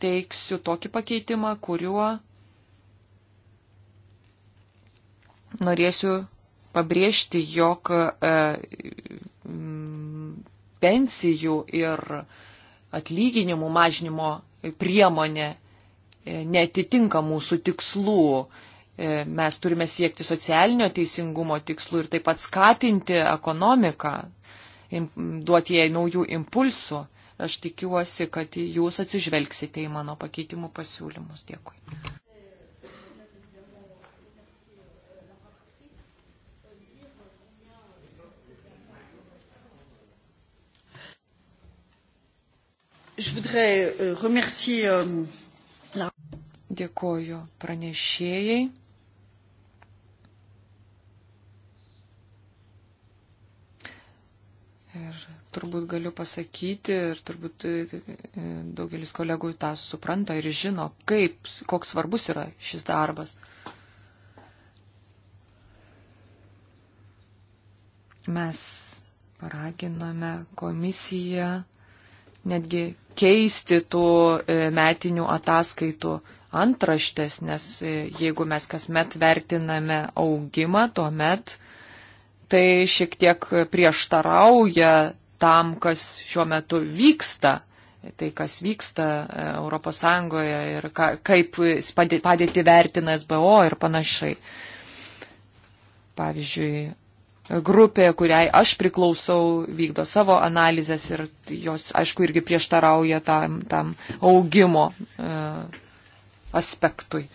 Speaker 2: teiksiu tokį pakeitimą, kuriuo norėsiu pabrėžti, jog e, m, pensijų ir atlyginimų mažinimo priemonė e, netitinka mūsų tikslų. E, mes turime siekti socialinio teisingumo tikslų ir taip pat skatinti ekonomiką, duoti jai naujų impulsų. Aš tikiuosi, kad jūs atsižvelgsite į mano pakeitimų pasiūlymus. Dėkui.
Speaker 1: Euh, euh, Dėkoju pranešėjai.
Speaker 2: Ir turbūt galiu pasakyti, ir turbūt e, daugelis kolegų tą supranta ir žino, kaip, koks svarbus yra šis darbas. Mes paraginome komisiją netgi keisti tų e, metinių ataskaitų antraštės, nes e, jeigu mes kasmet vertiname augimą, tuomet tai šiek tiek prieštarauja tam, kas šiuo metu vyksta, tai kas vyksta ES ir ka, kaip padėti vertina SBO ir panašiai. Pavyzdžiui, grupė, kuriai aš priklausau, vykdo savo analizės ir jos, aišku, irgi prieštarauja tam, tam augimo e, aspektui.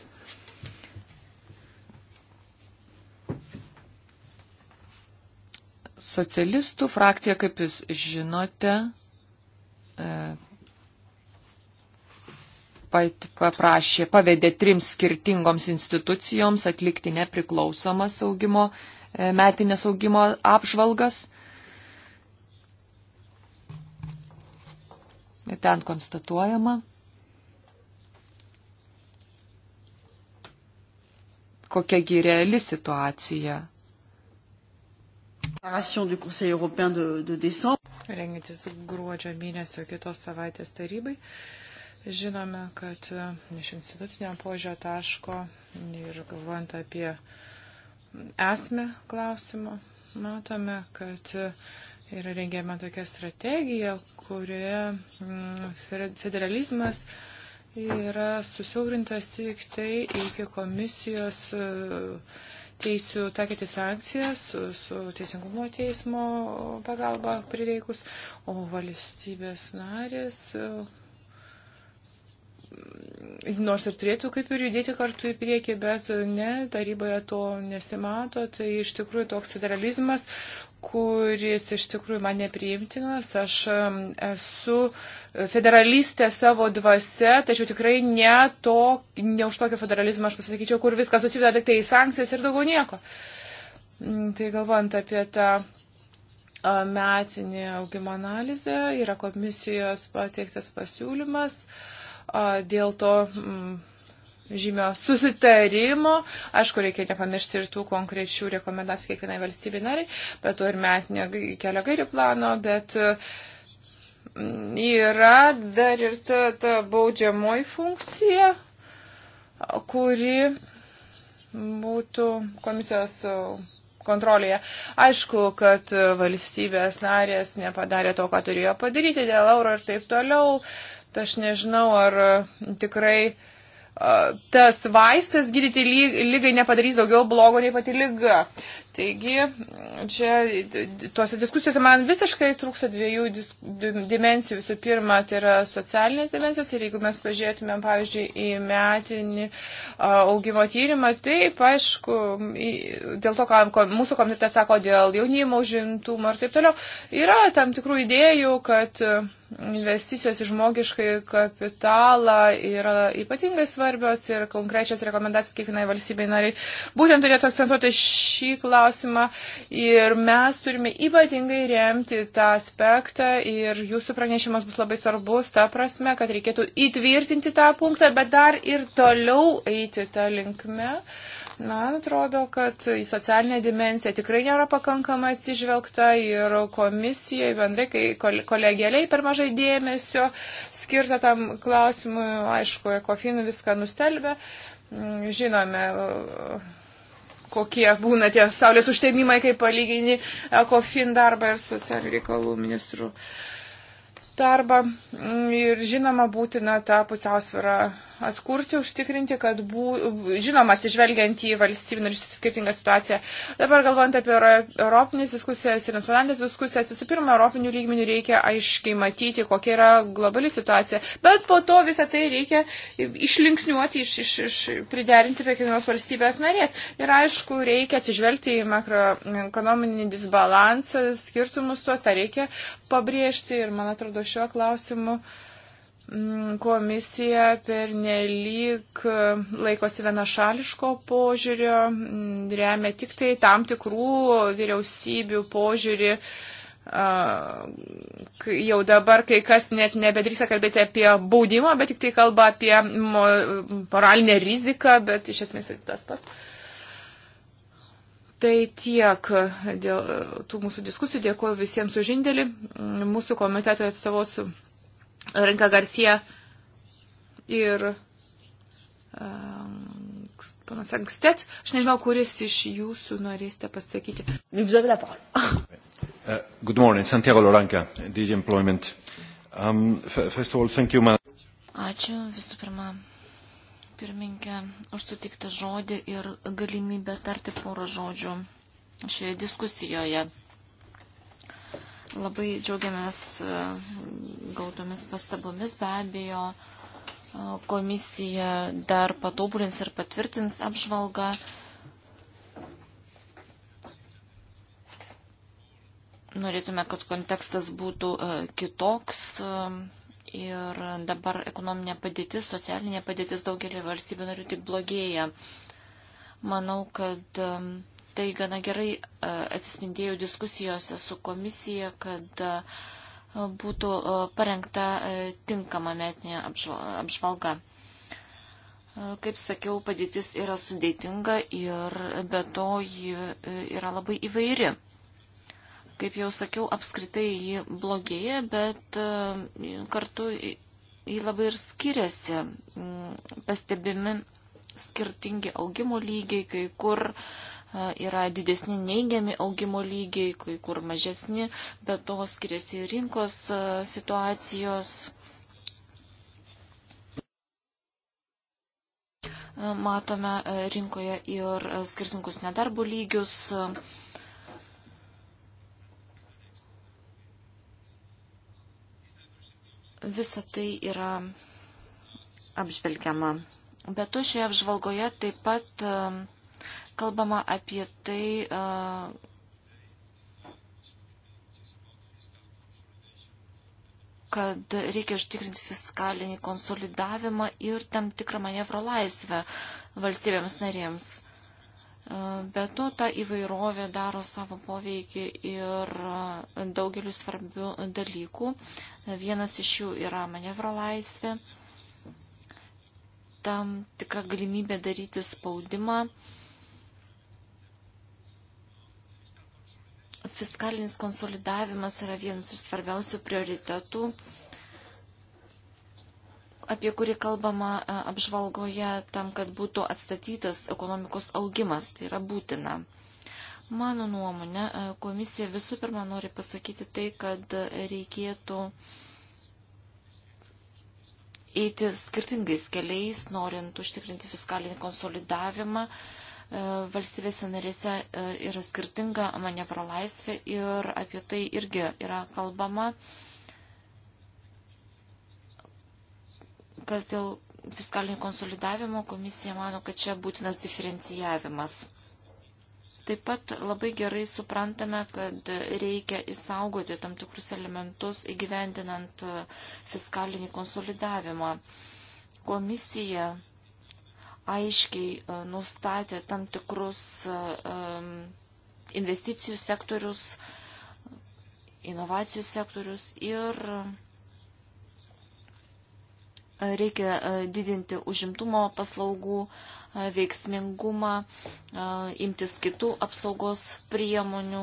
Speaker 2: Socialistų frakcija, kaip jūs žinote, e, pat paprašė, pavedė trims skirtingoms institucijoms atlikti nepriklausomas augimo e, E, metinės augimo apžvalgas. Ten konstatuojama, kokiagi reali situacija
Speaker 1: déclaration du Conseil européen de, de décembre. Rengiantis gruodžio mėnesio kitos savaitės
Speaker 3: tarybai, žinome, kad iš institucinio požio taško ir galvojant apie uh, esmę klausimo. Matome, kad yra rengiama tokia strategija, kurioje mm, federalizmas yra susiaurintas tik tai iki komisijos e, teisių taikyti sankcijas su, su teisingumo teismo pagalba prireikus, o valstybės narės nors ir turėtų kaip ir judėti kartu į priekį, bet ne, taryboje to nesimato, tai iš tikrųjų toks federalizmas, kuris iš tikrųjų man nepriimtinas. Aš esu federalistė savo dvasia, tačiau tikrai ne, to, ne už tokį federalizmą aš pasakyčiau, kur viskas susiveda tik tai į sankcijas ir daugiau nieko. Mm, tai galvojant apie tą metinį augimo analizę, yra komisijos pateiktas pasiūlymas. Uh, dėl to mm, žymio susitarimo. Aišku, reikia nepamiršti ir tų konkrečių rekomendacijų kiekvienai valstybei nariai, bet to ir metinio kelio gairių plano, bet mm, yra dar ir ta, ta baudžiamoji funkcija, kuri būtų komisijos kontrolėje. Aišku, kad valstybės narės nepadarė to, ką turėjo padaryti dėl euro ir taip toliau. Aš nežinau, ar e, tikrai e, tas vaistas gydyti lygai nepadarys daugiau blogo nei pati lyga. Taigi, čia tuose diskusijose man visiškai trūksta dviejų dimensijų. Visų pirma, tai yra socialinės dimensijos ir jeigu mes pažiūrėtumėm, pavyzdžiui, į metinį augimo tyrimą, taip, aišku, dėl to, ką mūsų komitetas sako dėl jaunimo užimtumo ir taip toliau, yra tam tikrų idėjų, kad investicijos į žmogiškai kapitalą yra ypatingai svarbios ir konkrečios rekomendacijos kiekvienai valstybei nariai. Būtent turėtų akcentuoti šį klausimą ir mes turime ypatingai remti tą aspektą ir jūsų pranešimas bus labai svarbus, ta prasme, kad reikėtų įtvirtinti tą punktą, bet dar ir toliau eiti tą linkmę. Uh, Man atrodo, kad į socialinę dimenciją tikrai nėra pakankamai atsižvelgta ir komisijai bendrai, kai kolegėliai per mažai dėmesio skirta tam klausimui, aišku, kofinų viską nustelbė. Mm, žinome, kokie būna tie saulės užtemimai, kai palygini kofin darbą ir socialinių reikalų ministrų darbą. Mm, ir žinoma, būtina tą pusiausvyrą atkurti, užtikrinti, kad būtų, žinoma, atsižvelgiant į valstybinį ir skirtingą situaciją. Dabar galvojant apie europinės diskusijas ir nacionalinės diskusijas, visų pirma, europinių lygmenių reikia aiškiai matyti, kokia yra globali situacija, bet po to visą tai reikia išlinksniuoti, iš, iš, iš, priderinti prie kiekvienos valstybės narės. Ir aišku, reikia atsižvelgti į makroekonominį disbalansą, skirtumus tuos, tą reikia pabrėžti ir, man atrodo, šiuo klausimu. Uh, Mm, komisija per nelik mm, laikosi vienašališko požiūrio, mm, remia tik tai tam tikrų vyriausybių požiūrį jau dabar kai kas net nebedrįsta kalbėti apie baudimą, bet tik tai kalba apie moralinę riziką, bet iš esmės tai tas pas. Tai tiek dėl tų mūsų diskusijų. Dėkuoju visiems už indėlį. Mūsų komiteto atstovosiu Renka Garcia ir um, panas Ankstets. Aš nežinau, kuris iš jūsų norėsite pasakyti. Jūs avez la parole. Uh, good morning, Santiago Loranka, DG Employment. Um, first of all, thank you, man.
Speaker 4: Ačiū visų pirma, pirmininkė, už sutiktą žodį ir galimybę tarti porą žodžių šioje diskusijoje. Labai džiaugiamės e, gautomis pastabomis, be abejo, e, komisija dar patobulins ir patvirtins apžvalgą. Norėtume, kad kontekstas būtų e, kitoks ir dabar ekonominė padėtis, socialinė padėtis daugelį valstybių narių tik blogėja. Manau, kad tai gana gerai e, atsispindėjo diskusijose su komisija, kad e, būtų e, parengta tinkama metinė apžvalga. Kaip sakiau, padėtis yra sudėtinga ir be to ji yra labai įvairi. Kaip jau sakiau, apskritai ji blogėja, bet kartu jį labai ir skiriasi. Mm, pastebimi skirtingi augimo lygiai, kai kur uh, yra didesni neigiami augimo lygiai, kai kur mažesni, bet to skiriasi rinkos situacijos. Matome rinkoje ir skirtingus nedarbo lygius. Visa tai yra apžvelgiama. Bet to šioje apžvalgoje taip pat uh, kalbama apie tai, e, kad reikia užtikrinti fiskalinį konsolidavimą ir tam tikrą manevro laisvę valstybėms narėms. E, be to, ta įvairovė daro savo poveikį ir e, daugeliu svarbių dalykų. Vienas iš jų yra manevro laisvė, tam tikra galimybė daryti spaudimą Fiskalinis konsolidavimas yra vienas iš svarbiausių prioritetų, apie kurį kalbama e, apžvalgoje tam, kad būtų atstatytas ekonomikos augimas. Tai yra būtina. Mano nuomonė, e, komisija visų pirma nori pasakyti tai, kad reikėtų eiti skirtingais keliais, norint užtikrinti fiskalinį konsolidavimą. Uh, E, valstybėse narėse e, yra skirtinga manevro laisvė ir apie tai irgi yra kalbama, kas dėl fiskalinio konsolidavimo komisija mano, kad čia būtinas diferencijavimas. Taip pat labai gerai suprantame, kad reikia įsaugoti tam tikrus elementus įgyvendinant e, fiskalinį konsolidavimą. Komisija aiškiai e, nustatė tam tikrus e, investicijų sektorius, inovacijų sektorius ir e, reikia didinti užimtumo paslaugų veiksmingumą, imtis kitų apsaugos priemonių,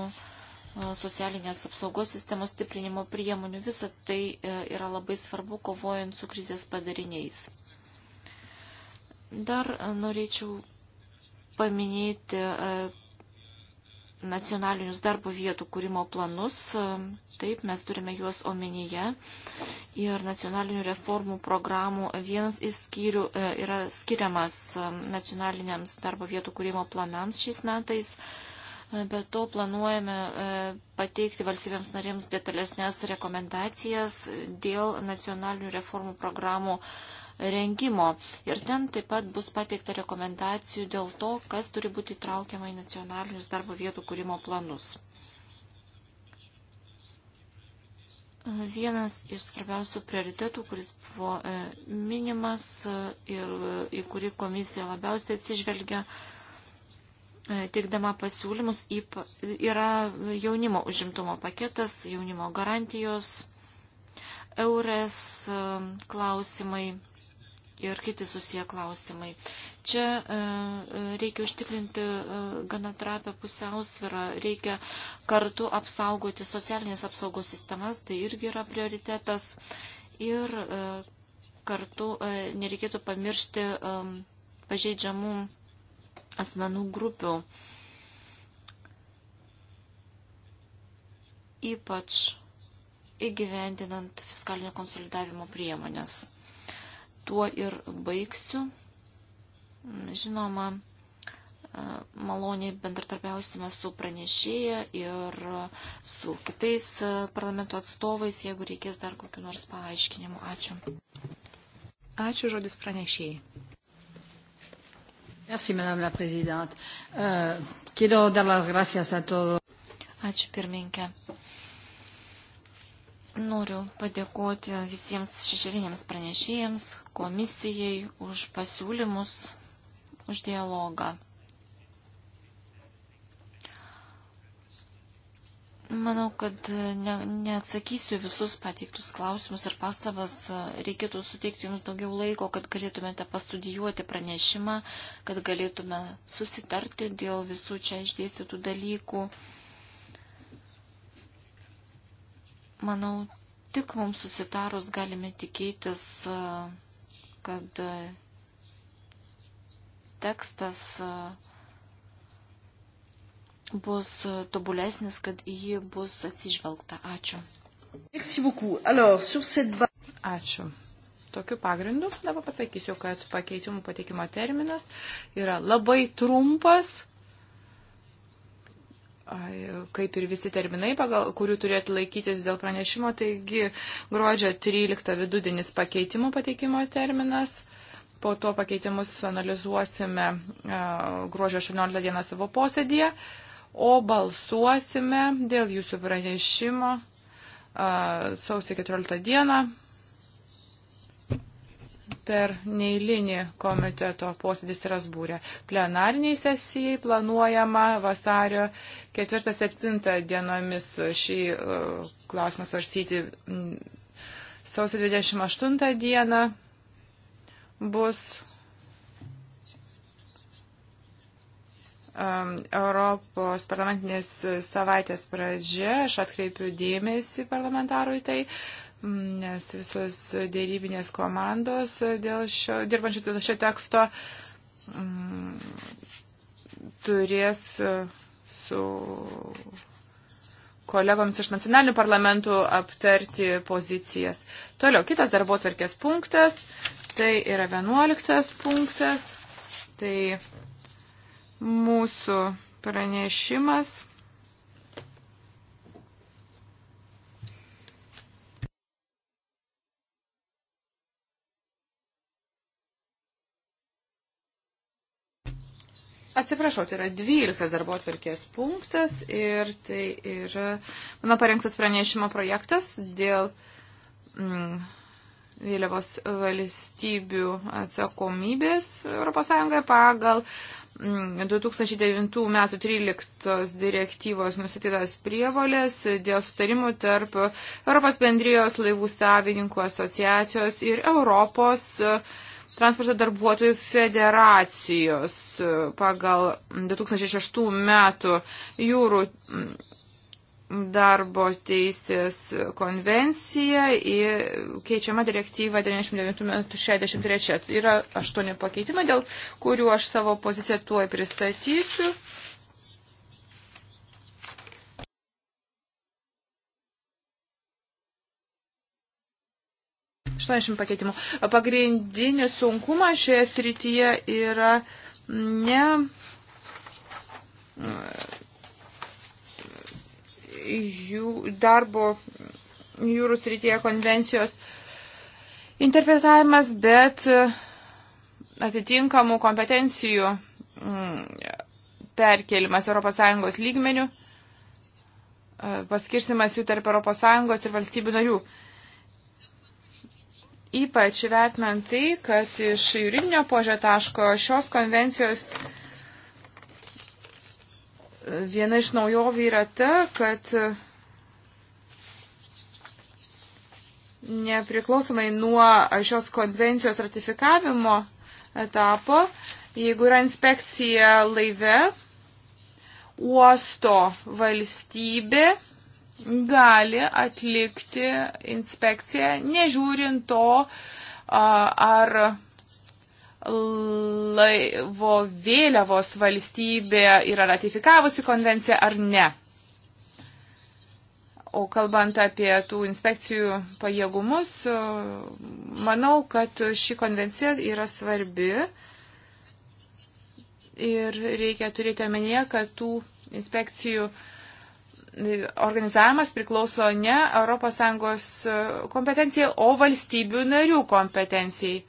Speaker 4: socialinės apsaugos sistemos stiprinimo priemonių. Visa tai yra labai svarbu kovojant su krizės padariniais. Dar norėčiau paminėti e, nacionalinius darbo vietų kūrimo planus. E, taip, mes turime juos omenyje. Ir nacionalinių reformų programų vienas iš skyrių e, yra skiriamas nacionaliniams darbo vietų kūrimo planams šiais metais. Be to planuojame pateikti valstybėms narėms detalesnės rekomendacijas dėl nacionalinių reformų programų rengimo. Ir ten taip pat bus pateikta rekomendacijų dėl to, kas turi būti traukiama į nacionalinius darbo vietų kūrimo planus. Vienas iš svarbiausių prioritetų, kuris buvo e, minimas e, ir e, į kurį komisija labiausiai atsižvelgia, teikdama pasiūlymus, yra jaunimo užimtumo paketas, jaunimo garantijos, eures klausimai ir kiti susiję klausimai. Čia e, e, reikia užtikrinti e, gana trapę pusiausvyrą, reikia kartu apsaugoti socialinės apsaugos sistemas, tai irgi yra prioritetas. Ir kartu nereikėtų pamiršti pažeidžiamų asmenų grupių. Ypač įgyvendinant fiskalinio konsolidavimo priemonės. Tuo ir baigsiu. Žinoma, e, maloniai bendratarpiausime su pranešėja ir su kitais e, parlamento atstovais, jeigu reikės dar kokiu nors paaiškinimu. Ačiū. Ačiū žodis pranešėjai. Merci, Madame la Présidente. Uh, quiero dar las gracias a todos. Ačiū pirminkė. Noriu padėkoti visiems šešėliniams pranešėjams, komisijai už pasiūlymus, už dialogą. Manau, kad ne, neatsakysiu visus pateiktus klausimus ir pastabas. Reikėtų suteikti jums daugiau laiko, kad galėtumėte pastudijuoti pranešimą, kad galėtume susitarti dėl visų čia išdėstytų dalykų. Manau, tik mums susitarus galime tikėtis, kad tekstas bus tobulesnis, kad į jį bus atsižvelgta. Ačiū.
Speaker 1: Ačiū.
Speaker 3: Tokiu pagrindu dabar pasakysiu, kad pakeitimų pateikimo terminas yra labai trumpas kaip ir visi terminai, pagal kurių turėtų laikytis dėl pranešimo, taigi gruodžio 13 vidudinis pakeitimų pateikimo terminas. Po to pakeitimus analizuosime gruodžio 18 dieną savo posėdėje, o balsuosime dėl jūsų pranešimo sausio 14 dieną per neįlinį komiteto posėdį Strasbūrė. Plenariniai sesijai planuojama vasario 4-7 dienomis šį e, klausimą svarstyti. Sausio 28 dieną bus Europos parlamentinės savaitės pradžia, aš atkreipiu dėmesį parlamentarui tai, nes visos dėrybinės komandos dėl šio, dirbančių dėl šio teksto m, mm, turės e, su kolegoms iš nacionalinių parlamentų aptarti pozicijas. Toliau, kitas darbo tvarkės punktas, tai yra 11 punktas, tai mūsų pranešimas Atsiprašau, tai yra 12 darbo atvarkės punktas ir tai yra mano parengtas pranešimo projektas dėl mm, vėliavos valstybių atsakomybės ES pagal 2009 m. 13 direktyvos nusitytas prievolės dėl sutarimų tarp Europos bendrijos laivų savininkų asociacijos ir Europos uh, transporto darbuotojų federacijos e, pagal 2006 metų jūrų darbo teisės konvencija į keičiamą direktyvą 99.63. Yra aštuoni pakeitimai, dėl kurių aš savo poziciją tuoj pristatysiu. 80 pakeitimų. Pagrindinis sunkumas šioje srityje yra ne jų darbo jūrų srityje konvencijos interpretavimas, bet atitinkamų kompetencijų mm, perkelimas ES lygmenių, e, paskirsimas jų tarp ES ir valstybių narių. Ypač vertinant tai, kad iš juridinio požio taško šios konvencijos viena iš naujovių yra ta, kad nepriklausomai nuo šios konvencijos ratifikavimo etapo, jeigu yra inspekcija laive, uosto valstybė, gali atlikti inspekciją, nežiūrint to, ar laivo vėliavos valstybė yra ratifikavusi konvenciją ar ne. O kalbant apie tų inspekcijų pajėgumus, manau, kad ši konvencija yra svarbi ir reikia turėti omenyje, kad tų inspekcijų uh, organizavimas priklauso ne ES e, kompetencijai, o valstybių narių kompetencijai.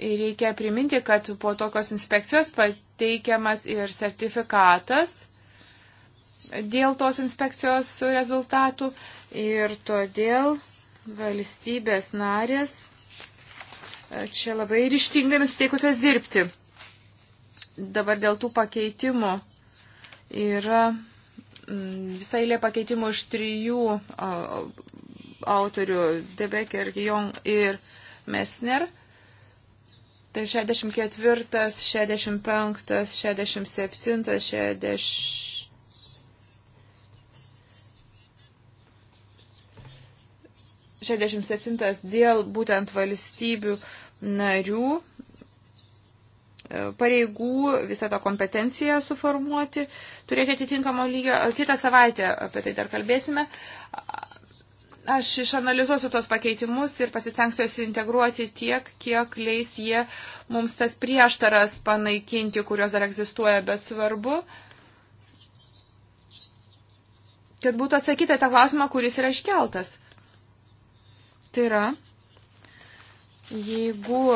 Speaker 3: Ir reikia priminti, kad po tokios inspekcijos pateikiamas ir sertifikatas dėl tos inspekcijos rezultatų. Ir todėl valstybės narės e, čia labai ryštingai nusiteikusios dirbti. Dabar dėl tų pakeitimų Yra mm, visai lė pakeitimų iš trijų autorių Debeker, Jong ir Mesner. Tai 64, 65, 67, 60. Šešiasdešimt septintas dėl būtent valstybių narių pareigų, visą tą kompetenciją suformuoti, turėti atitinkamo lygio. Kitą savaitę apie tai dar kalbėsime. Aš išanalizuosiu tos pakeitimus ir pasistengsiu juos integruoti tiek, kiek leis jie mums tas prieštaras panaikinti, kurios dar egzistuoja, bet svarbu, kad būtų atsakyta tą klausimą, kuris yra iškeltas. Tai yra, jeigu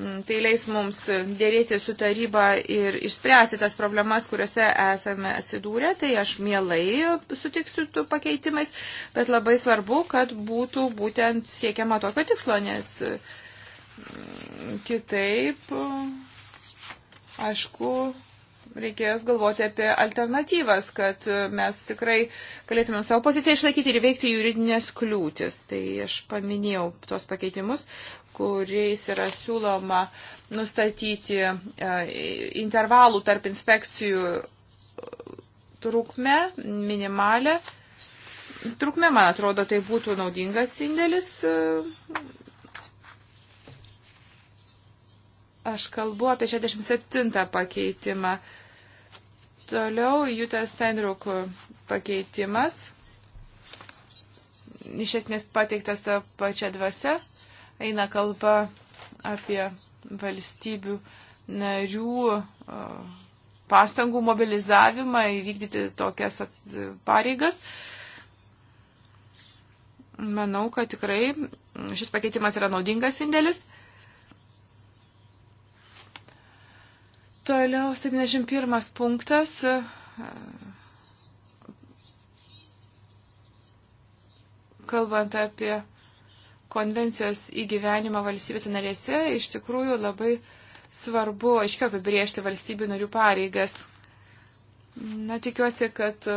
Speaker 3: mm, tai leis mums dėrėti su taryba ir išspręsti tas problemas, kuriuose esame atsidūrę, tai aš mielai sutiksiu tų pakeitimais, bet labai svarbu, kad būtų būtent siekiama tokio tikslo, nes mm, kitaip, aišku, reikės galvoti apie alternatyvas, kad mes tikrai galėtume savo poziciją išlaikyti ir veikti juridinės kliūtis. Tai aš paminėjau tos pakeitimus, kuriais yra siūloma nustatyti e, intervalų tarp inspekcijų trukmę, minimalę. Trukmė, man atrodo, tai būtų naudingas indėlis. E. Aš kalbu apie 67 pakeitimą. Toliau Jutas Steinruk pakeitimas. Iš esmės pateiktas tą pačią dvasę eina kalba apie valstybių narių pastangų mobilizavimą įvykdyti tokias pareigas. Manau, kad tikrai šis pakeitimas yra naudingas indėlis. Toliau 71 punktas. Kalbant apie konvencijos įgyvenimą valstybėse narėse, iš tikrųjų labai svarbu aiškiau apibriežti valstybių narių pareigas. Na, tikiuosi, kad e,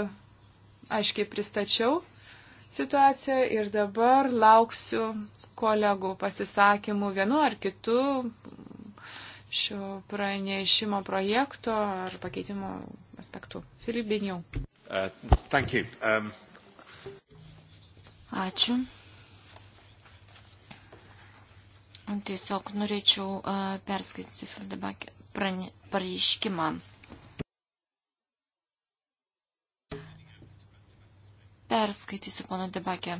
Speaker 3: aiškiai pristačiau situaciją ir dabar lauksiu kolegų pasisakymų vienu ar kitu šio pranešimo projekto ar pakeitimo aspektu. Filip Biniau.
Speaker 1: Uh, um...
Speaker 4: Ačiū. Tiesiog norėčiau e, perskaityti Fildebak pareiškimą. Perskaitysiu pono Debakę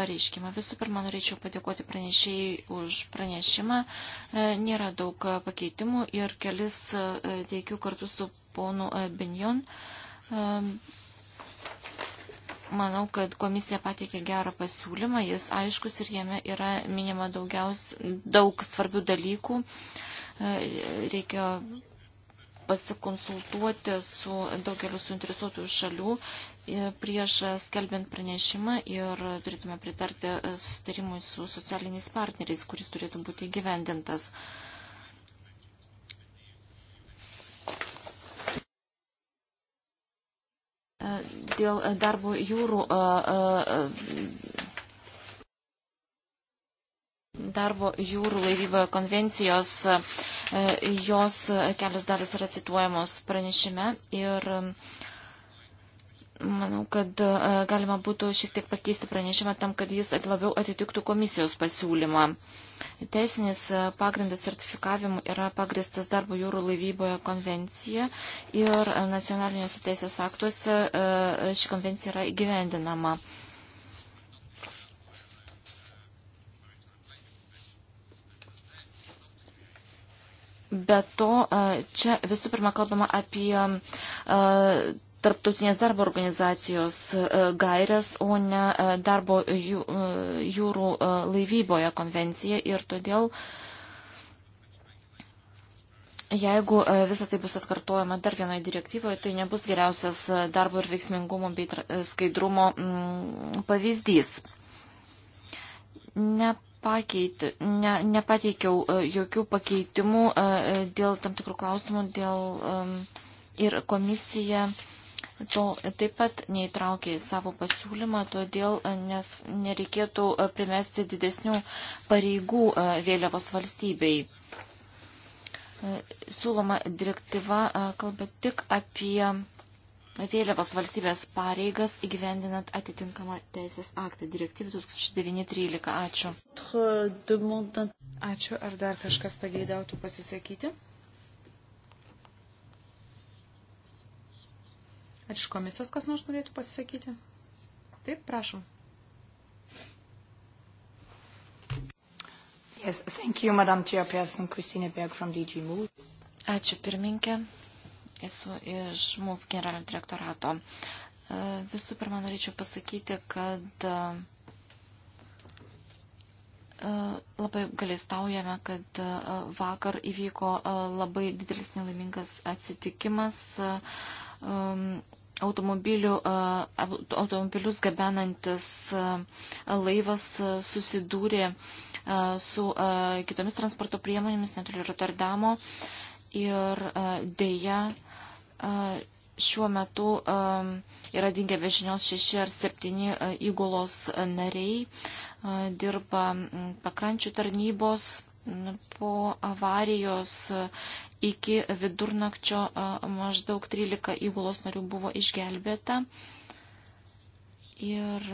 Speaker 4: pareiškimą. Visų pirma, norėčiau padėkoti pranešėjai už pranešimą. E, nėra daug e, pakeitimų ir kelis teikiu kartu su ponu Benjon manau, kad komisija pateikė gerą pasiūlymą, jis aiškus ir jame yra minima daugiaus, daug svarbių dalykų. E, reikia pasikonsultuoti su daugeliu suinteresuotų šalių e, prieš skelbiant pranešimą ir turėtume pritarti sustarimui su socialiniais partneriais, kuris turėtų būti gyvendintas. Uh, dėl darbo jūrų. Darbo jūrų laivyboje konvencijos, jos kelios dalis yra cituojamos pranešime ir manau, kad galima būtų šiek tiek pakeisti pranešimą tam, kad jis labiau atitiktų komisijos pasiūlymą. Teisinis e, pagrindas sertifikavimu yra pagristas darbo jūrų laivyboje konvencija ir nacionaliniuose teisės aktuose e, ši konvencija yra įgyvendinama. Be to, e, čia visų pirma kalbama apie tarptautinės darbo organizacijos e, gairias, o ne e, darbo e, jūrų laivyboje konvenciją. Ir todėl, jeigu visą tai bus atkartojama dar vienoje direktyvoje, tai nebus geriausias darbo ir veiksmingumo bei skaidrumo mm, pavyzdys. Ne pakeiti, ne, nepateikiau jokių pakeitimų dėl tam tikrų klausimų dėl, ir komisija to taip pat neįtraukė į savo pasiūlymą, todėl e, nes nereikėtų e, primesti didesnių pareigų e, vėliavos valstybei. Siūloma direktyva kalba tik apie vėliavos valstybės pareigas įgyvendinant atitinkamą teisės aktą. Direktyva 2009-13. Ačiū. Ačiū. Ar dar kažkas pageidautų pasisakyti?
Speaker 3: Ar iš komisijos kas nors norėtų pasisakyti? Taip, prašom.
Speaker 4: Yes, thank you, Madam Chairperson, Christine Berg from DG Move. Ačiū pirminkė, esu iš MUF generalinio direktorato. E, visų pirma, norėčiau pasakyti, kad e, labai galėstaujame, kad e, vakar įvyko labai didelis nelaimingas atsitikimas automobilių, automobilius gabenantis laivas susidūrė su kitomis transporto priemonėmis netoli Rotterdamo ir dėja šiuo metu yra dingę vežinios šeši ar septyni įgulos nariai, dirba pakrančių tarnybos po avarijos iki vidurnakčio maždaug 13 įgulos narių buvo išgelbėta. Ir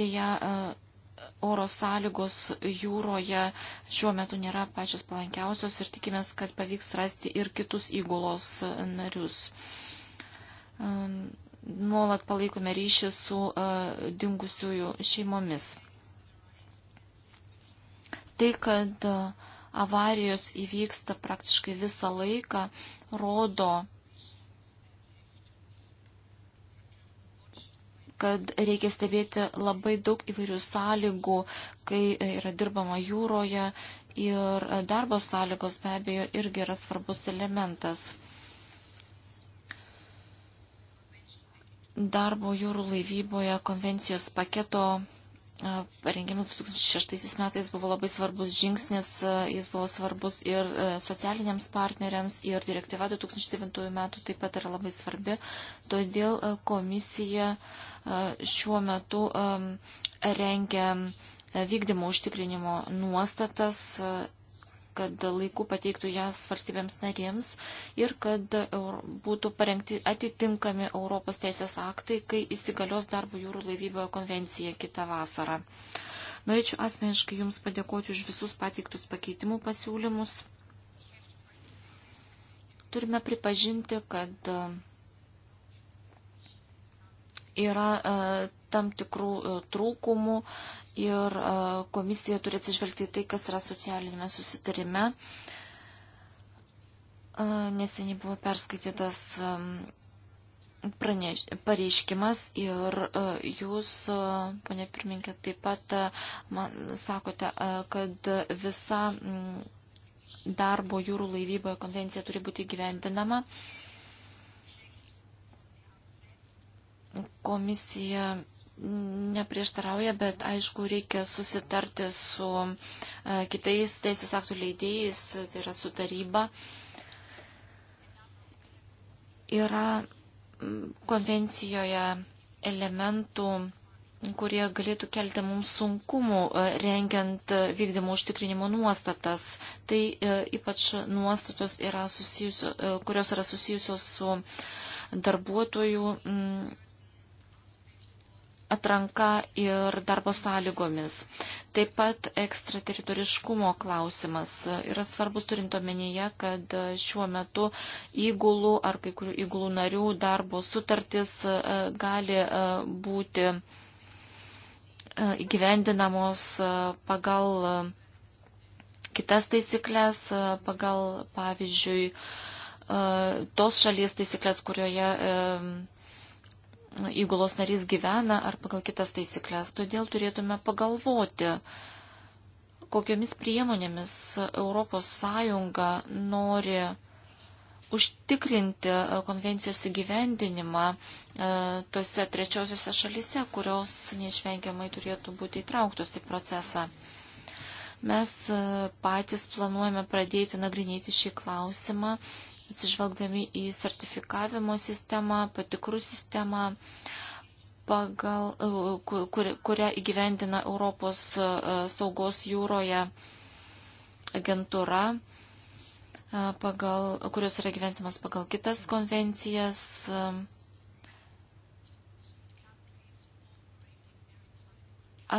Speaker 4: dėja, oro sąlygos jūroje šiuo metu nėra pačios palankiausios ir tikimės, kad pavyks rasti ir kitus įgulos narius. Nuolat palaikome ryšį su dingusiųjų šeimomis. Tai, kad e, avarijos įvyksta praktiškai visą laiką, rodo, kad reikia stebėti labai daug įvairių sąlygų, kai e, yra dirbama jūroje ir e, darbo sąlygos be abejo irgi yra svarbus elementas. Darbo jūrų laivyboje konvencijos paketo parengimas 2006 metais buvo labai svarbus žingsnis, jis buvo svarbus ir e, socialiniams partneriams, ir direktyva 2009 metų taip pat yra labai svarbi. Todėl e, komisija e, šiuo metu rengia vykdymo užtikrinimo nuostatas kad laiku pateiktų jas valstybėms narėms ir kad būtų parengti atitinkami Europos teisės aktai, kai įsigalios darbo jūrų laivyboje konvencija kitą vasarą. Norėčiau asmeniškai Jums padėkoti už visus pateiktus pakeitimų pasiūlymus. Turime pripažinti, kad e, yra e, tam tikrų e, trūkumų ir e, komisija turi atsižvelgti tai, kas yra socialinėme susitarime. E, neseniai buvo perskaitytas praneš, pareiškimas ir uh, jūs, uh, ponė pirminkė, taip pat uh, man, sakote, uh, kad visa mm, darbo jūrų laivyboje konvencija turi būti gyventinama. Komisija neprieštarauja, bet aišku, reikia susitarti su e, kitais teisės aktų leidėjais, tai yra su taryba. Yra konvencijoje elementų, kurie galėtų kelti mums sunkumų e, rengiant vykdymo užtikrinimo nuostatas. Tai e, ypač nuostatos, yra susijusio, kurios yra susijusios su darbuotojų atranka ir darbo sąlygomis. Taip pat ekstrateritoriškumo klausimas yra svarbus turint omenyje, kad šiuo metu įgulų ar kai kurių įgulų narių darbo sutartis e, gali e, būti e, įgyvendinamos pagal kitas taisyklės, pagal pavyzdžiui tos šalies taisyklės, kurioje įgulos narys gyvena ar pagal kitas taisyklės. Todėl turėtume pagalvoti, kokiomis priemonėmis ES nori užtikrinti konvencijos įgyvendinimą e, tose trečiosiuose šalise, kurios neišvengiamai turėtų būti įtrauktos į procesą. Mes e, patys planuojame pradėti nagrinėti šį klausimą atsižvelgdami į sertifikavimo sistemą, patikrų sistemą, pagal, e, kur, kurią įgyvendina Europos e, saugos jūroje agentūra, e, pagal, kurios yra gyventimas pagal kitas konvencijas.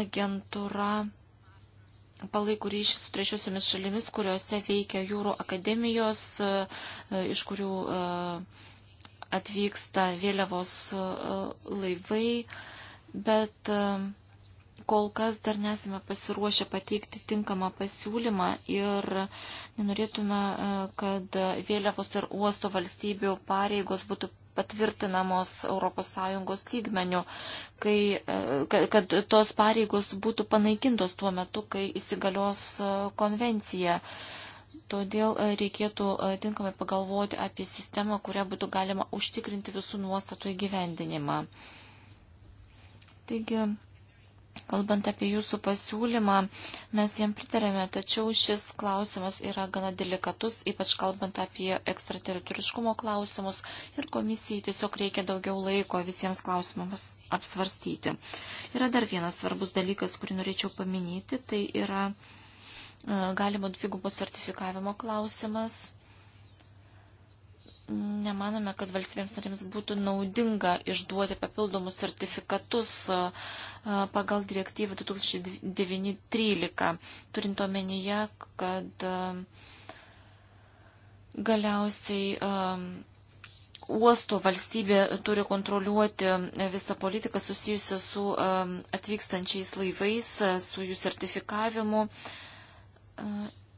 Speaker 4: Agentūra palaikų ryšį su trečiosiomis šalimis, kuriuose veikia jūrų akademijos, e, iš kurių e, atvyksta vėliavos e, laivai, bet kol kas dar nesame pasiruošę pateikti tinkamą pasiūlymą ir nenorėtume, e, kad vėliavos ir uosto valstybių pareigos būtų patvirtinamos ES lygmenių, kai, e, kad, kad tos pareigos būtų panaikintos tuo metu, kai įsigalios e, konvencija. Todėl reikėtų tinkamai pagalvoti apie sistemą, kurią būtų galima užtikrinti visų nuostatų įgyvendinimą. Taigi, Kalbant apie jūsų pasiūlymą, mes jam pritarėme, tačiau šis klausimas yra gana delikatus, ypač kalbant apie ekstrateritoriškumo klausimus ir komisijai tiesiog reikia daugiau laiko visiems klausimams apsvarstyti. Yra dar vienas svarbus dalykas, kurį norėčiau paminyti, tai yra e, galimo dvigubo sertifikavimo klausimas nemanome, kad valstybėms narėms būtų naudinga išduoti papildomus sertifikatus pagal direktyvą 2009-13, turint omenyje, kad galiausiai uosto valstybė turi kontroliuoti visą politiką susijusią su atvykstančiais laivais, su jų sertifikavimu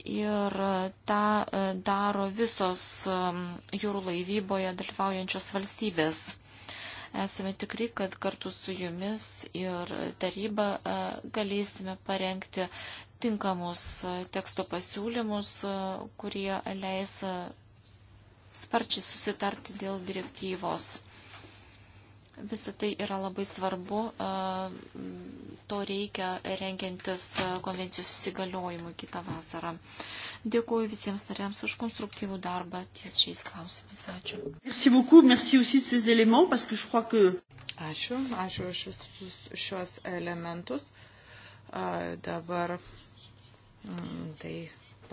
Speaker 4: Ir e, tą e, daro visos e, jūrų laivyboje dalyvaujančios valstybės. Esame tikri, kad kartu su jumis ir taryba galėsime parengti tinkamus teksto pasiūlymus, kurie leis sparčiai susitarti dėl direktyvos. Visą tai yra labai svarbu, to reikia rengiantis konvencijos įsigaliojimui kitą vasarą. Dėkuoju visiems nariams už konstruktyvų darbą ties šiais klausimais. Ačiū.
Speaker 1: Merci beaucoup, merci aussi de ces éléments, parce que je crois que... Ačiū, ačiū už visus šios elementus. A,
Speaker 3: dabar m, mm, tai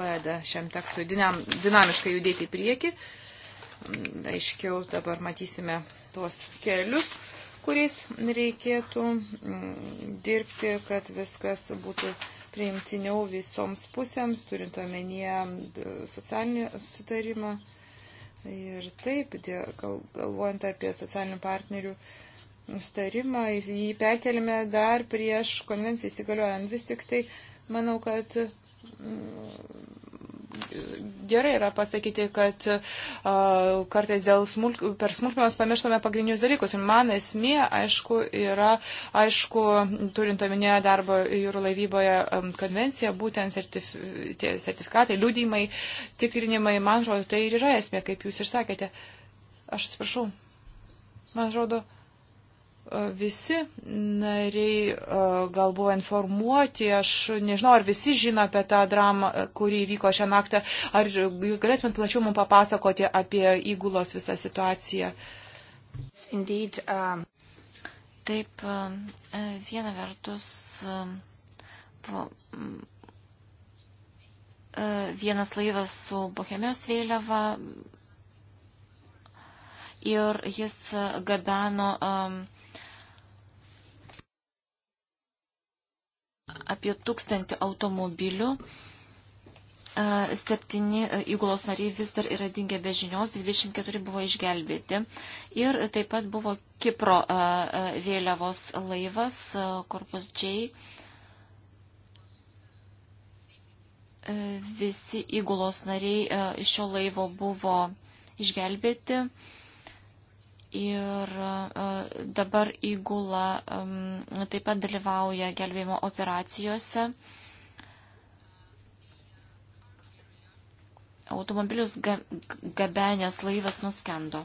Speaker 3: padeda šiam tekstui dinam, dinamiškai judėti į priekį aiškiau dabar matysime tuos kelius, kuriais reikėtų mm, dirbti, kad viskas būtų priimtiniau visoms pusėms, turint omenyje socialinį sutarimą. Ir taip, galvojant apie socialinių partnerių sutarimą, jį perkelime dar prieš konvenciją įsigaliojant. Vis tik tai manau, kad
Speaker 2: mm,
Speaker 3: gerai yra pasakyti, kad uh, kartais dėl smulk, per smulkmenas pamirštame pagrindinius dalykus. Ir man esmė, aišku, yra, aišku, turint omenyje darbo jūrų laivyboje um, konvenciją, būtent sertif, tie sertifikatai, liūdimai, tikrinimai, man atrodo, tai ir yra esmė, kaip jūs ir sakėte. Aš atsiprašau. Man atrodo. Žodo visi nariai gal buvo informuoti, aš nežinau, ar visi žino apie tą dramą, kuri įvyko šią naktą, ar jūs galėtumėt plačiau mums papasakoti apie įgulos visą situaciją. Indeed, um...
Speaker 4: Taip, viena vertus buvo vienas laivas su Bohemijos vėliava ir jis gabeno um, apie tūkstantį automobilių. Septyni įgulos nariai vis dar yra dingę be žinios, 24 buvo išgelbėti. Ir taip pat buvo Kipro vėliavos laivas, Korpus J. Visi įgulos nariai šio laivo buvo išgelbėti. Ir e, dabar įgula taip pat dalyvauja gelbėjimo operacijose. Automobilius gabenės laivas nuskendo.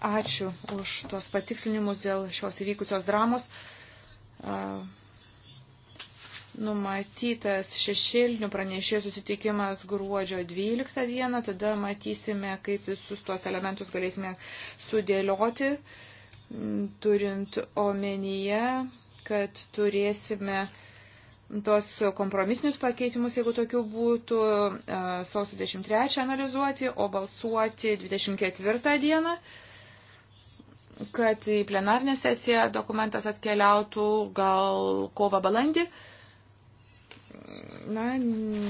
Speaker 4: Ačiū už tuos
Speaker 3: patikslinimus dėl šios įvykusios dramos. Uh numatytas šešėlinių pranešėjų susitikimas gruodžio 12 dieną, tada matysime, kaip visus tuos elementus galėsime sudėlioti, turint omenyje, kad turėsime tos kompromisinius pakeitimus, jeigu tokių būtų, sausio 23 analizuoti, o balsuoti 24 dieną kad į plenarnę sesiją dokumentas atkeliautų gal kovo balandį. Uh, na,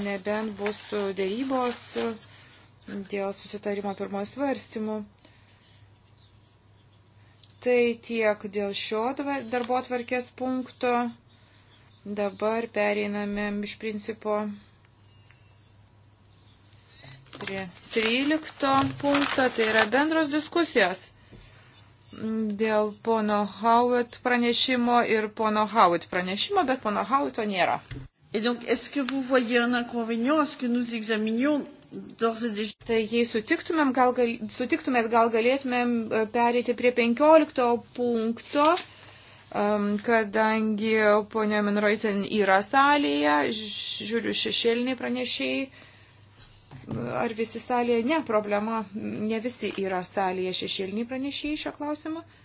Speaker 3: nebent bus dėrybos dėl susitarimo pirmojo svarstymų. Tai tiek dėl šio darbo atvarkės punkto. Dabar pereiname iš principo prie 13 punkto, tai yra bendros diskusijos dėl pono Howitt pranešimo ir pono Howitt pranešimo, bet pono Howitto nėra.
Speaker 1: Et donc, est-ce que vous voyez un inconvénient à ce que nous examinions d'ores et déjà Tai jei sutiktumėm, gal, gal, sutiktumėt, gal galėtumėm e, perėti prie 15
Speaker 3: punkto, um, kadangi ponia Minroitin yra salėje, žiūriu šešėliniai pranešiai. Ar visi salėje? Ne, problema, ne visi yra salėje šešėliniai pranešiai šio klausimu. Uh,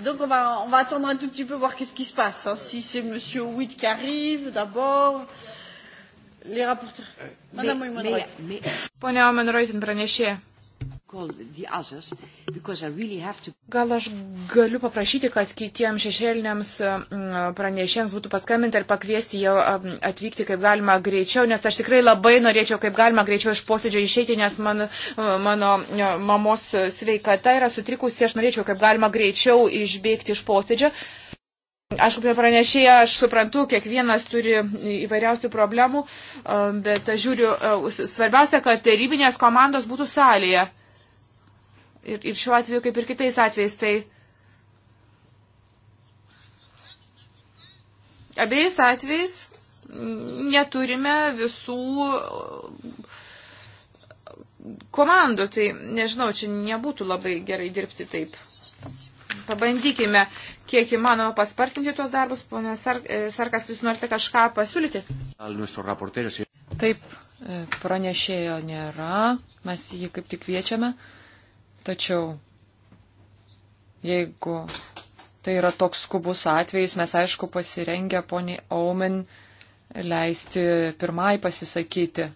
Speaker 1: Et donc on va, on va attendre un tout petit peu voir qu'est-ce qui se passe. Hein, si c'est Monsieur Witt qui arrive d'abord. Les rapporteurs. Euh, Madame Oimenroit.
Speaker 3: Pone Oimenroit, pranešė. Gal aš galiu paprašyti, kad kitiems šešėliniams mm, pranešėms būtų paskambinti ir pakviesti jau mm, atvykti kaip galima greičiau, nes aš tikrai labai norėčiau kaip galima greičiau iš posėdžio išeiti, nes man, mm, mano mamos sveikata yra sutrikusi, aš norėčiau kaip galima greičiau išbėgti iš posėdžio. Aišku, prie pranešėjo aš suprantu, kiekvienas turi įvairiausių problemų, bet aš žiūriu, svarbiausia, kad tarybinės komandos būtų salėje ir, ir šiuo atveju, kaip ir kitais atvejais, tai abiejais atvejais neturime visų komandų, tai nežinau, čia nebūtų labai gerai dirbti taip. Pabandykime, kiek įmanoma paspartinti tuos darbus. Pone e, Sarkas, jūs norite kažką pasiūlyti?
Speaker 2: Taip, e, pranešėjo nėra, mes jį kaip tik kviečiame. Tačiau, jeigu tai yra toks skubus atvejis, mes aišku pasirengę poniai Aumen leisti pirmai pasisakyti.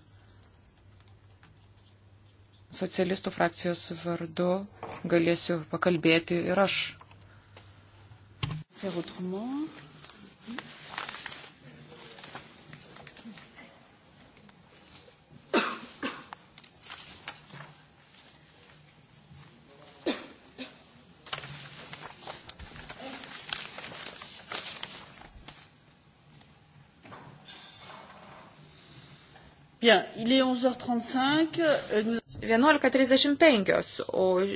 Speaker 2: Socialistų frakcijos vardu galėsiu pakalbėti ir aš. Faire
Speaker 1: autrement. Bien, il est 11h35. Euh, nous... 11.35,
Speaker 3: o e,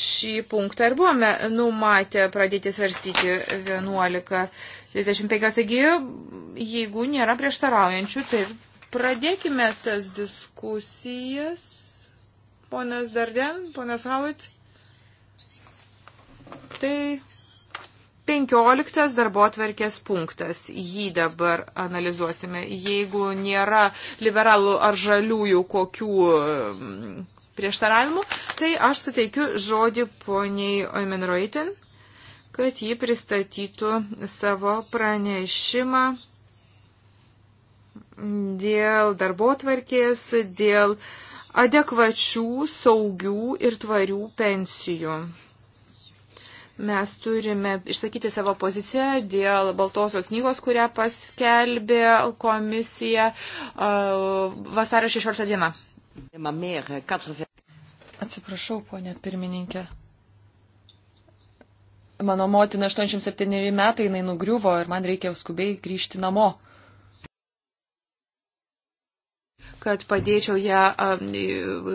Speaker 3: šį punktą ir buvome numatę pradėti svarstyti 11.35. Taigi, jeigu nėra prieštaraujančių, tai pradėkime tas diskusijas. Ponas Darden, ponas Havit. Tai 15 darbo atverkės punktas. Jį dabar analizuosime. Jeigu nėra liberalų ar žaliųjų kokių mm, prieštaravimų, tai aš suteikiu žodį poniai Oimenroitin, kad ji pristatytų savo pranešimą dėl darbo tvarkės, dėl adekvačių, saugių ir tvarių pensijų. Mes turime išsakyti savo poziciją dėl Baltosios knygos, kurią paskelbė komisija vasario 16 dieną.
Speaker 2: Atsiprašau, ponė pirmininkė. Mano motina 87 metai, jinai nugriuvo ir man reikia skubiai grįžti namo.
Speaker 3: kad padėčiau ją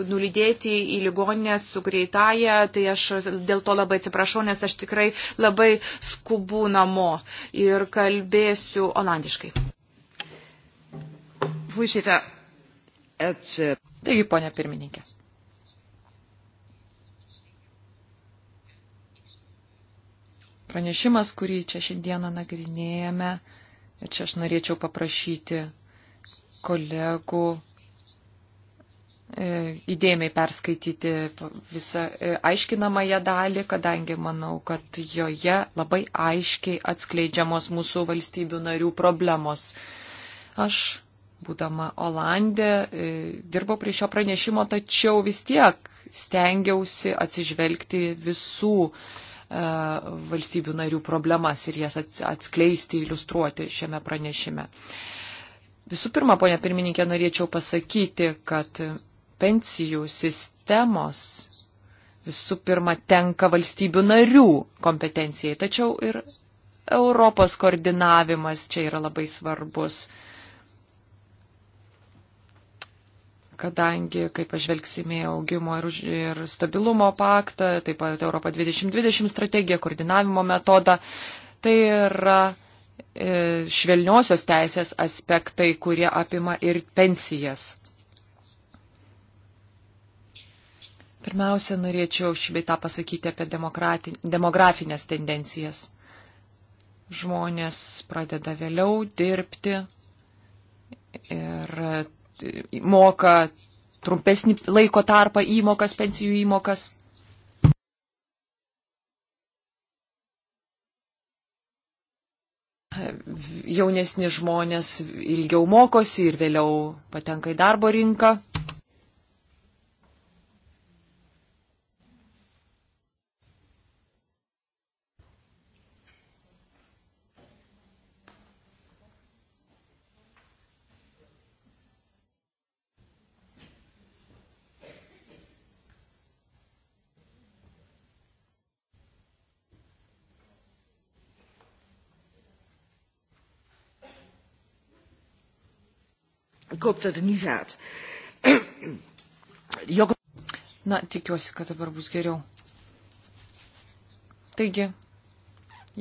Speaker 3: nulydėti į ligoninę su greitąją, tai aš dėl to labai atsiprašau, nes aš tikrai labai skubu namo ir kalbėsiu olandiškai.
Speaker 2: Taigi, ponia pirmininkė. Pranešimas, kurį čia šiandieną nagrinėjame, ir čia aš norėčiau paprašyti kolegų E, įdėmiai perskaityti visą e, aiškinamąją dalį, kadangi manau, kad joje labai aiškiai atskleidžiamos mūsų valstybių narių problemos. Aš, būdama Olandė, e, dirbau prie šio pranešimo, tačiau vis tiek stengiausi atsižvelgti visų valstybių narių problemas ir jas atskleisti, iliustruoti šiame pranešime. Visų pirma, ponia pirmininkė, norėčiau pasakyti, kad pensijų sistemos visų pirma tenka valstybių narių kompetencijai, tačiau ir Europos koordinavimas čia yra labai svarbus, kadangi, kaip pažvelgsime, augimo ir, ir stabilumo paktą, taip pat Europą 2020 strategiją, koordinavimo metodą, tai yra e, švelniosios teisės aspektai, kurie apima ir pensijas. Pirmiausia, norėčiau šveitą pasakyti apie demografinės tendencijas. Žmonės pradeda vėliau dirbti ir e, moka trumpesnį laiko tarpą įmokas, pensijų įmokas. Jaunesni žmonės ilgiau mokosi ir vėliau patenka į darbo rinką.
Speaker 1: Ik hoop dat het nu gaat. [clears throat]
Speaker 2: Na, tikiuosi, kad dabar bus geriau. Taigi,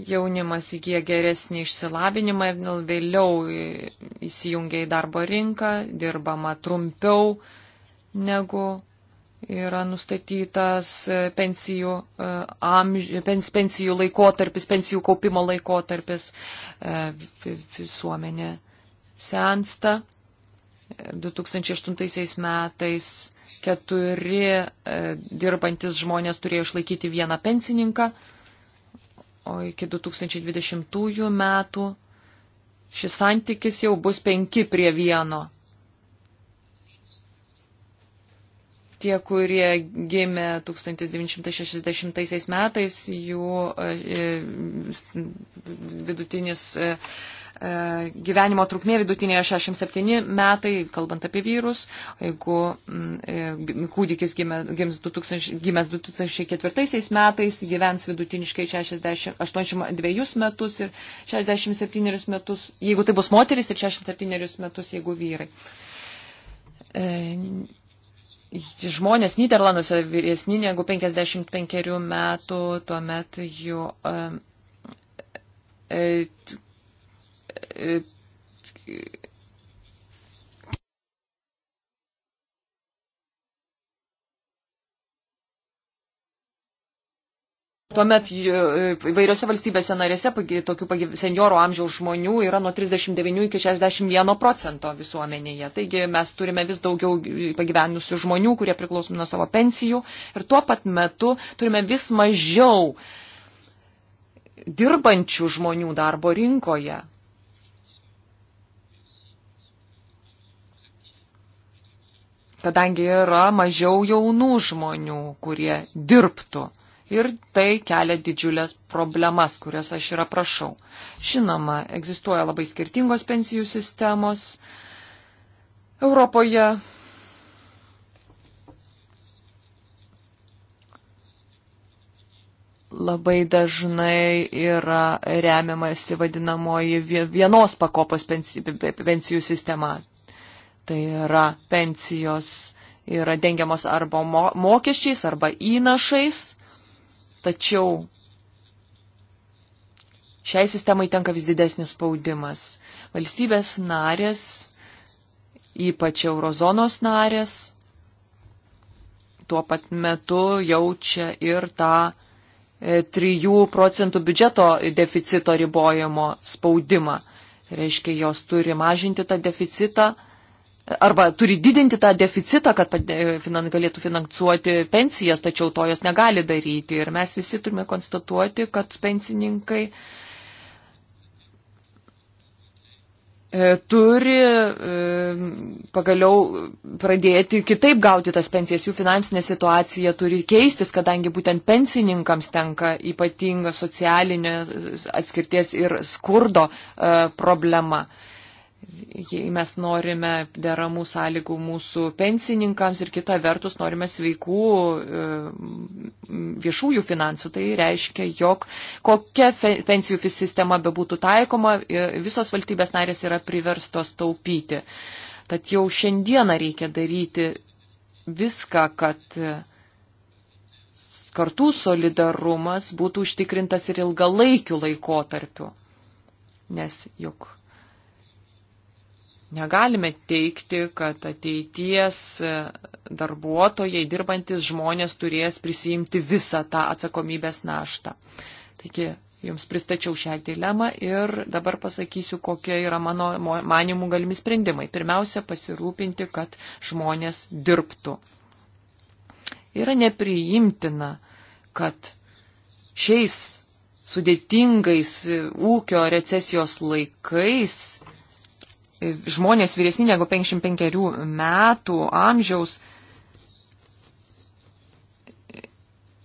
Speaker 2: jaunimas įgyja geresnį išsilavinimą ir vėliau įsijungia į darbo rinką, dirbama trumpiau negu yra nustatytas e, pensijų, e, amž, pens, pensijų laikotarpis, pensijų kaupimo laikotarpis, e, visuomenė sensta. 2008 metais keturi e, dirbantis žmonės turėjo išlaikyti vieną pensininką, o iki 2020 metų šis santykis jau bus penki prie vieno. Tie, kurie gimė 1960 metais, jų e, vidutinis e, E, gyvenimo trukmė vidutinėje 67 metai, kalbant apie vyrus, jeigu mm, e, kūdikis gims 2000, gimęs 2004 metais, gyvens vidutiniškai 60, 82 metus ir 67 metus, jeigu tai bus moteris ir 67 metus, jeigu vyrai. E, žmonės Niderlanduose vyresni negu 55 metų, tuomet jų Tuomet e, e, įvairiose valstybėse narėse tokių seniorų amžiaus žmonių yra nuo 39 iki 61 procento visuomenėje. Taigi mes turime vis daugiau pagyvenusių žmonių, kurie priklausomi nuo savo pensijų ir tuo pat metu turime vis mažiau dirbančių žmonių darbo rinkoje. kadangi yra mažiau jaunų žmonių, kurie dirbtų. Ir tai kelia didžiulės problemas, kurias aš ir aprašau. Žinoma, egzistuoja labai skirtingos pensijų sistemos. Europoje labai dažnai yra remiamasi vadinamoji vienos pakopos pensijų sistema. Tai yra pensijos yra dengiamos arba mo mokesčiais, arba įnašais, tačiau šiai sistemai tenka vis didesnis spaudimas. Valstybės narės, ypač eurozonos narės, tuo pat metu jaučia ir tą 3 e, procentų biudžeto deficito ribojimo spaudimą. Tai reiškia, jos turi mažinti tą deficitą arba turi didinti tą deficitą, kad finan, galėtų finansuoti pensijas, tačiau to jos negali daryti. Ir mes visi turime konstatuoti, kad pensininkai e, turi e, pagaliau pradėti kitaip gauti tas pensijas, jų finansinė situacija turi keistis, kadangi būtent pensininkams tenka ypatinga socialinė atskirties ir skurdo e, problema jei mes norime deramų sąlygų mūsų pensininkams ir kita vertus norime sveikų e, viešųjų finansų, tai reiškia, jog kokia pensijų sistema bebūtų taikoma, e, visos valstybės narės yra priverstos taupyti. Tad jau šiandieną reikia daryti viską, kad e, kartų solidarumas būtų užtikrintas ir ilgalaikiu laikotarpiu. Nes juk Negalime teikti, kad ateities e, darbuotojai, dirbantis žmonės turės prisijimti visą tą atsakomybės naštą. Taigi, jums pristačiau šią dilemą ir dabar pasakysiu, kokie yra mano manimų galimi sprendimai. Pirmiausia, pasirūpinti, kad žmonės dirbtų. Yra nepriimtina, kad šiais sudėtingais e, ūkio recesijos laikais žmonės vyresni negu 55 metų amžiaus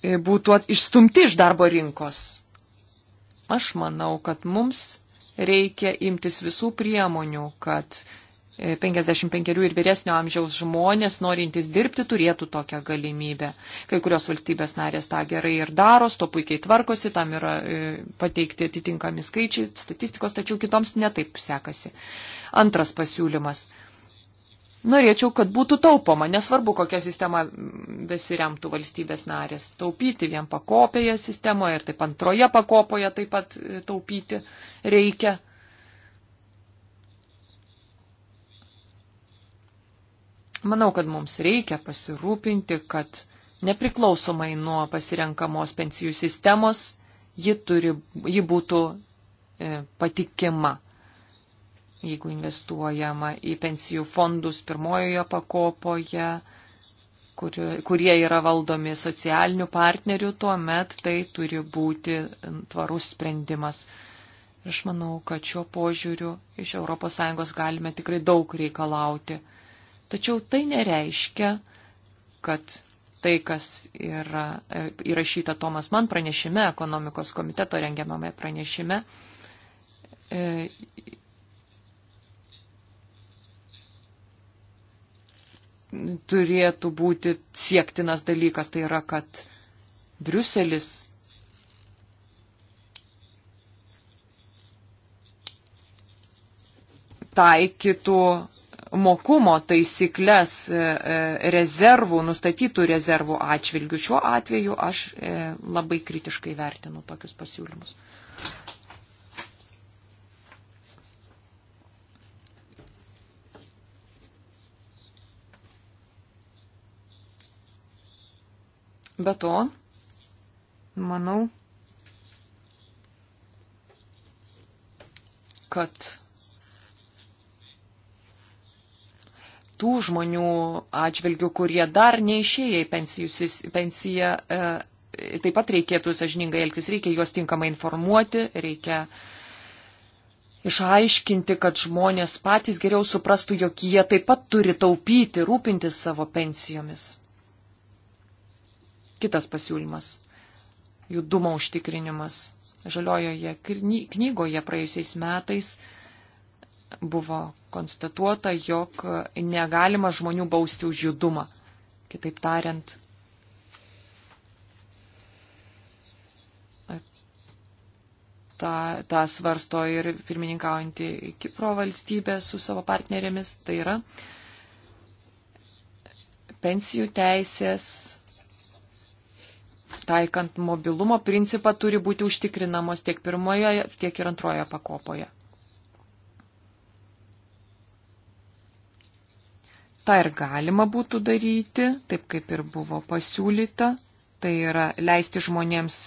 Speaker 2: e, būtų išstumti iš darbo rinkos. Aš manau, kad mums reikia imtis visų priemonių, kad 55 ir vyresnio amžiaus žmonės, norintys dirbti, turėtų tokią galimybę. Kai kurios valstybės narės tą gerai ir daro, to puikiai tvarkosi, tam yra e, pateikti atitinkami skaičiai, statistikos, tačiau kitoms netaip sekasi. Antras pasiūlymas. Norėčiau, kad būtų taupoma, nesvarbu, kokią sistemą besiremtų valstybės narės. Taupyti vien pakopėje sistemoje ir taip antroje pakopoje taip pat e, taupyti reikia. Manau, kad mums reikia pasirūpinti, kad nepriklausomai nuo pasirenkamos pensijų sistemos, ji, turi, ji būtų e, patikima. Jeigu investuojama į pensijų fondus pirmojoje pakopoje, kur, kurie yra valdomi socialinių partnerių, tuomet tai turi būti tvarus sprendimas. Ir aš manau, kad šiuo požiūriu iš ES galime tikrai daug reikalauti. Tačiau tai nereiškia, kad tai, kas yra e, įrašyta Tomas Man pranešime, ekonomikos komiteto rengiamame pranešime, e, turėtų būti siektinas dalykas, tai yra, kad Briuselis taikytų mokumo taisyklės e, e, rezervų, nustatytų rezervų atžvilgių. Šiuo atveju aš e, labai kritiškai vertinu tokius pasiūlymus. Be to, manau, kad tų žmonių atžvilgių, kurie dar neišėję į pensijus, pensiją, e, taip pat reikėtų sažiningai elgtis, reikia juos tinkamai informuoti, reikia išaiškinti, kad žmonės patys geriau suprastų, jog jie taip pat turi taupyti, rūpintis savo pensijomis. Kitas pasiūlymas - judumo užtikrinimas. Žaliojoje knygoje praėjusiais metais buvo konstatuota, jog negalima žmonių bausti už judumą. Kitaip tariant, tą, tą svarsto ir pirmininkaujanti Kipro valstybė su savo partnerėmis, tai yra pensijų teisės, taikant mobilumo principą, turi būti užtikrinamos tiek pirmoje, tiek ir antroje pakopoje. Ta ir galima būtų daryti, taip kaip ir buvo pasiūlyta, tai yra leisti žmonėms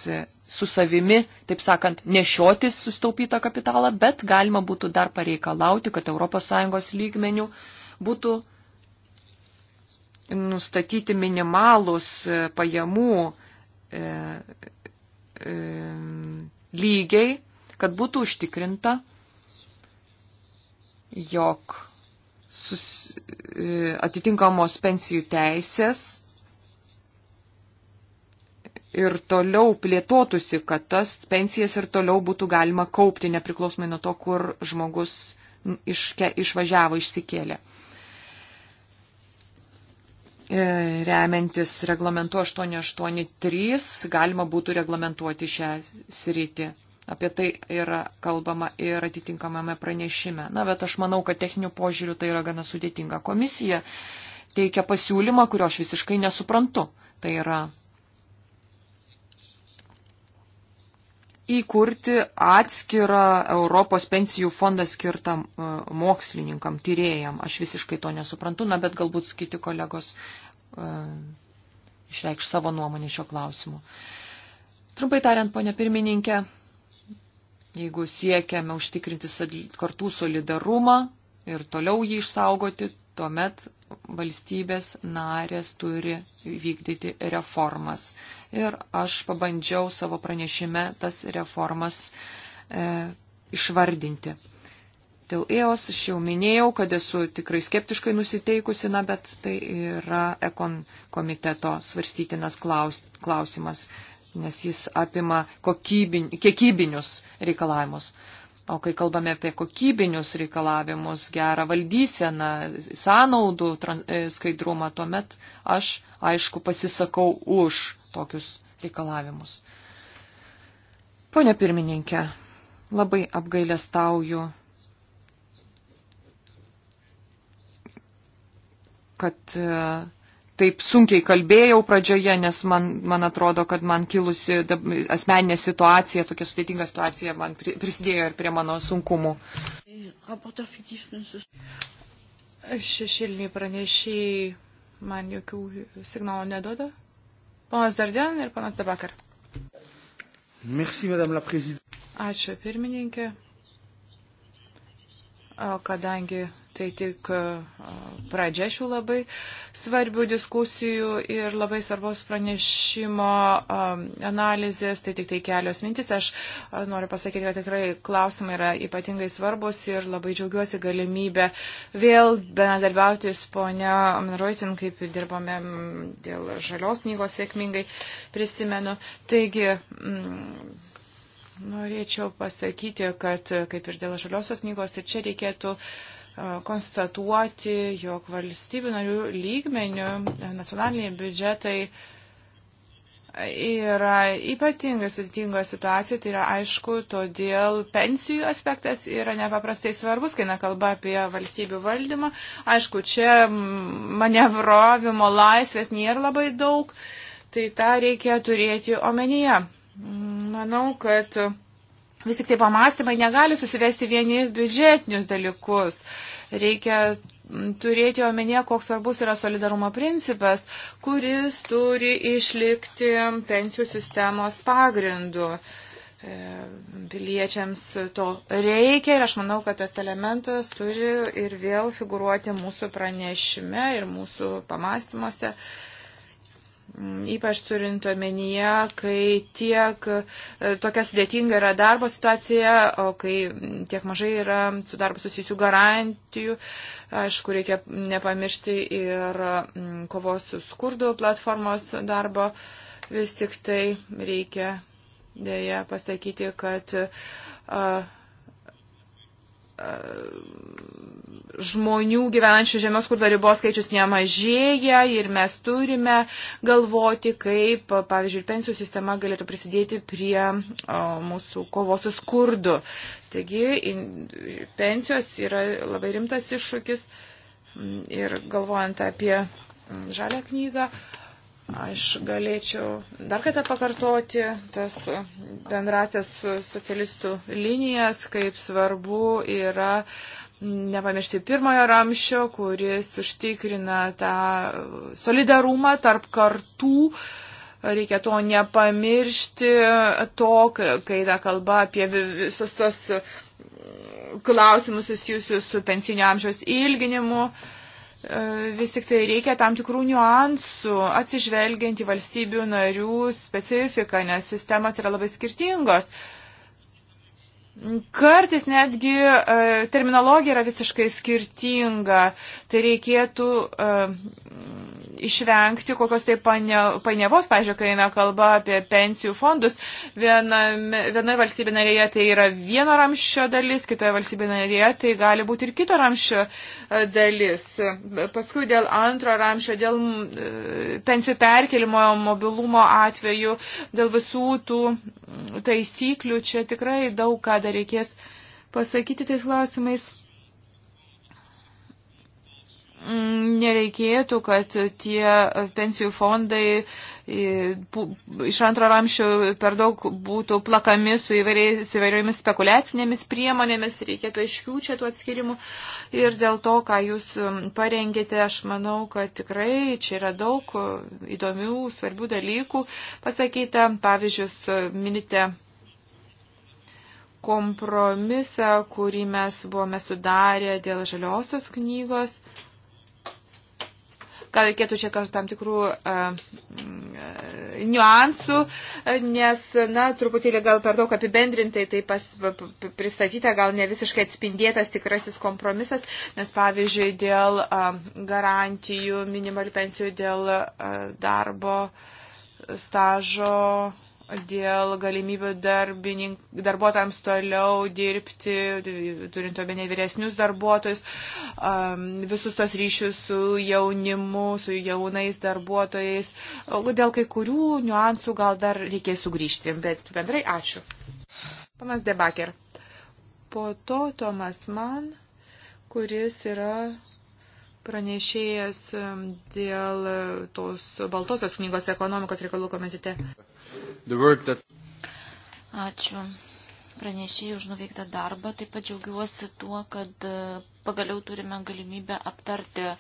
Speaker 2: su savimi, taip sakant, nešiotis sustaupytą kapitalą, bet galima būtų dar pareikalauti, kad ES lygmenių būtų nustatyti minimalus e, pajamų e, e, lygiai, kad būtų užtikrinta, jog sus, e, atitinkamos pensijų teisės ir toliau plėtotųsi, kad tas pensijas ir toliau būtų galima kaupti, nepriklausomai nuo to, kur žmogus iške, išvažiavo, išsikėlė. E, remiantis reglamentu 883 galima būtų reglamentuoti šią sritį. Apie tai yra kalbama ir atitinkamame pranešime. Na, bet aš manau, kad techninių požiūrių tai yra gana sudėtinga. Komisija teikia pasiūlymą, kurio aš visiškai nesuprantu. Tai yra įkurti atskirą Europos pensijų fondą skirtą e, mokslininkam, tyrėjam. Aš visiškai to nesuprantu, na, bet galbūt kiti kolegos uh, išreikš savo nuomonę šio klausimu. Trumpai tariant, ponia pirmininkė, Jeigu siekiame užtikrinti kartų solidarumą ir toliau jį išsaugoti, tuomet valstybės narės turi vykdyti reformas. Ir aš pabandžiau savo pranešime tas reformas e, išvardinti. Dėl EOS aš jau minėjau, kad esu tikrai skeptiškai nusiteikusi, na, bet tai yra ekon komiteto svarstytinas klaus, klausimas nes jis apima kokybin, kiekybinius reikalavimus. O kai kalbame apie kokybinius reikalavimus, gerą valdyseną, sąnaudų e, skaidrumą, tuomet aš, aišku, pasisakau už tokius reikalavimus. Pone pirmininkė, labai apgailestauju, kad e, taip sunkiai kalbėjau pradžioje, nes man, man atrodo, kad man kilusi asmeninė situacija, tokia sudėtinga situacija, man prisidėjo ir prie mano sunkumų.
Speaker 3: Šešilniai pranešiai man jokių signalų nedoda. Ponas Dardien ir ponas Dabakar. Merci, Ačiū, pirmininkė. O kadangi Tai tik pradžia šių labai svarbių diskusijų ir labai svarbos pranešimo analizės, tai tik tai kelios mintis. Aš noriu pasakyti, kad tikrai klausimai yra ypatingai svarbus ir labai džiaugiuosi galimybę vėl bendradarbiauti su ponia Amnaroitin, kaip dirbome dėl žalios knygos sėkmingai, prisimenu. Taigi, mm, norėčiau pasakyti, kad kaip ir dėl žaliosios knygos, ir čia reikėtų uh, E, konstatuoti, jog valstybių narių lygmenių e, nacionaliniai biudžetai yra ypatingai sudėtingoje situacijoje, tai yra aišku, todėl pensijų aspektas yra nepaprastai svarbus, kai nekalba apie valstybių valdymą. Aišku, čia manevravimo laisvės nėra labai daug, tai tą reikia turėti omenyje. Manau, kad vis tik tai pamastymai negali susivesti vieni biudžetinius dalykus. Reikia mm, turėti omenyje, koks svarbus yra solidarumo principas, kuris turi išlikti pensijų sistemos pagrindu. E, piliečiams to reikia ir aš manau, kad tas elementas turi ir vėl figuruoti mūsų pranešime ir mūsų pamastymuose. Uh, Mm, ypač turint omenyje, kai tiek e, tokia sudėtinga yra darbo situacija, o kai mm, tiek mažai yra su darbo susijusių garantijų, aišku, reikia nepamiršti ir mm, kovos su skurdu platformos darbo, vis tik tai reikia dėja pasakyti, kad uh, E, žmonių gyvenančių žemės skurdo ribos skaičius nemažėja ir mes turime galvoti, kaip, pavyzdžiui, pensijų sistema galėtų prisidėti prie o, e, mūsų kovos su skurdu. Taigi, in, pensijos yra labai rimtas iššūkis mm, ir galvojant apie mm, žalę knygą, o, Aš galėčiau dar kartą pakartoti tas bendrasias socialistų linijas, kaip svarbu yra nepamiršti pirmojo ramščio, kuris užtikrina tą solidarumą tarp kartų. Reikia to nepamiršti, to, kai ta kalba apie visus tos klausimus susijusius su pensinio amžiaus ilginimu. Uh, E, vis tik tai reikia tam tikrų niuansų, atsižvelgiant į valstybių narių specifiką, nes sistemas yra labai skirtingos. Kartais netgi e, terminologija yra visiškai skirtinga, tai reikėtų e, išvengti kokios tai painiavos, pažiūrėjau, kai eina kalba apie pensijų fondus. Viename, vienoje valstybė narėje tai yra vieno ramščio dalis, kitoje valstybė narėje tai gali būti ir kito ramščio e, dalis. Paskui dėl antro ramščio, dėl e, pensijų perkelimo, mobilumo atveju, dėl visų tų taisyklių, čia tikrai daug ką dar reikės pasakyti tais klausimais. Mm, nereikėtų, kad tie pensijų fondai iš antro ramščio per daug būtų plakami su įvairiomis spekulacinėmis priemonėmis, reikėtų aiškių čia tų atskirimų. Ir dėl to, ką jūs mm, parengėte, aš manau, kad tikrai čia yra daug įdomių, svarbių dalykų pasakyta. Pavyzdžius minite kompromisą, kurį mes buvome sudarę dėl žaliosios knygos Gal reikėtų čia kažkokių tam tikrų uh, niuansų, nes, na, truputėlį gal per daug apibendrintai tai pas, pristatyta, gal ne visiškai atspindėtas tikrasis kompromisas, nes, pavyzdžiui, dėl uh, garantijų, minimalių pensijų, dėl uh, darbo stažo dėl galimybių darbuotojams toliau dirbti, turint omeny vyresnius darbuotojus, visus tos ryšius su jaunimu, su jaunais darbuotojais. Dėl kai kurių niuansų gal dar reikės sugrįžti, bet bendrai ačiū. Panas Debaker. Po to Tomas Man, kuris yra pranešėjas dėl tos baltosios knygos ekonomikos
Speaker 4: reikalų komitete that... Ačiū pranešėjai už nuveiktą darbą. Taip pat džiaugiuosi tuo, kad e, pagaliau turime galimybę aptarti e,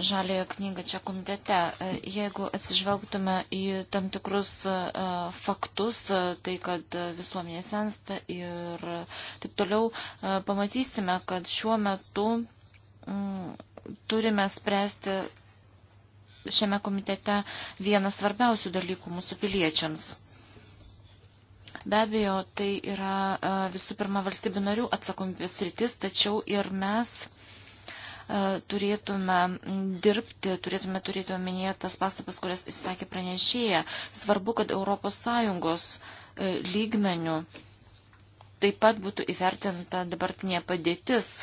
Speaker 4: žalėje knygą čia komitete. E, jeigu atsižvelgtume į tam tikrus faktus, tai kad visuomenė sensta ir taip toliau, pamatysime, kad šiuo metu turime spręsti šiame komitete vienas svarbiausių dalykų mūsų piliečiams. Be abejo, tai yra e, visų pirma valstybių narių atsakomybės rytis, tačiau ir mes e, turėtume dirbti, turėtume turėti omenyje tas pastabas, kurias išsakė pranešėja. Svarbu, kad ES e, lygmenių taip pat būtų įvertinta dabartinė padėtis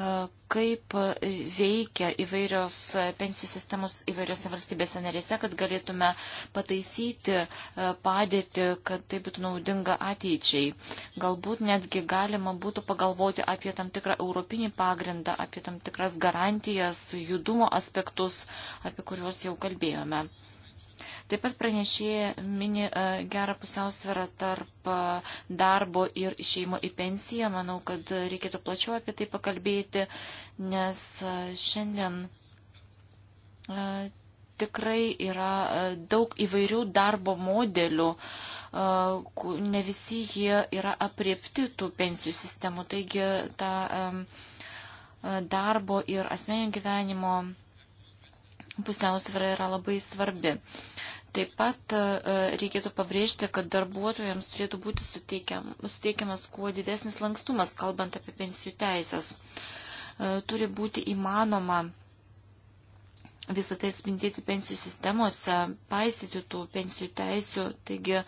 Speaker 4: E, kaip veikia įvairios pensijų sistemos įvairiose valstybėse narėse, kad galėtume pataisyti e, padėtį, kad tai būtų naudinga ateičiai. Galbūt netgi galima būtų pagalvoti apie tam tikrą europinį pagrindą, apie tam tikras garantijas, judumo aspektus, apie kuriuos jau kalbėjome. Taip pat pranešėja mini e, gerą pusiausvyrą tarp e, darbo ir išeimo į pensiją. Manau, kad reikėtų plačiau apie tai pakalbėti, nes e, šiandien tikrai yra daug įvairių darbo modelių, ne visi jie yra apriepti tų pensijų sistemų. Taigi ta darbo ir asmeninio gyvenimo pusiausvėra yra labai svarbi. Taip pat e, reikėtų pabrėžti, kad darbuotojams turėtų būti suteikiam, suteikiamas kuo didesnis lankstumas, kalbant apie pensijų teisės. E, turi būti įmanoma visą tai spindėti pensijų sistemose, paisyti tų pensijų teisių, taigi e,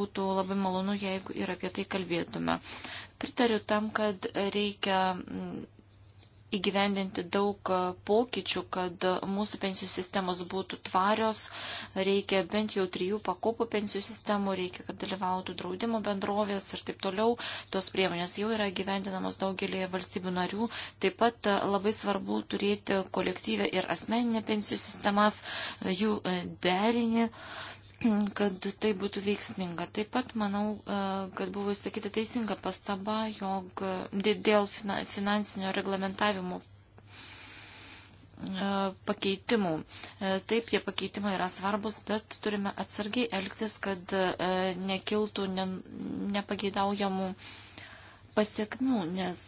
Speaker 4: būtų labai malonu, jeigu ir apie tai kalbėtume. Pritariu tam, kad reikia įgyvendinti daug e, pokyčių, kad e, mūsų pensijų sistemos būtų tvarios, reikia bent jau trijų pakopų pensijų sistemų, reikia, kad dalyvautų draudimo bendrovės ir taip toliau. Tos priemonės jau yra gyvendinamos daugelėje valstybių narių. Taip pat e, labai svarbu turėti kolektyvę ir asmeninę pensijų sistemas, jų derinį. Uh, kad tai būtų veiksminga. Taip pat manau, e, kad buvo įsakyta teisinga pastaba, jog dėl finansinio reglamentavimo e, pakeitimų. E, taip, tie pakeitimai yra svarbus, bet turime atsargiai elgtis, kad nekiltų nepageidaujamų pasiekmių, nes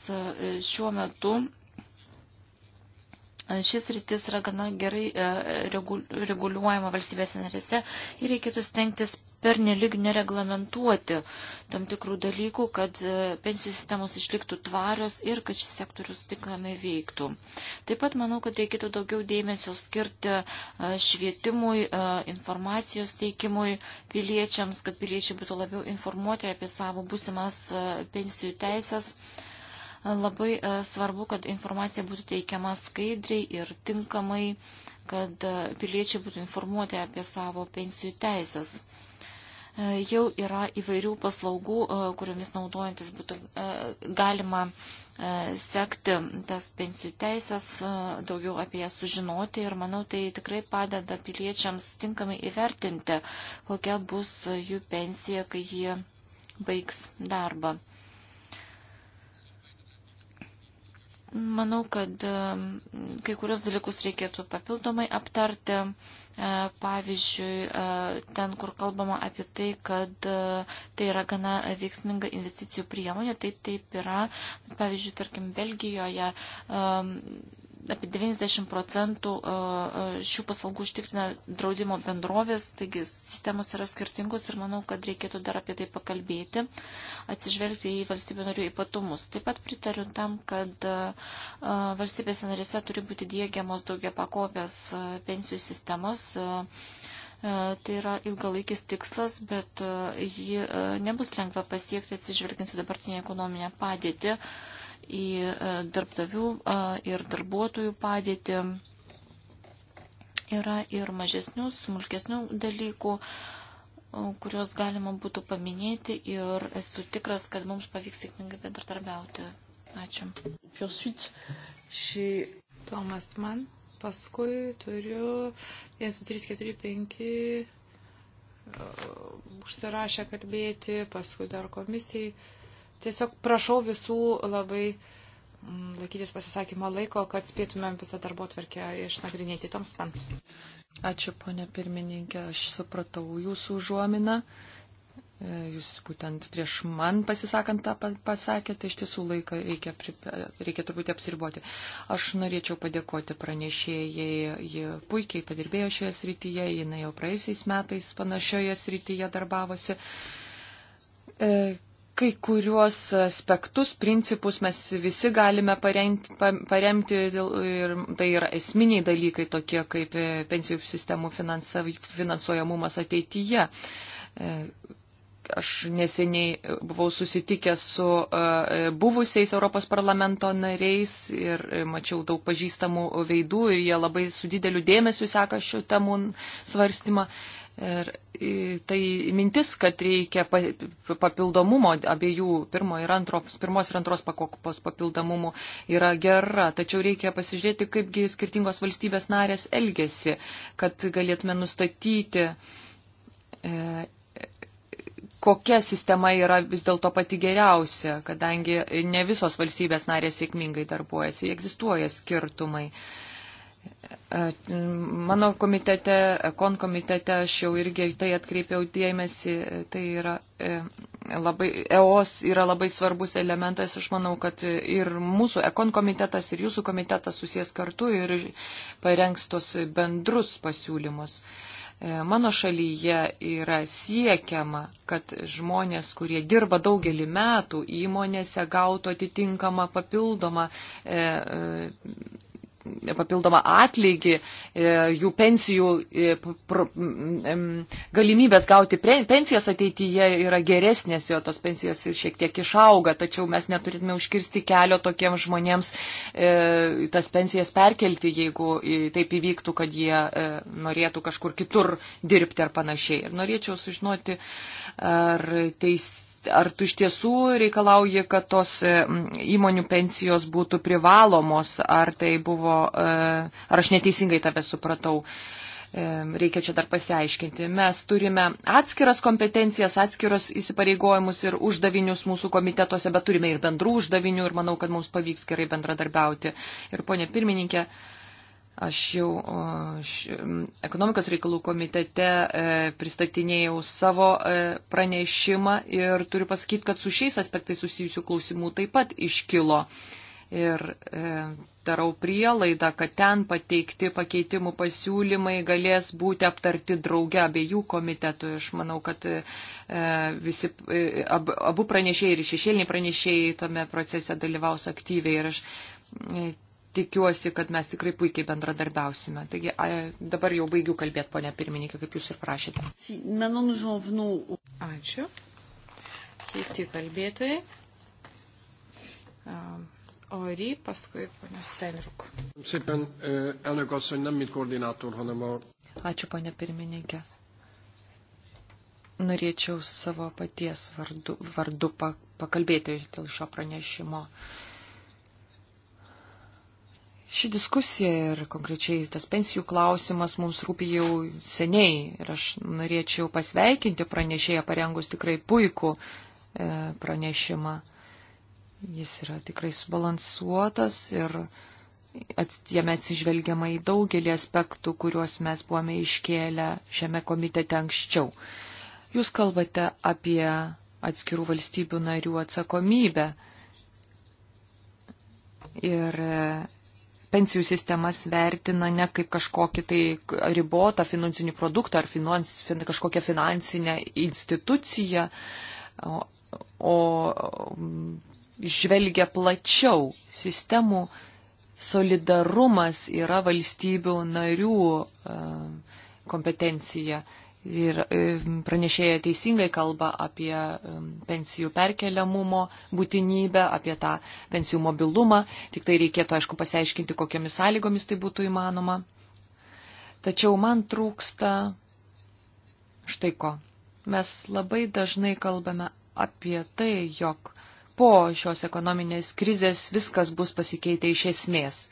Speaker 4: šiuo metu E, šis rytis yra gana gerai e, reguliuojama valstybės narėse ir reikėtų stengtis per nelik nereglamentuoti tam tikrų dalykų, kad e, pensijų sistemos išliktų tvarios ir kad šis sektorius tinkamai veiktų. Taip pat manau, kad reikėtų daugiau dėmesio skirti švietimui, informacijos teikimui piliečiams, kad piliečiai būtų labiau informuoti apie savo būsimas pensijų teisės. Labai e, svarbu, kad informacija būtų teikiama skaidriai ir tinkamai, kad e, piliečiai būtų informuoti apie savo pensijų teisės. E, jau yra įvairių paslaugų, kuriomis naudojantis būtų galima sekti tas pensijų teisės, daugiau apie jas sužinoti ir manau tai tikrai padeda piliečiams tinkamai įvertinti, kokia bus jų pensija, kai jie baigs darbą. Manau, kad kai kurios dalykus reikėtų papildomai aptarti. E, pavyzdžiui, e, ten, kur kalbama apie tai, kad e, tai yra gana veiksminga investicijų priemonė, taip taip yra. Pavyzdžiui, tarkim, Belgijoje apie 90 procentų e, e, šių paslaugų užtikrina draudimo bendrovės, taigi sistemos yra skirtingos ir manau, kad reikėtų dar apie tai pakalbėti, atsižvelgti į valstybių narių ypatumus. Taip pat pritariu tam, kad e, valstybėse narėse turi būti dėgiamos daugia pakopės pensijų sistemos. Tai yra ilgalaikis tikslas, bet jį nebus lengva pasiekti atsižvelginti dabartinį ekonominę padėtį. Uh, į e, darbdavių e, ir darbuotojų padėtį. Yra ir mažesnių, smulkesnių dalykų, kuriuos galima būtų paminėti ir esu tikras, kad mums pavyks sėkmingai bendradarbiauti. Ačiū. Tomas man, paskui turiu 1, 3, 4,
Speaker 3: 5 užsirašę kalbėti, paskui dar komisijai Tiesiog prašau visų labai mm, laikytis pasisakymo laiko,
Speaker 2: kad spėtumėm visą darbo tvarkę išnagrinėti toms man. Ačiū, ponė pirmininkė, aš supratau jūsų užuominą. E, jūs būtent prieš man pasisakant tą pasakėte, tai iš tiesų laiką reikia, reikia turbūt apsiriboti. Aš norėčiau padėkoti pranešėjai, ji puikiai padirbėjo šioje srityje, jinai jau praeisiais metais panašioje srityje darbavosi. E, kai kuriuos aspektus, principus mes visi galime paremti, paremti ir tai yra esminiai dalykai tokie kaip e, pensijų sistemų finansuojamumas ateityje. E, aš neseniai buvau susitikęs su e, buvusiais Europos parlamento nariais ir mačiau daug pažįstamų veidų ir jie labai su dideliu dėmesiu seka šių temų svarstymą. Ir tai mintis, kad reikia papildomumo abiejų pirmo ir antro, pirmos ir antros pakopos papildomumų yra gera, tačiau reikia pasižiūrėti, kaipgi skirtingos valstybės narės elgesi, kad galėtume nustatyti, e, kokia sistema yra vis dėlto pati geriausia, kadangi ne visos valstybės narės sėkmingai darbuojasi, egzistuoja skirtumai. E, E, mano komitete, kon komitete aš jau irgi tai atkreipiau dėmesį, e, tai yra e, labai, EOS yra labai svarbus elementas, aš manau, kad ir mūsų ekon komitetas, ir jūsų komitetas susijęs kartu ir parengs tos bendrus pasiūlymus. Mano šalyje yra siekiama, kad žmonės, kurie dirba daugelį metų įmonėse, gautų atitinkamą papildomą papildomą atlygį, e, jų pensijų e, galimybės gauti pensijas ateityje yra geresnės, jo tos pensijos ir šiek tiek išauga, tačiau mes neturėtume užkirsti kelio tokiems žmonėms e, tas pensijas perkelti, jeigu taip įvyktų, kad jie norėtų kažkur kitur dirbti ar panašiai. Ir norėčiau sužinoti, ar teis ar tu iš tiesų reikalauji, kad tos įmonių pensijos būtų privalomos, ar tai buvo, e, ar aš neteisingai tave supratau. E, reikia čia dar pasiaiškinti. Mes turime atskiras kompetencijas, atskiras įsipareigojimus ir uždavinius mūsų komitetuose, bet turime ir bendrų uždavinių ir manau, kad mums pavyks gerai bendradarbiauti. Ir ponė pirmininkė, uh, Aš jau aš, ekonomikos reikalų komitete e, pristatinėjau savo e, pranešimą ir turiu pasakyti, kad su šiais aspektais susijusių klausimų taip pat iškilo. Ir e, darau prielaidą, kad ten pateikti pakeitimų pasiūlymai galės būti aptarti drauge abiejų komitetų. Aš manau, kad e, visi, e, ab, abu pranešėjai ir šešėliniai pranešėjai tome procese dalyvaus aktyviai. Ir aš e, tikiuosi, kad mes tikrai puikiai bendradarbiausime. Taigi a, dabar jau baigiu kalbėti, ponia pirmininkė, kaip jūs ir prašėte.
Speaker 1: Ačiū. Kiti
Speaker 3: kalbėtojai. Ori, paskui ponia Stenruk.
Speaker 4: E,
Speaker 2: Ačiū, ponia pirmininkė. Norėčiau savo paties vardu, vardu pakalbėti dėl šio pranešimo. Uh, Ši diskusija ir konkrečiai tas pensijų klausimas mums rūpi jau seniai ir aš norėčiau pasveikinti pranešėją parengus tikrai puikų e, pranešimą. Jis yra tikrai subalansuotas ir at, jame atsižvelgiama į daugelį aspektų, kuriuos mes buvome iškėlę šiame komitete anksčiau. Jūs kalbate apie atskirų valstybių narių atsakomybę. Ir e, pensijų sistemas vertina ne kaip kažkokį tai ribotą finansinį produktą ar finans, fin, kažkokią finansinę instituciją, o, o mm, žvelgia plačiau sistemų. Solidarumas yra valstybių narių e, kompetencija. Uh, Ir e, pranešėja teisingai kalba apie e, pensijų perkeliamumo būtinybę, apie tą pensijų mobilumą. Tik tai reikėtų, aišku, pasiaiškinti, kokiamis sąlygomis tai būtų įmanoma. Tačiau man trūksta štai ko. Mes labai dažnai kalbame apie tai, jog po šios ekonominės krizės viskas bus pasikeitę iš esmės.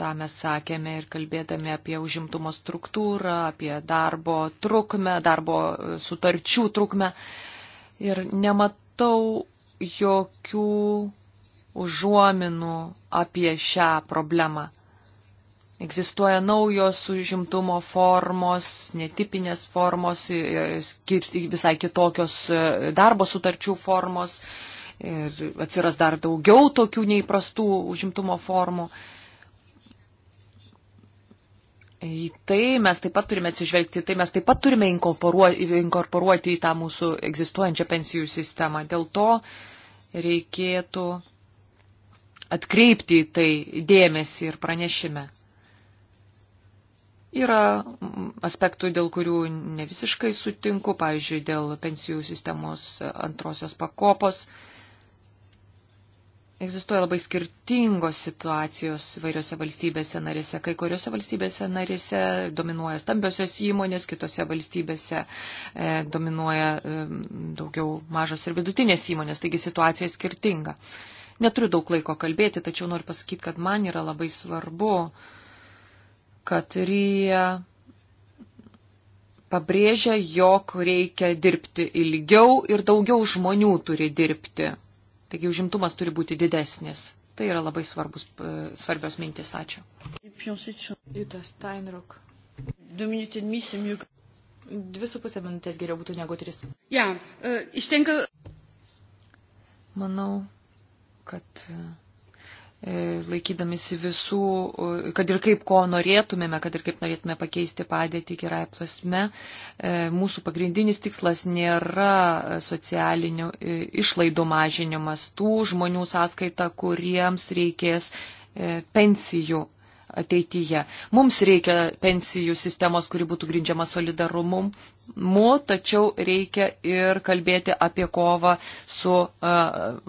Speaker 2: Ta mes sakėme ir kalbėdami apie užimtumo struktūrą, apie darbo trukmę, darbo e, sutarčių trukmę. Ir nematau jokių užuominų apie šią problemą. Egzistuoja naujos užimtumo formos, netipinės formos, e, e, visai kitokios darbo sutarčių formos ir atsiras dar daugiau tokių neįprastų užimtumo formų. Į tai mes taip pat turime atsižvelgti, tai mes taip pat turime inkorporuoti, inkorporuoti į tą mūsų egzistuojančią pensijų sistemą. Dėl to reikėtų atkreipti į tai dėmesį ir pranešime. Yra aspektų, dėl kurių nevisiškai sutinku, pavyzdžiui, dėl pensijų sistemos antrosios pakopos. Egzistuoja labai skirtingos situacijos įvairiose valstybėse narėse. Kai kuriuose valstybėse narėse dominuoja stambiosios įmonės, kitose valstybėse e, dominuoja e, daugiau mažos ir vidutinės įmonės, taigi situacija skirtinga. Neturiu daug laiko kalbėti, tačiau noriu pasakyti, kad man yra labai svarbu, kad ryja pabrėžia, jog reikia dirbti ilgiau ir daugiau žmonių turi dirbti Taigi užimtumas turi būti didesnis. Tai yra labai svarbus, e, svarbios mintis. Ačiū.
Speaker 1: Dvi su pusė minutės geriau būtų negu tris.
Speaker 4: Ja, uh, ich denke...
Speaker 2: Manau, kad. Uh, E, laikydamisi visų, kad ir kaip ko norėtumėme, kad ir kaip norėtume pakeisti padėtį gerąją plasme, e, mūsų pagrindinis tikslas nėra socialinių e, išlaidų mažinimas tų žmonių sąskaita, kuriems reikės pensijų ateityje. Mums reikia pensijų sistemos, kuri būtų grindžiama solidarumu, mu, tačiau reikia ir kalbėti apie kovą su uh,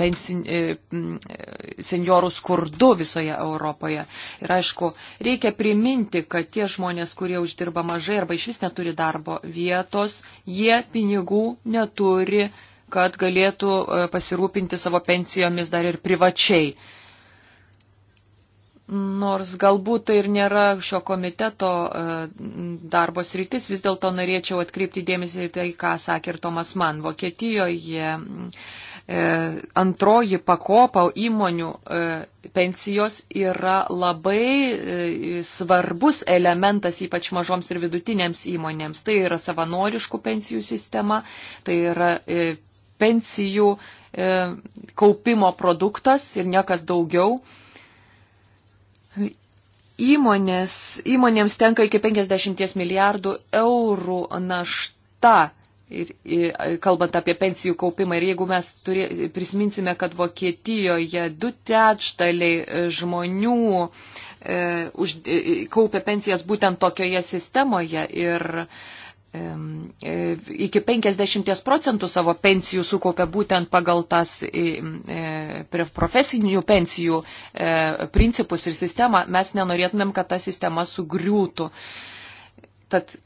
Speaker 2: pensin, uh, e, e, seniorų skurdu visoje Europoje. Ir aišku, reikia priminti, kad tie žmonės, kurie uždirba mažai arba iš vis neturi darbo vietos, jie pinigų neturi, kad galėtų e, pasirūpinti savo pensijomis dar ir privačiai. Uh, Nors galbūt tai ir nėra šio komiteto e, darbos rytis, vis dėlto norėčiau atkreipti dėmesį į tai, ką sakė ir Tomas Man. Vokietijoje e, antroji pakopa įmonių e, pensijos yra labai svarbus elementas, ypač mažoms ir vidutinėms įmonėms. Tai yra savanoriškų pensijų sistema, tai yra pensijų kaupimo produktas ir niekas daugiau Įmonės, įmonėms tenka iki 50 milijardų eurų našta ir, ir kalbant apie pensijų kaupimą. Ir jeigu mes turė, prisiminsime, kad Vokietijoje du trečdaliai e, žmonių e, už, e, kaupia pensijas būtent tokioje sistemoje ir e, E, iki 50 procentų savo pensijų sukaupia būtent pagal tas e, profesinių pensijų e, principus ir sistemą, mes nenorėtumėm, kad ta sistema sugriūtų. Tad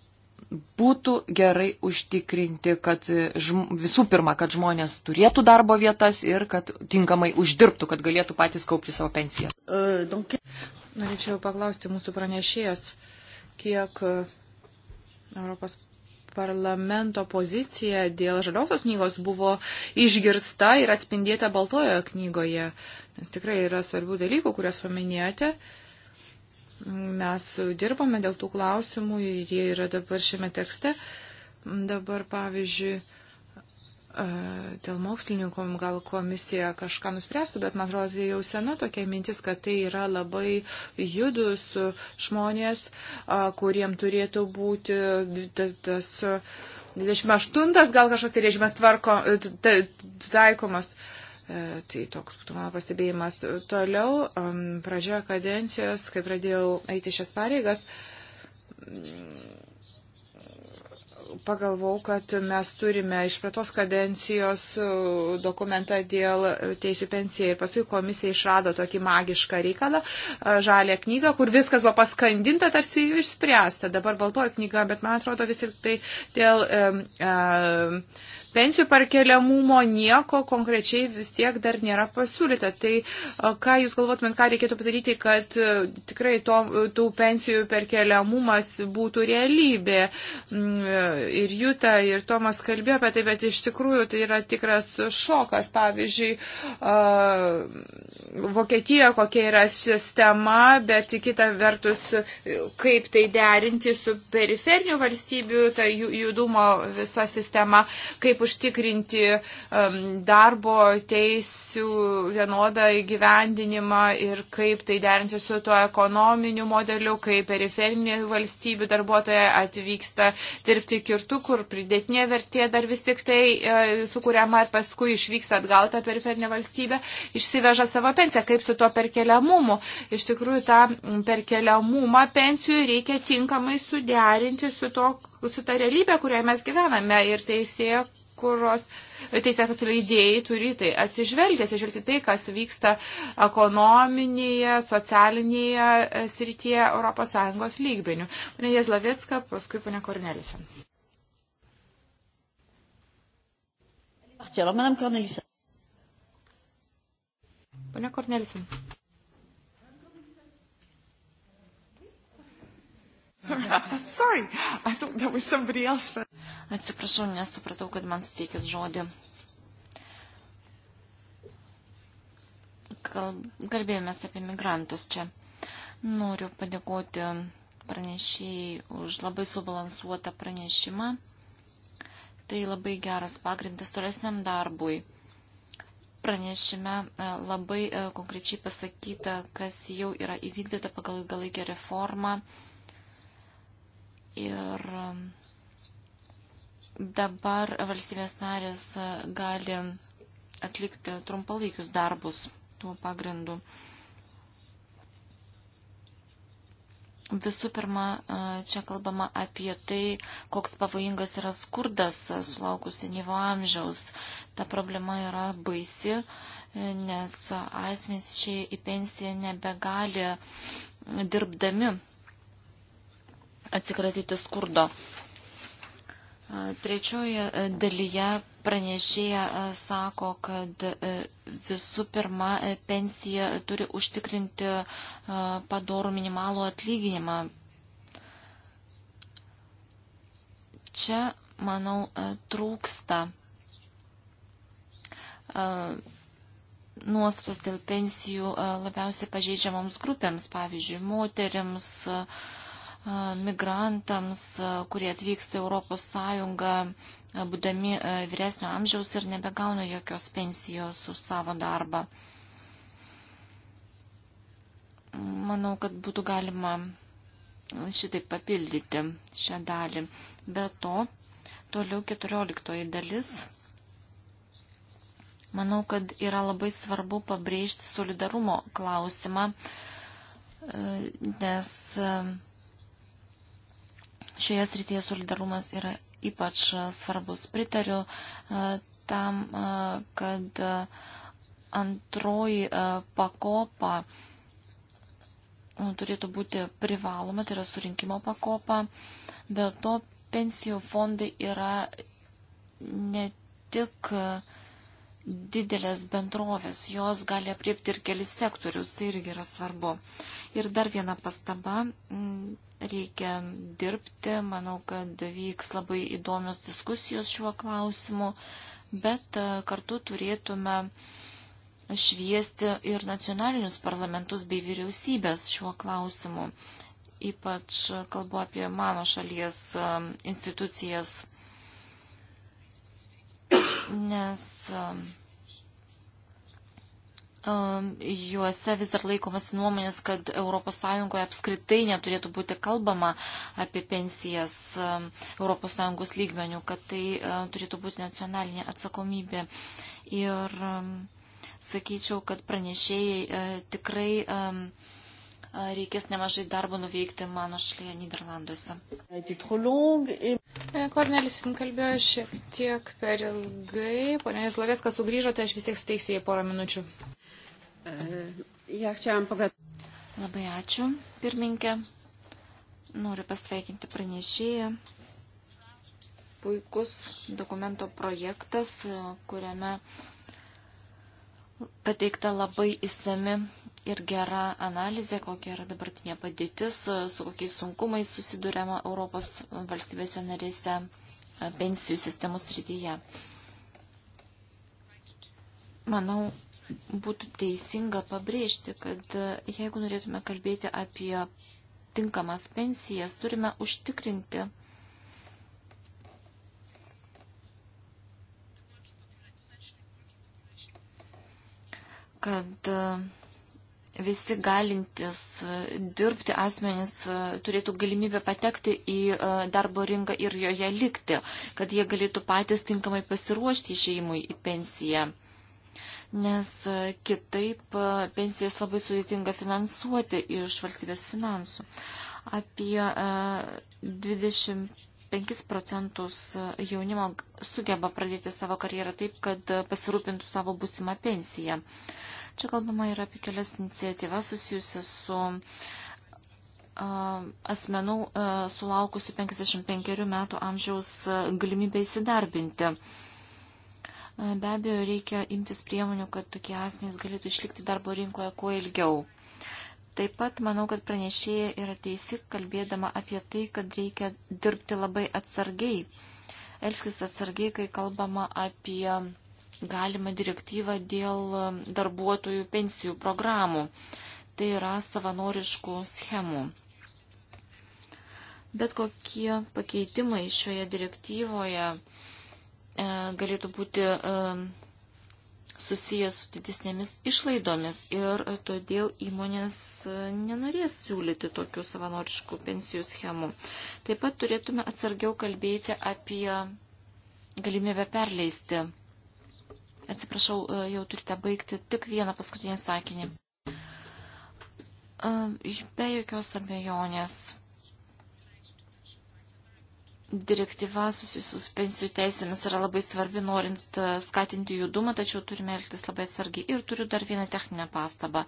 Speaker 2: būtų gerai užtikrinti, kad žm, visų pirma, kad žmonės turėtų darbo vietas ir kad tinkamai uždirbtų, kad galėtų patys kaupti savo pensiją.
Speaker 3: Norėčiau paklausti mūsų pranešėjos, kiek Europos parlamento pozicija dėl žaliosios knygos buvo išgirsta ir atspindėta baltojoje knygoje, nes tikrai yra svarbių dalykų, kurias paminėjote. Mes dirbame dėl tų klausimų ir jie yra dabar šiame tekste. Dabar, pavyzdžiui, E, dėl mokslininkų gal komisija kažką nuspręstų, bet man atrodo, tai jau sena tokia mintis, kad tai yra labai judus žmonės, e, kuriem turėtų būti tas. E, tas 28 gal kažkoks tai režimas tvarko, taikomas. Tai toks būtų mano pastebėjimas. Toliau, pradžioje kadencijos, kai pradėjau eiti šias pareigas, pagalvau, kad mes turime iš pratos kadencijos e, dokumentą dėl teisų pensijai ir paskui komisija išrado tokį magišką reikalą, e, žalę knygą, kur viskas buvo paskandinta, tarsi išspręsta. Dabar baltoji knyga, bet man atrodo vis tik tai dėl. Um, um, pensijų perkeliamumo nieko konkrečiai vis tiek dar nėra pasiūlyta. Tai ką Jūs galvotumėt, ką reikėtų padaryti, kad tikrai to, tų pensijų perkeliamumas būtų realybė. Mm, ir Jūta, ir Tomas kalbėjo apie tai, bet iš tikrųjų tai yra tikras šokas. Pavyzdžiui, Vokietijoje kokia yra sistema, bet kita vertus, kaip tai derinti su periferinių valstybių, tai judumo visa sistema, kaip užtikrinti um, darbo teisų vienodą įgyvendinimą ir kaip tai derinti su tuo ekonominiu modeliu, kai periferinių valstybių darbuotojai atvyksta dirbti kirtų, kur pridėtinė vertė dar vis tik tai e, sukūriama ir paskui išvyksta atgal tą periferinę valstybę, išsiveža savo pensija, kaip su tuo perkeliamumu. Iš tikrųjų, tą perkeliamumą pensijų reikia tinkamai suderinti su, to, su ta realybė, kurioje mes gyvename. Ir teisėje kuros teisėtų leidėjai turi tai atsižvelgti, atsižvelgti tai, kas vyksta ekonominėje, socialinėje e, srityje ES lygmenių. Pane Jezlavicka, paskui
Speaker 1: pane Kornelisen. Alors, Madame Cornelissen. Pone Kornelisin.
Speaker 4: Sorry, I thought that was somebody else. But... Atsiprašau, nesupratau, kad man suteikit žodį. Kalbėjomės apie migrantus čia. Noriu padėkoti pranešėjai už labai subalansuotą pranešimą. Tai labai geras pagrindas tolesniam darbui. Pranešime e, labai e, konkrečiai pasakyta, kas jau yra įvykdyta pagal ilgalaikę reformą. Ir e, dabar valstybės narės gali atlikti trumpalaikius darbus tuo pagrindu. Visų pirma, čia kalbama apie tai, koks pavojingas yra skurdas sulaukus senyvo amžiaus. Ta problema yra baisi, nes asmenys šiai į pensiją nebegali dirbdami atsikratyti skurdo. Trečioje dalyje pranešėja sako, kad visų pirma pensija turi užtikrinti padorų minimalų atlyginimą. Čia, manau, trūksta nuostatos dėl pensijų labiausiai pažeidžiamoms grupėms, pavyzdžiui, moteriams, migrantams, kurie atvyksta Europos Sąjungą, būdami vyresnio amžiaus ir nebegauna jokios pensijos už savo darbą. Manau, kad būtų galima šitai papildyti šią dalį. Be to, toliau 14 dalis. Manau, kad yra labai svarbu pabrėžti solidarumo klausimą, nes e, šioje srityje solidarumas yra ypač svarbus. Pritariu e, tam, e, kad antroji pakopa turėtų būti privaloma, tai yra surinkimo pakopa. Be to, pensijų fondai yra ne tik uh, didelės bendrovės, jos gali apriepti ir kelis sektorius, tai irgi yra svarbu. Ir dar viena pastaba, mm, reikia dirbti, manau, kad vyks labai įdomios diskusijos šiuo klausimu, bet e, kartu turėtume šviesti ir nacionalinius parlamentus bei vyriausybės šiuo klausimu. Ypač kalbu apie mano šalies e, institucijas, nes e, juose vis dar laikomasi nuomonės, kad ES apskritai neturėtų būti kalbama apie pensijas ES lygmenių, kad tai turėtų būti nacionalinė atsakomybė. Ir sakyčiau, kad pranešėjai tikrai reikės nemažai darbo nuveikti mano šalyje Niderlanduose.
Speaker 3: Tai Kornelis kalbėjo šiek tiek per ilgai. Pone Slovės,
Speaker 4: kas sugrįžote, aš vis tiek suteiksiu jai porą minučių. Ja chciałam pogratulować. Labai ačiū, pirminkė. Noriu pasveikinti pranešėją. Puikus dokumento projektas, kuriame pateikta labai įsami ir gera analizė, kokia yra dabartinė padėtis, su kokiais sunkumais susidurėma Europos valstybėse narėse pensijų sistemų srityje. Manau, būtų teisinga pabrėžti, kad e, jeigu norėtume kalbėti apie tinkamas pensijas, turime užtikrinti, kad e, visi galintys e, dirbti asmenys turėtų galimybę patekti į darbo rinką ir joje likti, kad jie galėtų patys tinkamai pasiruošti išeimui į pensiją nes e, kitaip e, pensijas labai sudėtinga finansuoti iš valstybės finansų. Apie 25 e, procentus jaunimo sugeba pradėti savo karjerą taip, kad pasirūpintų savo būsimą pensiją. Čia kalbama yra apie kelias iniciatyvas susijusias su asmenų sulaukusių 55 metų amžiaus galimybę įsidarbinti. Be abejo, reikia imtis priemonių, kad tokie asmenys galėtų išlikti darbo rinkoje kuo ilgiau. Taip pat manau, kad pranešėja yra teisi, kalbėdama apie tai, kad reikia dirbti labai atsargiai, elgtis atsargiai, kai kalbama apie galimą direktyvą dėl darbuotojų pensijų programų. Tai yra savanoriškų schemų. Bet kokie pakeitimai šioje direktyvoje E, galėtų būti e, susijęs su didesnėmis išlaidomis ir todėl įmonės e, nenorės siūlyti tokių savanoriškų pensijų schemų. Taip pat turėtume atsargiau kalbėti apie galimybę perleisti. Atsiprašau, jau turite baigti tik vieną paskutinį sakinį. Be jokios abejonės direktyva susijusius pensijų teisėmis yra labai svarbi, norint e, skatinti judumą, tačiau turime elgtis labai atsargiai. Ir turiu dar vieną techninę pastabą.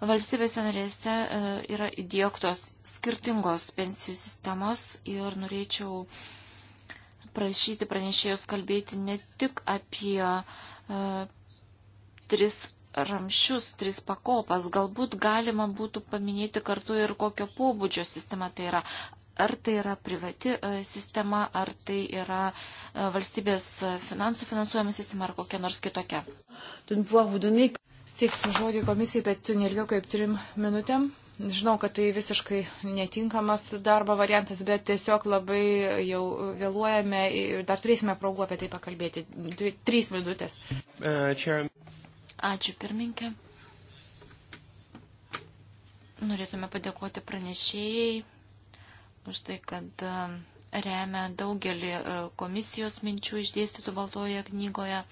Speaker 4: Valstybėse narėse e, yra įdėktos skirtingos pensijų sistemos ir norėčiau prašyti pranešėjus kalbėti ne tik apie uh, tris ramščius, tris pakopas. Galbūt galima būtų paminėti kartu ir kokio pobūdžio sistema tai yra ar tai yra privati e, sistema, ar tai yra e, valstybės finansų finansuojama sistema, ar kokia nors kitokia.
Speaker 3: Steiksiu žodį komisijai, bet nelgiau kaip trim minutėm. Žinau, kad tai visiškai netinkamas darbo variantas, bet tiesiog labai jau vėluojame ir dar turėsime progų apie tai pakalbėti. Dvi, trys minutės. E,
Speaker 4: Ačiū, pirminkė. Norėtume padėkoti pranešėjai už tai, kad e, remia daugelį e, komisijos minčių išdėstytų Baltojoje knygoje.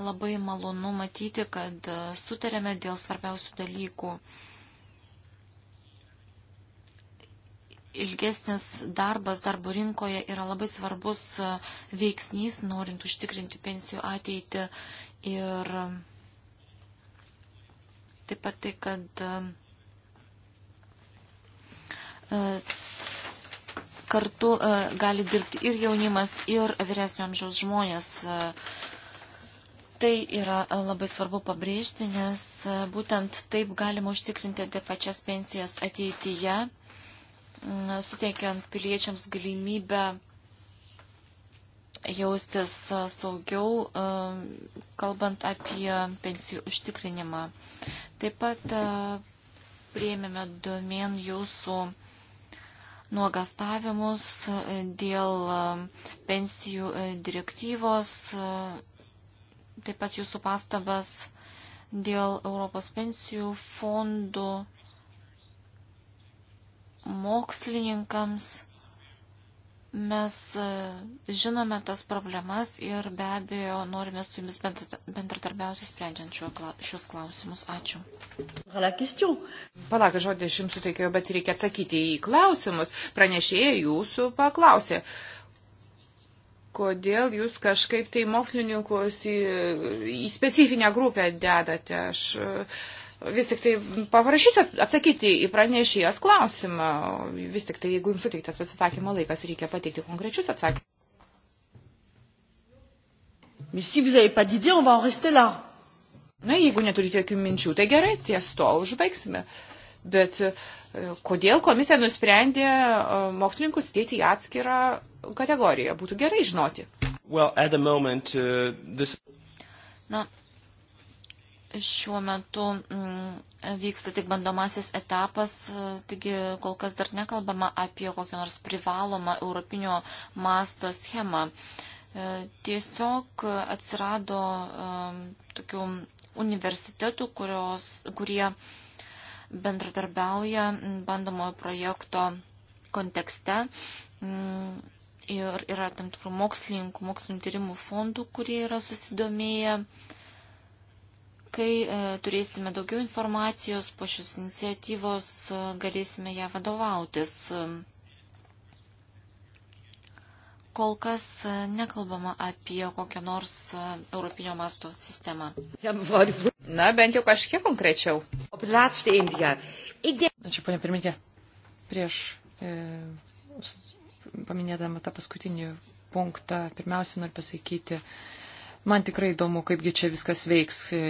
Speaker 4: Labai malonu matyti, kad e, sutarėme dėl svarbiausių dalykų. Ilgesnis darbas darbo rinkoje yra labai svarbus veiksnys, norint užtikrinti pensijų ateitį. Ir taip pat tai, kad kartu e, gali dirbti ir jaunimas, ir vyresnio amžiaus žmonės. E, tai yra e, labai svarbu pabrėžti, nes būtent taip galima užtikrinti adekvačias pensijas ateityje, suteikiant piliečiams galimybę jaustis saugiau, kalbant apie pensijų užtikrinimą. Taip pat prieimėme domen jūsų nuogastavimus e, dėl e, pensijų e, direktyvos, taip pat jūsų pastabas dėl Europos pensijų fondų mokslininkams. Mes e, žinome tas problemas ir be abejo norime su jumis bendradarbiauti sprendžiant šios klausimus. Ačiū. Palauk,
Speaker 3: žodį aš jums suteikiau, bet reikia atsakyti į klausimus. Pranešėjai jūsų paklausė kodėl jūs kažkaip tai mokslininkus į, į specifinę grupę dedate. Aš vis tik tai paprašysiu atsakyti į pranešėjas klausimą. Vis tik tai, jeigu jums suteiktas pasisakymo laikas, reikia pateikti konkrečius atsakymus. Mais si vous n'avez pas d'idée, on va en rester là. Na, jeigu neturite jokių minčių, tai gerai, ties to užbaigsime. Bet e, kodėl komisija nusprendė e, mokslininkus dėti į atskirą kategoriją? Būtų gerai žinoti.
Speaker 1: Well, moment, uh, this...
Speaker 4: Na, šiuo metu mm, vyksta tik bandomasis etapas, e, taigi kol kas dar nekalbama apie kokią nors privalomą europinio masto schemą. E, tiesiog atsirado e, tokių universitetų, kurios, kurie bendradarbiauja bandomojo projekto kontekste mm, ir yra tam tikrų mokslininkų, mokslinio tyrimų fondų, kurie yra susidomėję uh, Kai e, turėsime daugiau informacijos po šios iniciatyvos, e, galėsime ją vadovautis. Kol kas e, nekalbama apie kokią nors europinio masto sistemą.
Speaker 2: Na, bent jau kažkiek konkrečiau. Ačiū, ponia pirmininkė. Prieš e, paminėdama tą paskutinį punktą, pirmiausia, noriu pasakyti, e, Man tikrai įdomu, kaipgi čia viskas veiks. E,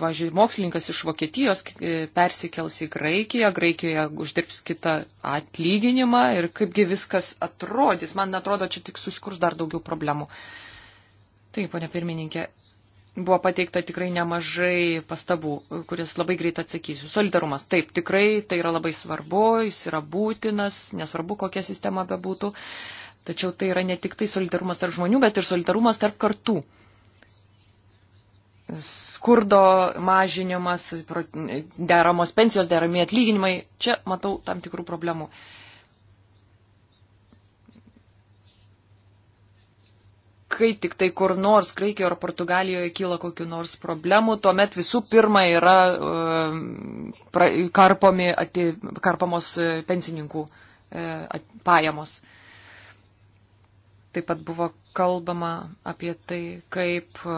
Speaker 2: važiuoju, mokslininkas iš Vokietijos e, persikels į Graikiją, Graikijoje uždirbs kitą atlyginimą ir kaipgi viskas atrodys. Man atrodo, čia tik susikurs dar daugiau problemų. Taip, ponia pirmininkė, buvo pateikta tikrai nemažai pastabų, kuris labai greit atsakysiu. Solidarumas, taip, tikrai tai yra labai svarbu, jis yra būtinas, nesvarbu, kokia sistema bebūtų. būtų Tačiau tai yra ne tik tai solidarumas tarp žmonių, bet ir solidarumas tarp kartų. Skurdo mažinimas, deramos pensijos, derami atlyginimai. Čia matau tam tikrų problemų. kai tik tai kur nors Graikijoje ar Portugalijoje kyla kokiu nors problemu, tuomet visų pirma yra um, pra, karpomi, ati, karpamos uh, pensininkų uh, at, pajamos. Taip pat buvo kalbama apie tai, kaip e,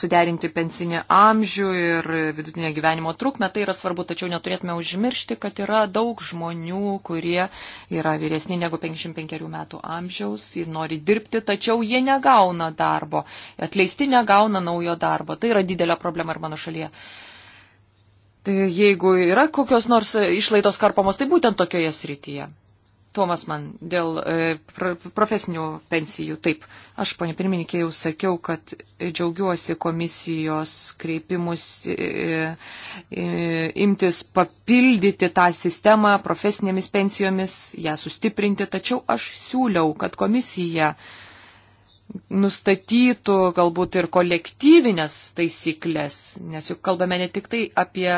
Speaker 2: suderinti pensinį amžių ir vidutinę gyvenimo trukmę. Tai yra svarbu, tačiau neturėtume užmiršti, kad yra daug žmonių, kurie yra vyresni negu 55 metų amžiaus, nori dirbti, tačiau jie negauna darbo. Atleisti negauna naujo darbo. Tai yra didelė problema ir mano šalyje. Tai jeigu yra kokios nors išlaidos karpomos, tai būtent tokioje srityje. Tomas man dėl e, profesinių pensijų. Taip, aš, ponė pirmininkė, jau sakiau, kad džiaugiuosi komisijos kreipimus e, e, imtis papildyti tą sistemą profesinėmis pensijomis, ją sustiprinti, tačiau aš siūliau, kad komisija nustatytų galbūt ir kolektyvinės taisyklės, nes juk kalbame ne tik tai apie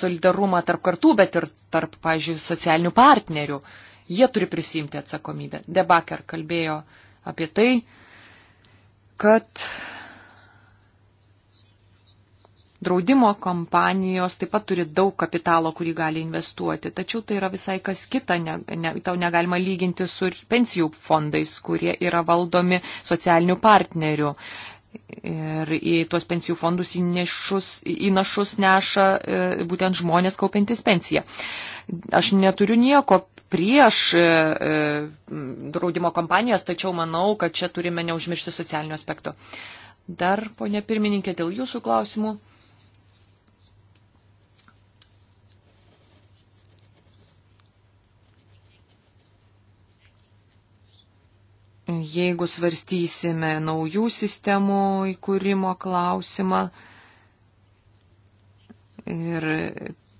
Speaker 2: solidarumą tarp kartų, bet ir tarp, pažiūrėjau, socialinių partnerių. Uh, Jie turi prisimti atsakomybę. Debaker kalbėjo apie tai, kad draudimo kompanijos taip pat turi daug kapitalo, kurį gali investuoti, tačiau tai yra visai kas kita, ne, ne, tau negalima lyginti su pensijų fondais, kurie yra valdomi socialinių partnerių. Ir į tuos pensijų fondus įnešus, įnašus neša e, būtent žmonės kaupiantis pensiją. Aš neturiu nieko prieš e, e, draudimo kompanijas, tačiau manau, kad čia turime neužmiršti socialinio aspekto. Dar, ponė pirmininkė, dėl jūsų klausimų. jeigu svarstysime naujų sistemų įkūrimo klausimą ir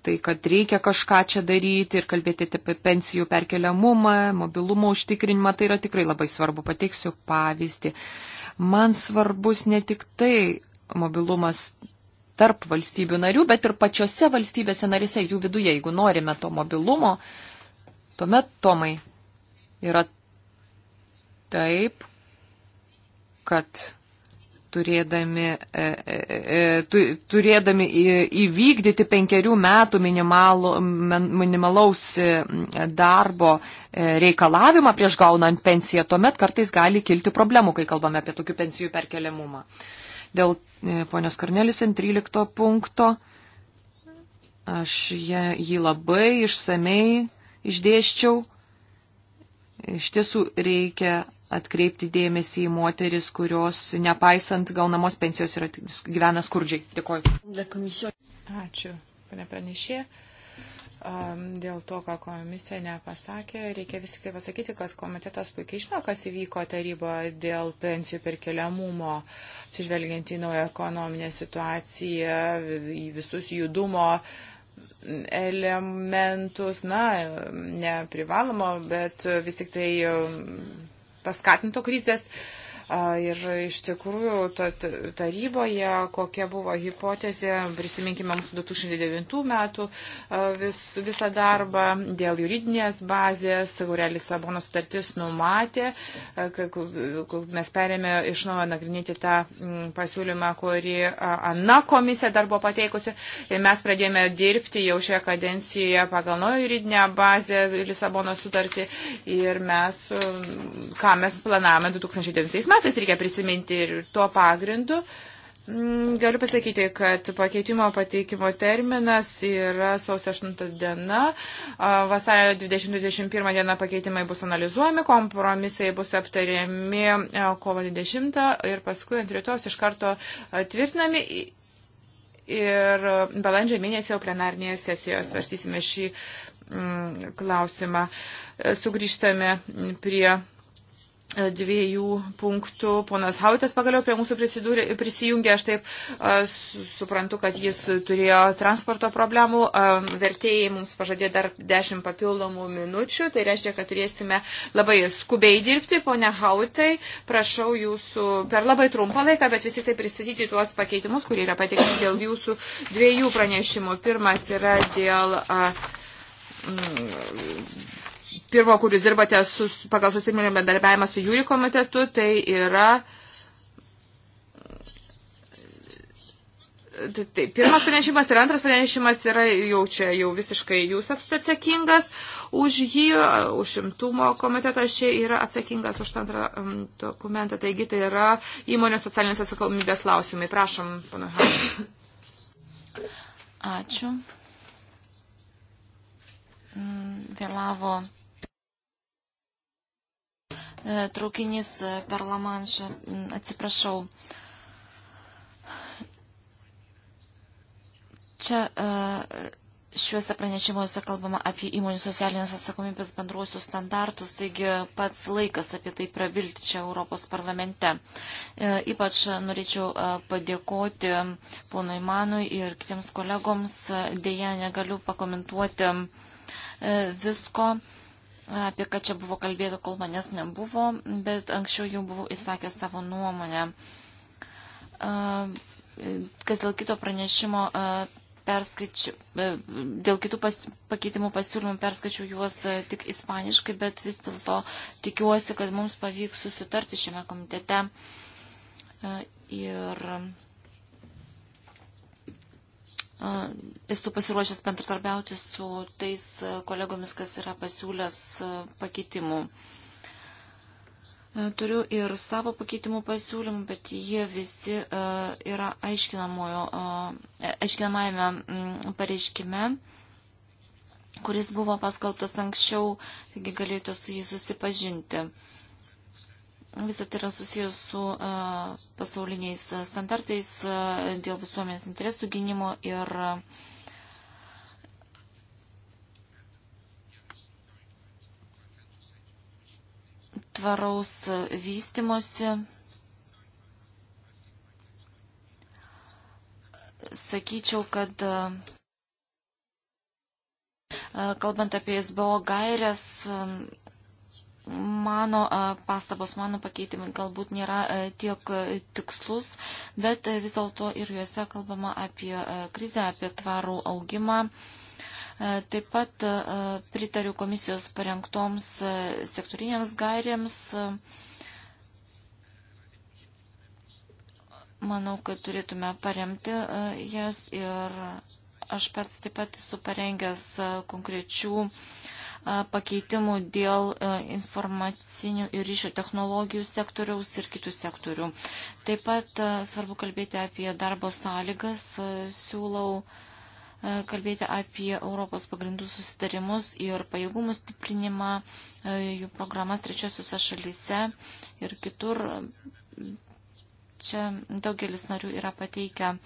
Speaker 2: tai, kad reikia kažką čia daryti ir kalbėti apie pensijų perkeliamumą, mobilumo užtikrinimą, tai yra tikrai labai svarbu. Pateiksiu pavyzdį. Man svarbus ne tik tai mobilumas tarp valstybių narių, bet ir pačiose valstybėse narise, jų viduje, jeigu norime to mobilumo, tuomet, Tomai, yra taip, kad turėdami, e, e, e, turėdami įvykdyti penkerių metų minimalų, minimalaus darbo reikalavimą prieš gaunant pensiją, tuomet kartais gali kilti problemų, kai kalbame apie tokių pensijų perkeliamumą. Dėl ponios Karnelis 13 punkto aš jį labai išsamei išdėščiau. Iš tiesų reikia atkreipti dėmesį į moteris, kurios, nepaisant gaunamos pensijos, yra, gyvena skurdžiai.
Speaker 3: Dėkoju. Ačiū, pane pranešė. Dėl to, ką komisija nepasakė, reikia vis tik tai pasakyti, kad komitetas puikiai žino, kas įvyko taryboje dėl pensijų perkeliamumo, atsižvelgiant į naują ekonominę situaciją, į visus judumo elementus, na, neprivalomo, bet vis tik tai paskatinto krizės. Uh, Ir iš tikrųjų ta, taryboje, kokia buvo hipotezė, prisiminkime mūsų 2009 metų vis, visą darbą dėl juridinės bazės, kurią Lisabono sutartis numatė, mes perėmė iš naujo nagrinėti tą pasiūlymą, kurį Ana komisija dar buvo pateikusi. Mes pradėjome dirbti jau šioje kadencijoje pagal naują juridinę bazę Lisabono sutartį ir mes, ką mes planavome 2009 metais faktas reikia prisiminti ir tuo pagrindu. Mm, galiu pasakyti, kad pakeitimo pateikimo terminas yra sausio 8 diena, vasario 20-21 diena pakeitimai bus analizuojami, kompromisai bus aptariami kovo 20 ir paskui ant rytos iš karto tvirtinami ir balandžio mėnesį jau plenarnėje sesijoje svarstysime šį mm, klausimą. E, sugrįžtame prie dviejų punktų. Ponas Hautas pagaliau prie mūsų prisijungė, aš taip suprantu, kad jis turėjo transporto problemų. Vertėjai mums pažadėjo dar dešimt papildomų minučių, tai reiškia, kad turėsime labai skubiai dirbti. Pone Hautai, prašau jūsų per labai trumpą laiką, bet vis tik tai pristatyti tuos pakeitimus, kurie yra pateikti dėl jūsų dviejų pranešimų. Pirmas yra dėl. A, m, pirmo, kuris dirbate su, pagal susiminį bendarbiavimą su jūri komitetu, tai yra tai, tai pirmas pranešimas ir antras pranešimas yra jau čia, jau visiškai jūs esate atsakingas už jį, už šimtumo komitetas čia yra atsakingas už tą antrą dokumentą, taigi tai yra įmonės socialinės atsakomybės klausimai. Prašom, pana Ačiū.
Speaker 4: Mm, vėlavo traukinys per Lamanšą. Atsiprašau. Čia šiuose pranešimuose kalbama apie įmonių socialinės atsakomybės bendruosius standartus, taigi pats laikas apie tai prabilti čia Europos parlamente. E, ypač norėčiau e, padėkoti ponui Manui ir kitiems kolegoms, dėja negaliu pakomentuoti e, visko apie ką čia buvo kalbėta, kol manęs nebuvo, bet anksčiau jau buvau įsakęs savo nuomonę. Kas dėl kito pranešimo perskaičiu, dėl kitų pas, pakeitimų pasiūlymų perskaičiu juos tik ispaniškai, bet vis dėlto tikiuosi, kad mums pavyks susitarti šiame komitete. Ir Esu pasiruošęs bendradarbiauti su tais kolegomis, kas yra pasiūlęs pakeitimų. Turiu ir savo pakeitimų pasiūlymų, bet jie visi yra e, aiškinamajame pareiškime, kuris buvo paskalbtas anksčiau, taigi galėjote su jais susipažinti. Visą tai yra susijęs su pasauliniais standartais dėl visuomenės interesų gynimo ir tvaraus vystimosi. Sakyčiau, kad kalbant apie SBO gairias, Mano pastabos, mano pakeitimai galbūt nėra tiek tikslus, bet vis dėlto ir juose kalbama apie krizę, apie tvarų augimą. Taip pat pritariu komisijos parengtoms sektoriniams gairėms. Manau, kad turėtume paremti jas ir aš pats taip pat esu parengęs konkrečių uh, pakeitimų dėl informacinių ir ryšio technologijų sektoriaus ir kitų sektorių. Taip pat svarbu kalbėti apie darbo sąlygas. Siūlau kalbėti apie Europos pagrindų susitarimus ir pajėgumų stiprinimą, jų programas trečiosiuose šalyse ir kitur. Čia daugelis narių yra pateikę uh,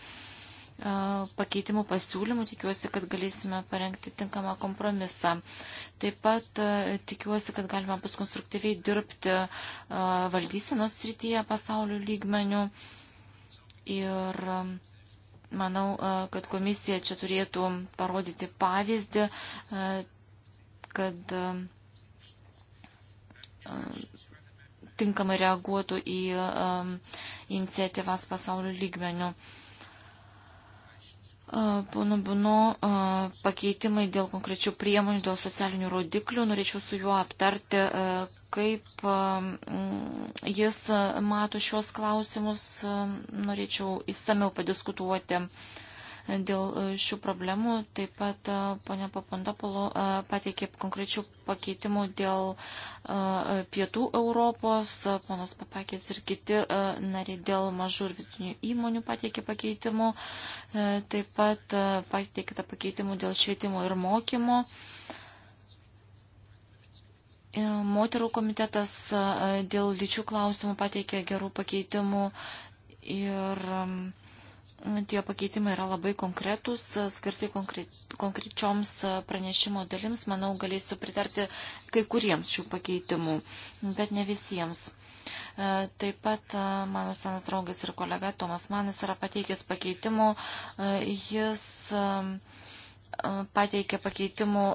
Speaker 4: pakeitimų pasiūlymų. Tikiuosi, kad galėsime parengti tinkamą kompromisą. Taip pat tikiuosi, kad galima bus konstruktyviai dirbti valdysenos srityje pasaulio lygmenių. Ir manau, kad komisija čia turėtų parodyti pavyzdį, kad tinkamai reaguotų į iniciatyvas pasaulio lygmenių. Pono Buno pakeitimai dėl konkrečių priemonių, dėl socialinių rodiklių. Norėčiau su juo aptarti, kaip jis mato šios klausimus. Norėčiau įsameu padiskutuoti dėl e, šių problemų. Taip pat e, ponia Papandopolo e, pateikė konkrečių pakeitimų dėl pietų Europos, ponas Papakės ir kiti nariai dėl mažų ir vidutinių įmonių pateikė pakeitimų. Taip pat pateikėta pakeitimų dėl švietimo ir mokymo. Moterų komitetas dėl lyčių klausimų pateikė gerų pakeitimų ir um, Tie pakeitimai yra labai konkretūs, skirti konkrečioms pranešimo dalims. Manau, galėsiu pritarti kai kuriems šių pakeitimų, bet ne visiems. E, taip pat e, mano senas draugas ir kolega Tomas Manis yra pateikęs pakeitimų. E, jis pateikė pakeitimų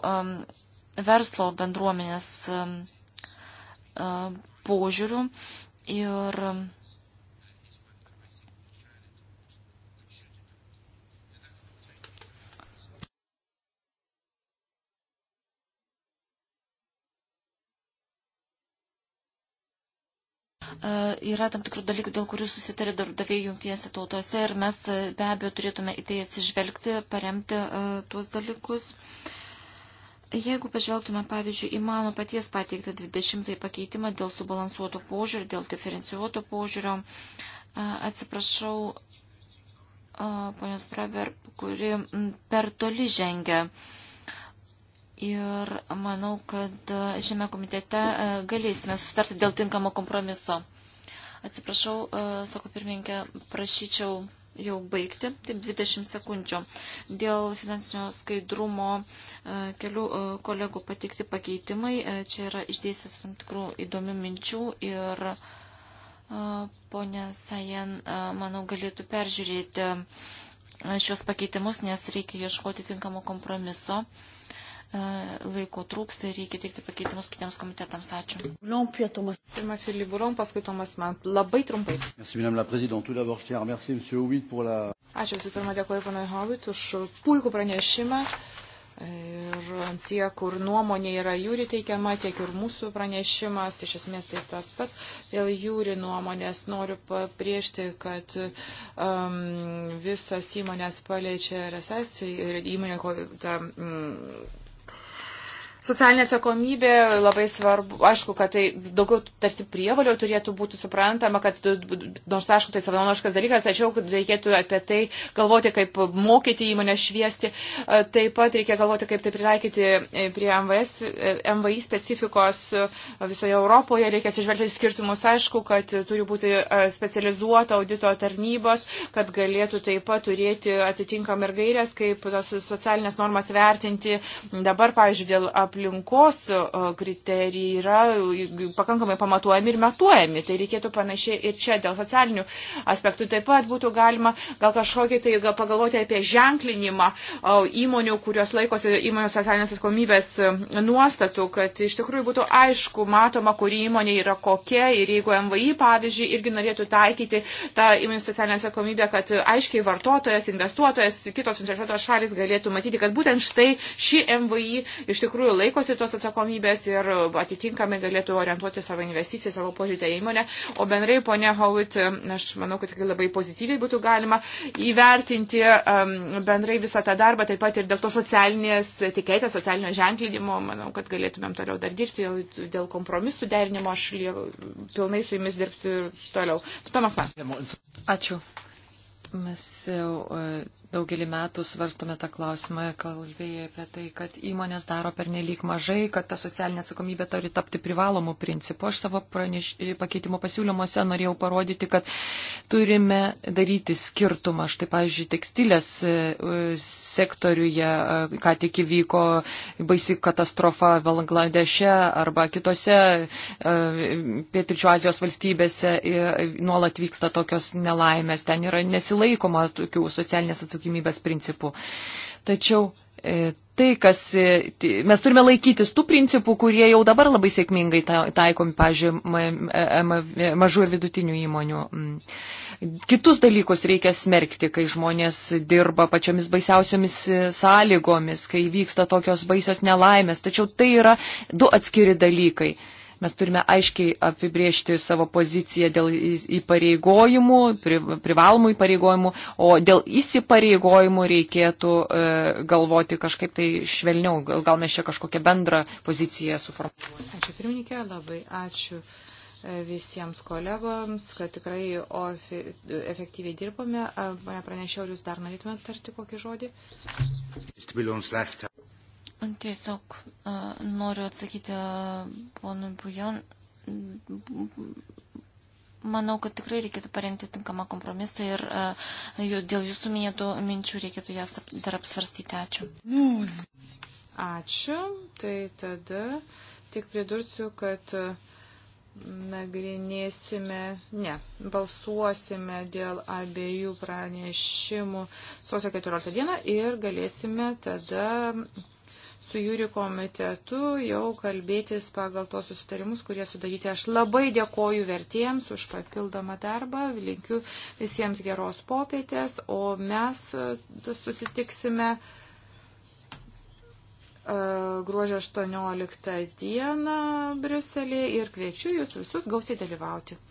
Speaker 4: verslo bendruomenės požiūrių ir E, yra tam tikrų dalykų, dėl kurių susitarė darbdaviai jungtinėse tautose ir mes e, be abejo turėtume į tai atsižvelgti, paremti e, tuos dalykus. Jeigu pažvelgtume, pavyzdžiui, į mano paties pateiktą 20 pakeitimą dėl subalansuoto požiūrio, dėl diferencijuoto požiūrio, atsiprašau, ponios Praver, kuri per toli žengia. Ir manau, kad e, šiame komitete e, galėsime sustarti dėl tinkamo kompromiso. Atsiprašau, e, sako pirmininkė, prašyčiau jau baigti, taip 20 sekundžių. Dėl finansinio skaidrumo kelių kolegų patikti pakeitimai, čia yra išdėstęs tam tikrų įdomių minčių ir ponė Sajen, manau, galėtų peržiūrėti šios pakeitimus, nes reikia ieškoti tinkamo kompromiso. E, laiko trūks ir reikia teikti pakeitimus kitiems komitetams. Ačiū. Pirma Filibulon, paskui Tomas man. Labai trumpai.
Speaker 3: Ačiū visų pirma, dėkuoju panai Hovit už puikų pranešimą. Ir tie, kur nuomonė yra jūri teikiama, tiek ir mūsų pranešimas, iš esmės tai tas pats. Dėl jūri nuomonės noriu papriešti, kad um, visas įmonės paliečia RSS ir įmonė, ta, mm, Socialinė atsakomybė labai svarbu, aišku, kad tai daugiau tarsi prievalio turėtų būti suprantama, kad nors aišku, tai savanoriškas dalykas, tačiau reikėtų apie tai galvoti, kaip mokyti įmonę šviesti. E, taip pat reikia galvoti, kaip tai pritaikyti e, prie MVS, e, MVI specifikos visoje Europoje. Reikia atsižvelgti skirtumus, aišku, kad turi būti specializuota audito tarnybos, kad galėtų taip pat turėti atitinkam ir gairias, kaip tas socialinės normas vertinti. Dabar, pavyzdžiui, dėl aplinkos kriterijai yra pakankamai pamatuojami ir matuojami. Tai reikėtų panašiai ir čia dėl socialinių aspektų. Taip pat būtų galima gal kažkokį tai gal pagalvoti apie ženklinimą įmonių, kurios laikosi įmonių socialinės atsakomybės e, nuostatų, kad iš tikrųjų būtų aišku, matoma, kuri įmonė yra kokia ir jeigu MVI, pavyzdžiui, irgi norėtų taikyti tą įmonių socialinę atsakomybę, kad aiškiai vartotojas, investuotojas, kitos interesuotos šalis galėtų matyti, kad būtent štai ši MVI iš tikrųjų laikosi laikosi tos atsakomybės ir atitinkamai galėtų orientuoti savo investiciją, savo požiūrį į įmonę. O bendrai, ponia Howitt, aš manau, kad tikrai labai pozityviai būtų galima įvertinti um, bendrai visą tą darbą, taip pat ir dėl to socialinės etiketės, socialinio ženklinimo, manau, kad galėtumėm toliau dar dirbti, dėl kompromisų derinimo aš pilnai su jumis dirbsiu ir toliau. Tomas man.
Speaker 2: Ačiū. Mes jau e, Daugelį metų svarstome tą klausimą, kalbėjai apie tai, kad įmonės daro per nelik mažai, kad ta socialinė atsakomybė turi tapti privalomų principų. Aš savo praneš... pakeitimo pasiūlymuose norėjau parodyti, kad turime daryti skirtumą. Štai, pavyzdžiui, tekstilės e, sektoriuje, e, ką tik įvyko baisi katastrofa Bangladeše arba kitose e, Pietričio Azijos valstybėse nuolat vyksta tokios nelaimės. Ten yra nesilaikoma tokių socialinės atsakomybės tikimybės principų. Tačiau e, tai, kas e, mes turime laikytis tų principų, kurie jau dabar labai sėkmingai taikomi, pažiūrėjau, e, mažų ir vidutinių įmonių. Mm. Kitus dalykus reikia smerkti, kai žmonės dirba pačiomis baisiausiomis sąlygomis, kai vyksta tokios baisios nelaimės. Tačiau tai yra du atskiri dalykai. Mes turime aiškiai apibriežti savo poziciją dėl įpareigojimų, privalomų įpareigojimų, o dėl įsipareigojimų reikėtų e, galvoti kažkaip tai švelniau. Gal mes čia kažkokią bendrą poziciją suformuosime.
Speaker 3: Ačiū, pirmininkė, labai ačiū e, visiems kolegoms, kad tikrai ofi, efektyviai dirbome.
Speaker 4: Mane pranešiau, jūs dar norėtumėte tarti kokį žodį? Tiesiog noriu atsakyti ponui Bujon. Manau, kad tikrai reikėtų parengti tinkamą kompromisą ir dėl jūsų minėtų minčių reikėtų jas dar apsvarstyti. Ačiū.
Speaker 1: Nūs.
Speaker 3: Ačiū. Tai tada tik pridursiu, kad nagrinėsime, ne, balsuosime dėl abiejų pranešimų sausio 14 dieną ir galėsime tada su jūrių komitetu jau kalbėtis pagal tos susitarimus, kurie sudaryti. Aš labai dėkoju vertėjams už papildomą darbą, linkiu visiems geros popietės, o mes e, susitiksime e, gruožio 18 dieną Briuselėje ir kviečiu jūs visus gausiai dalyvauti.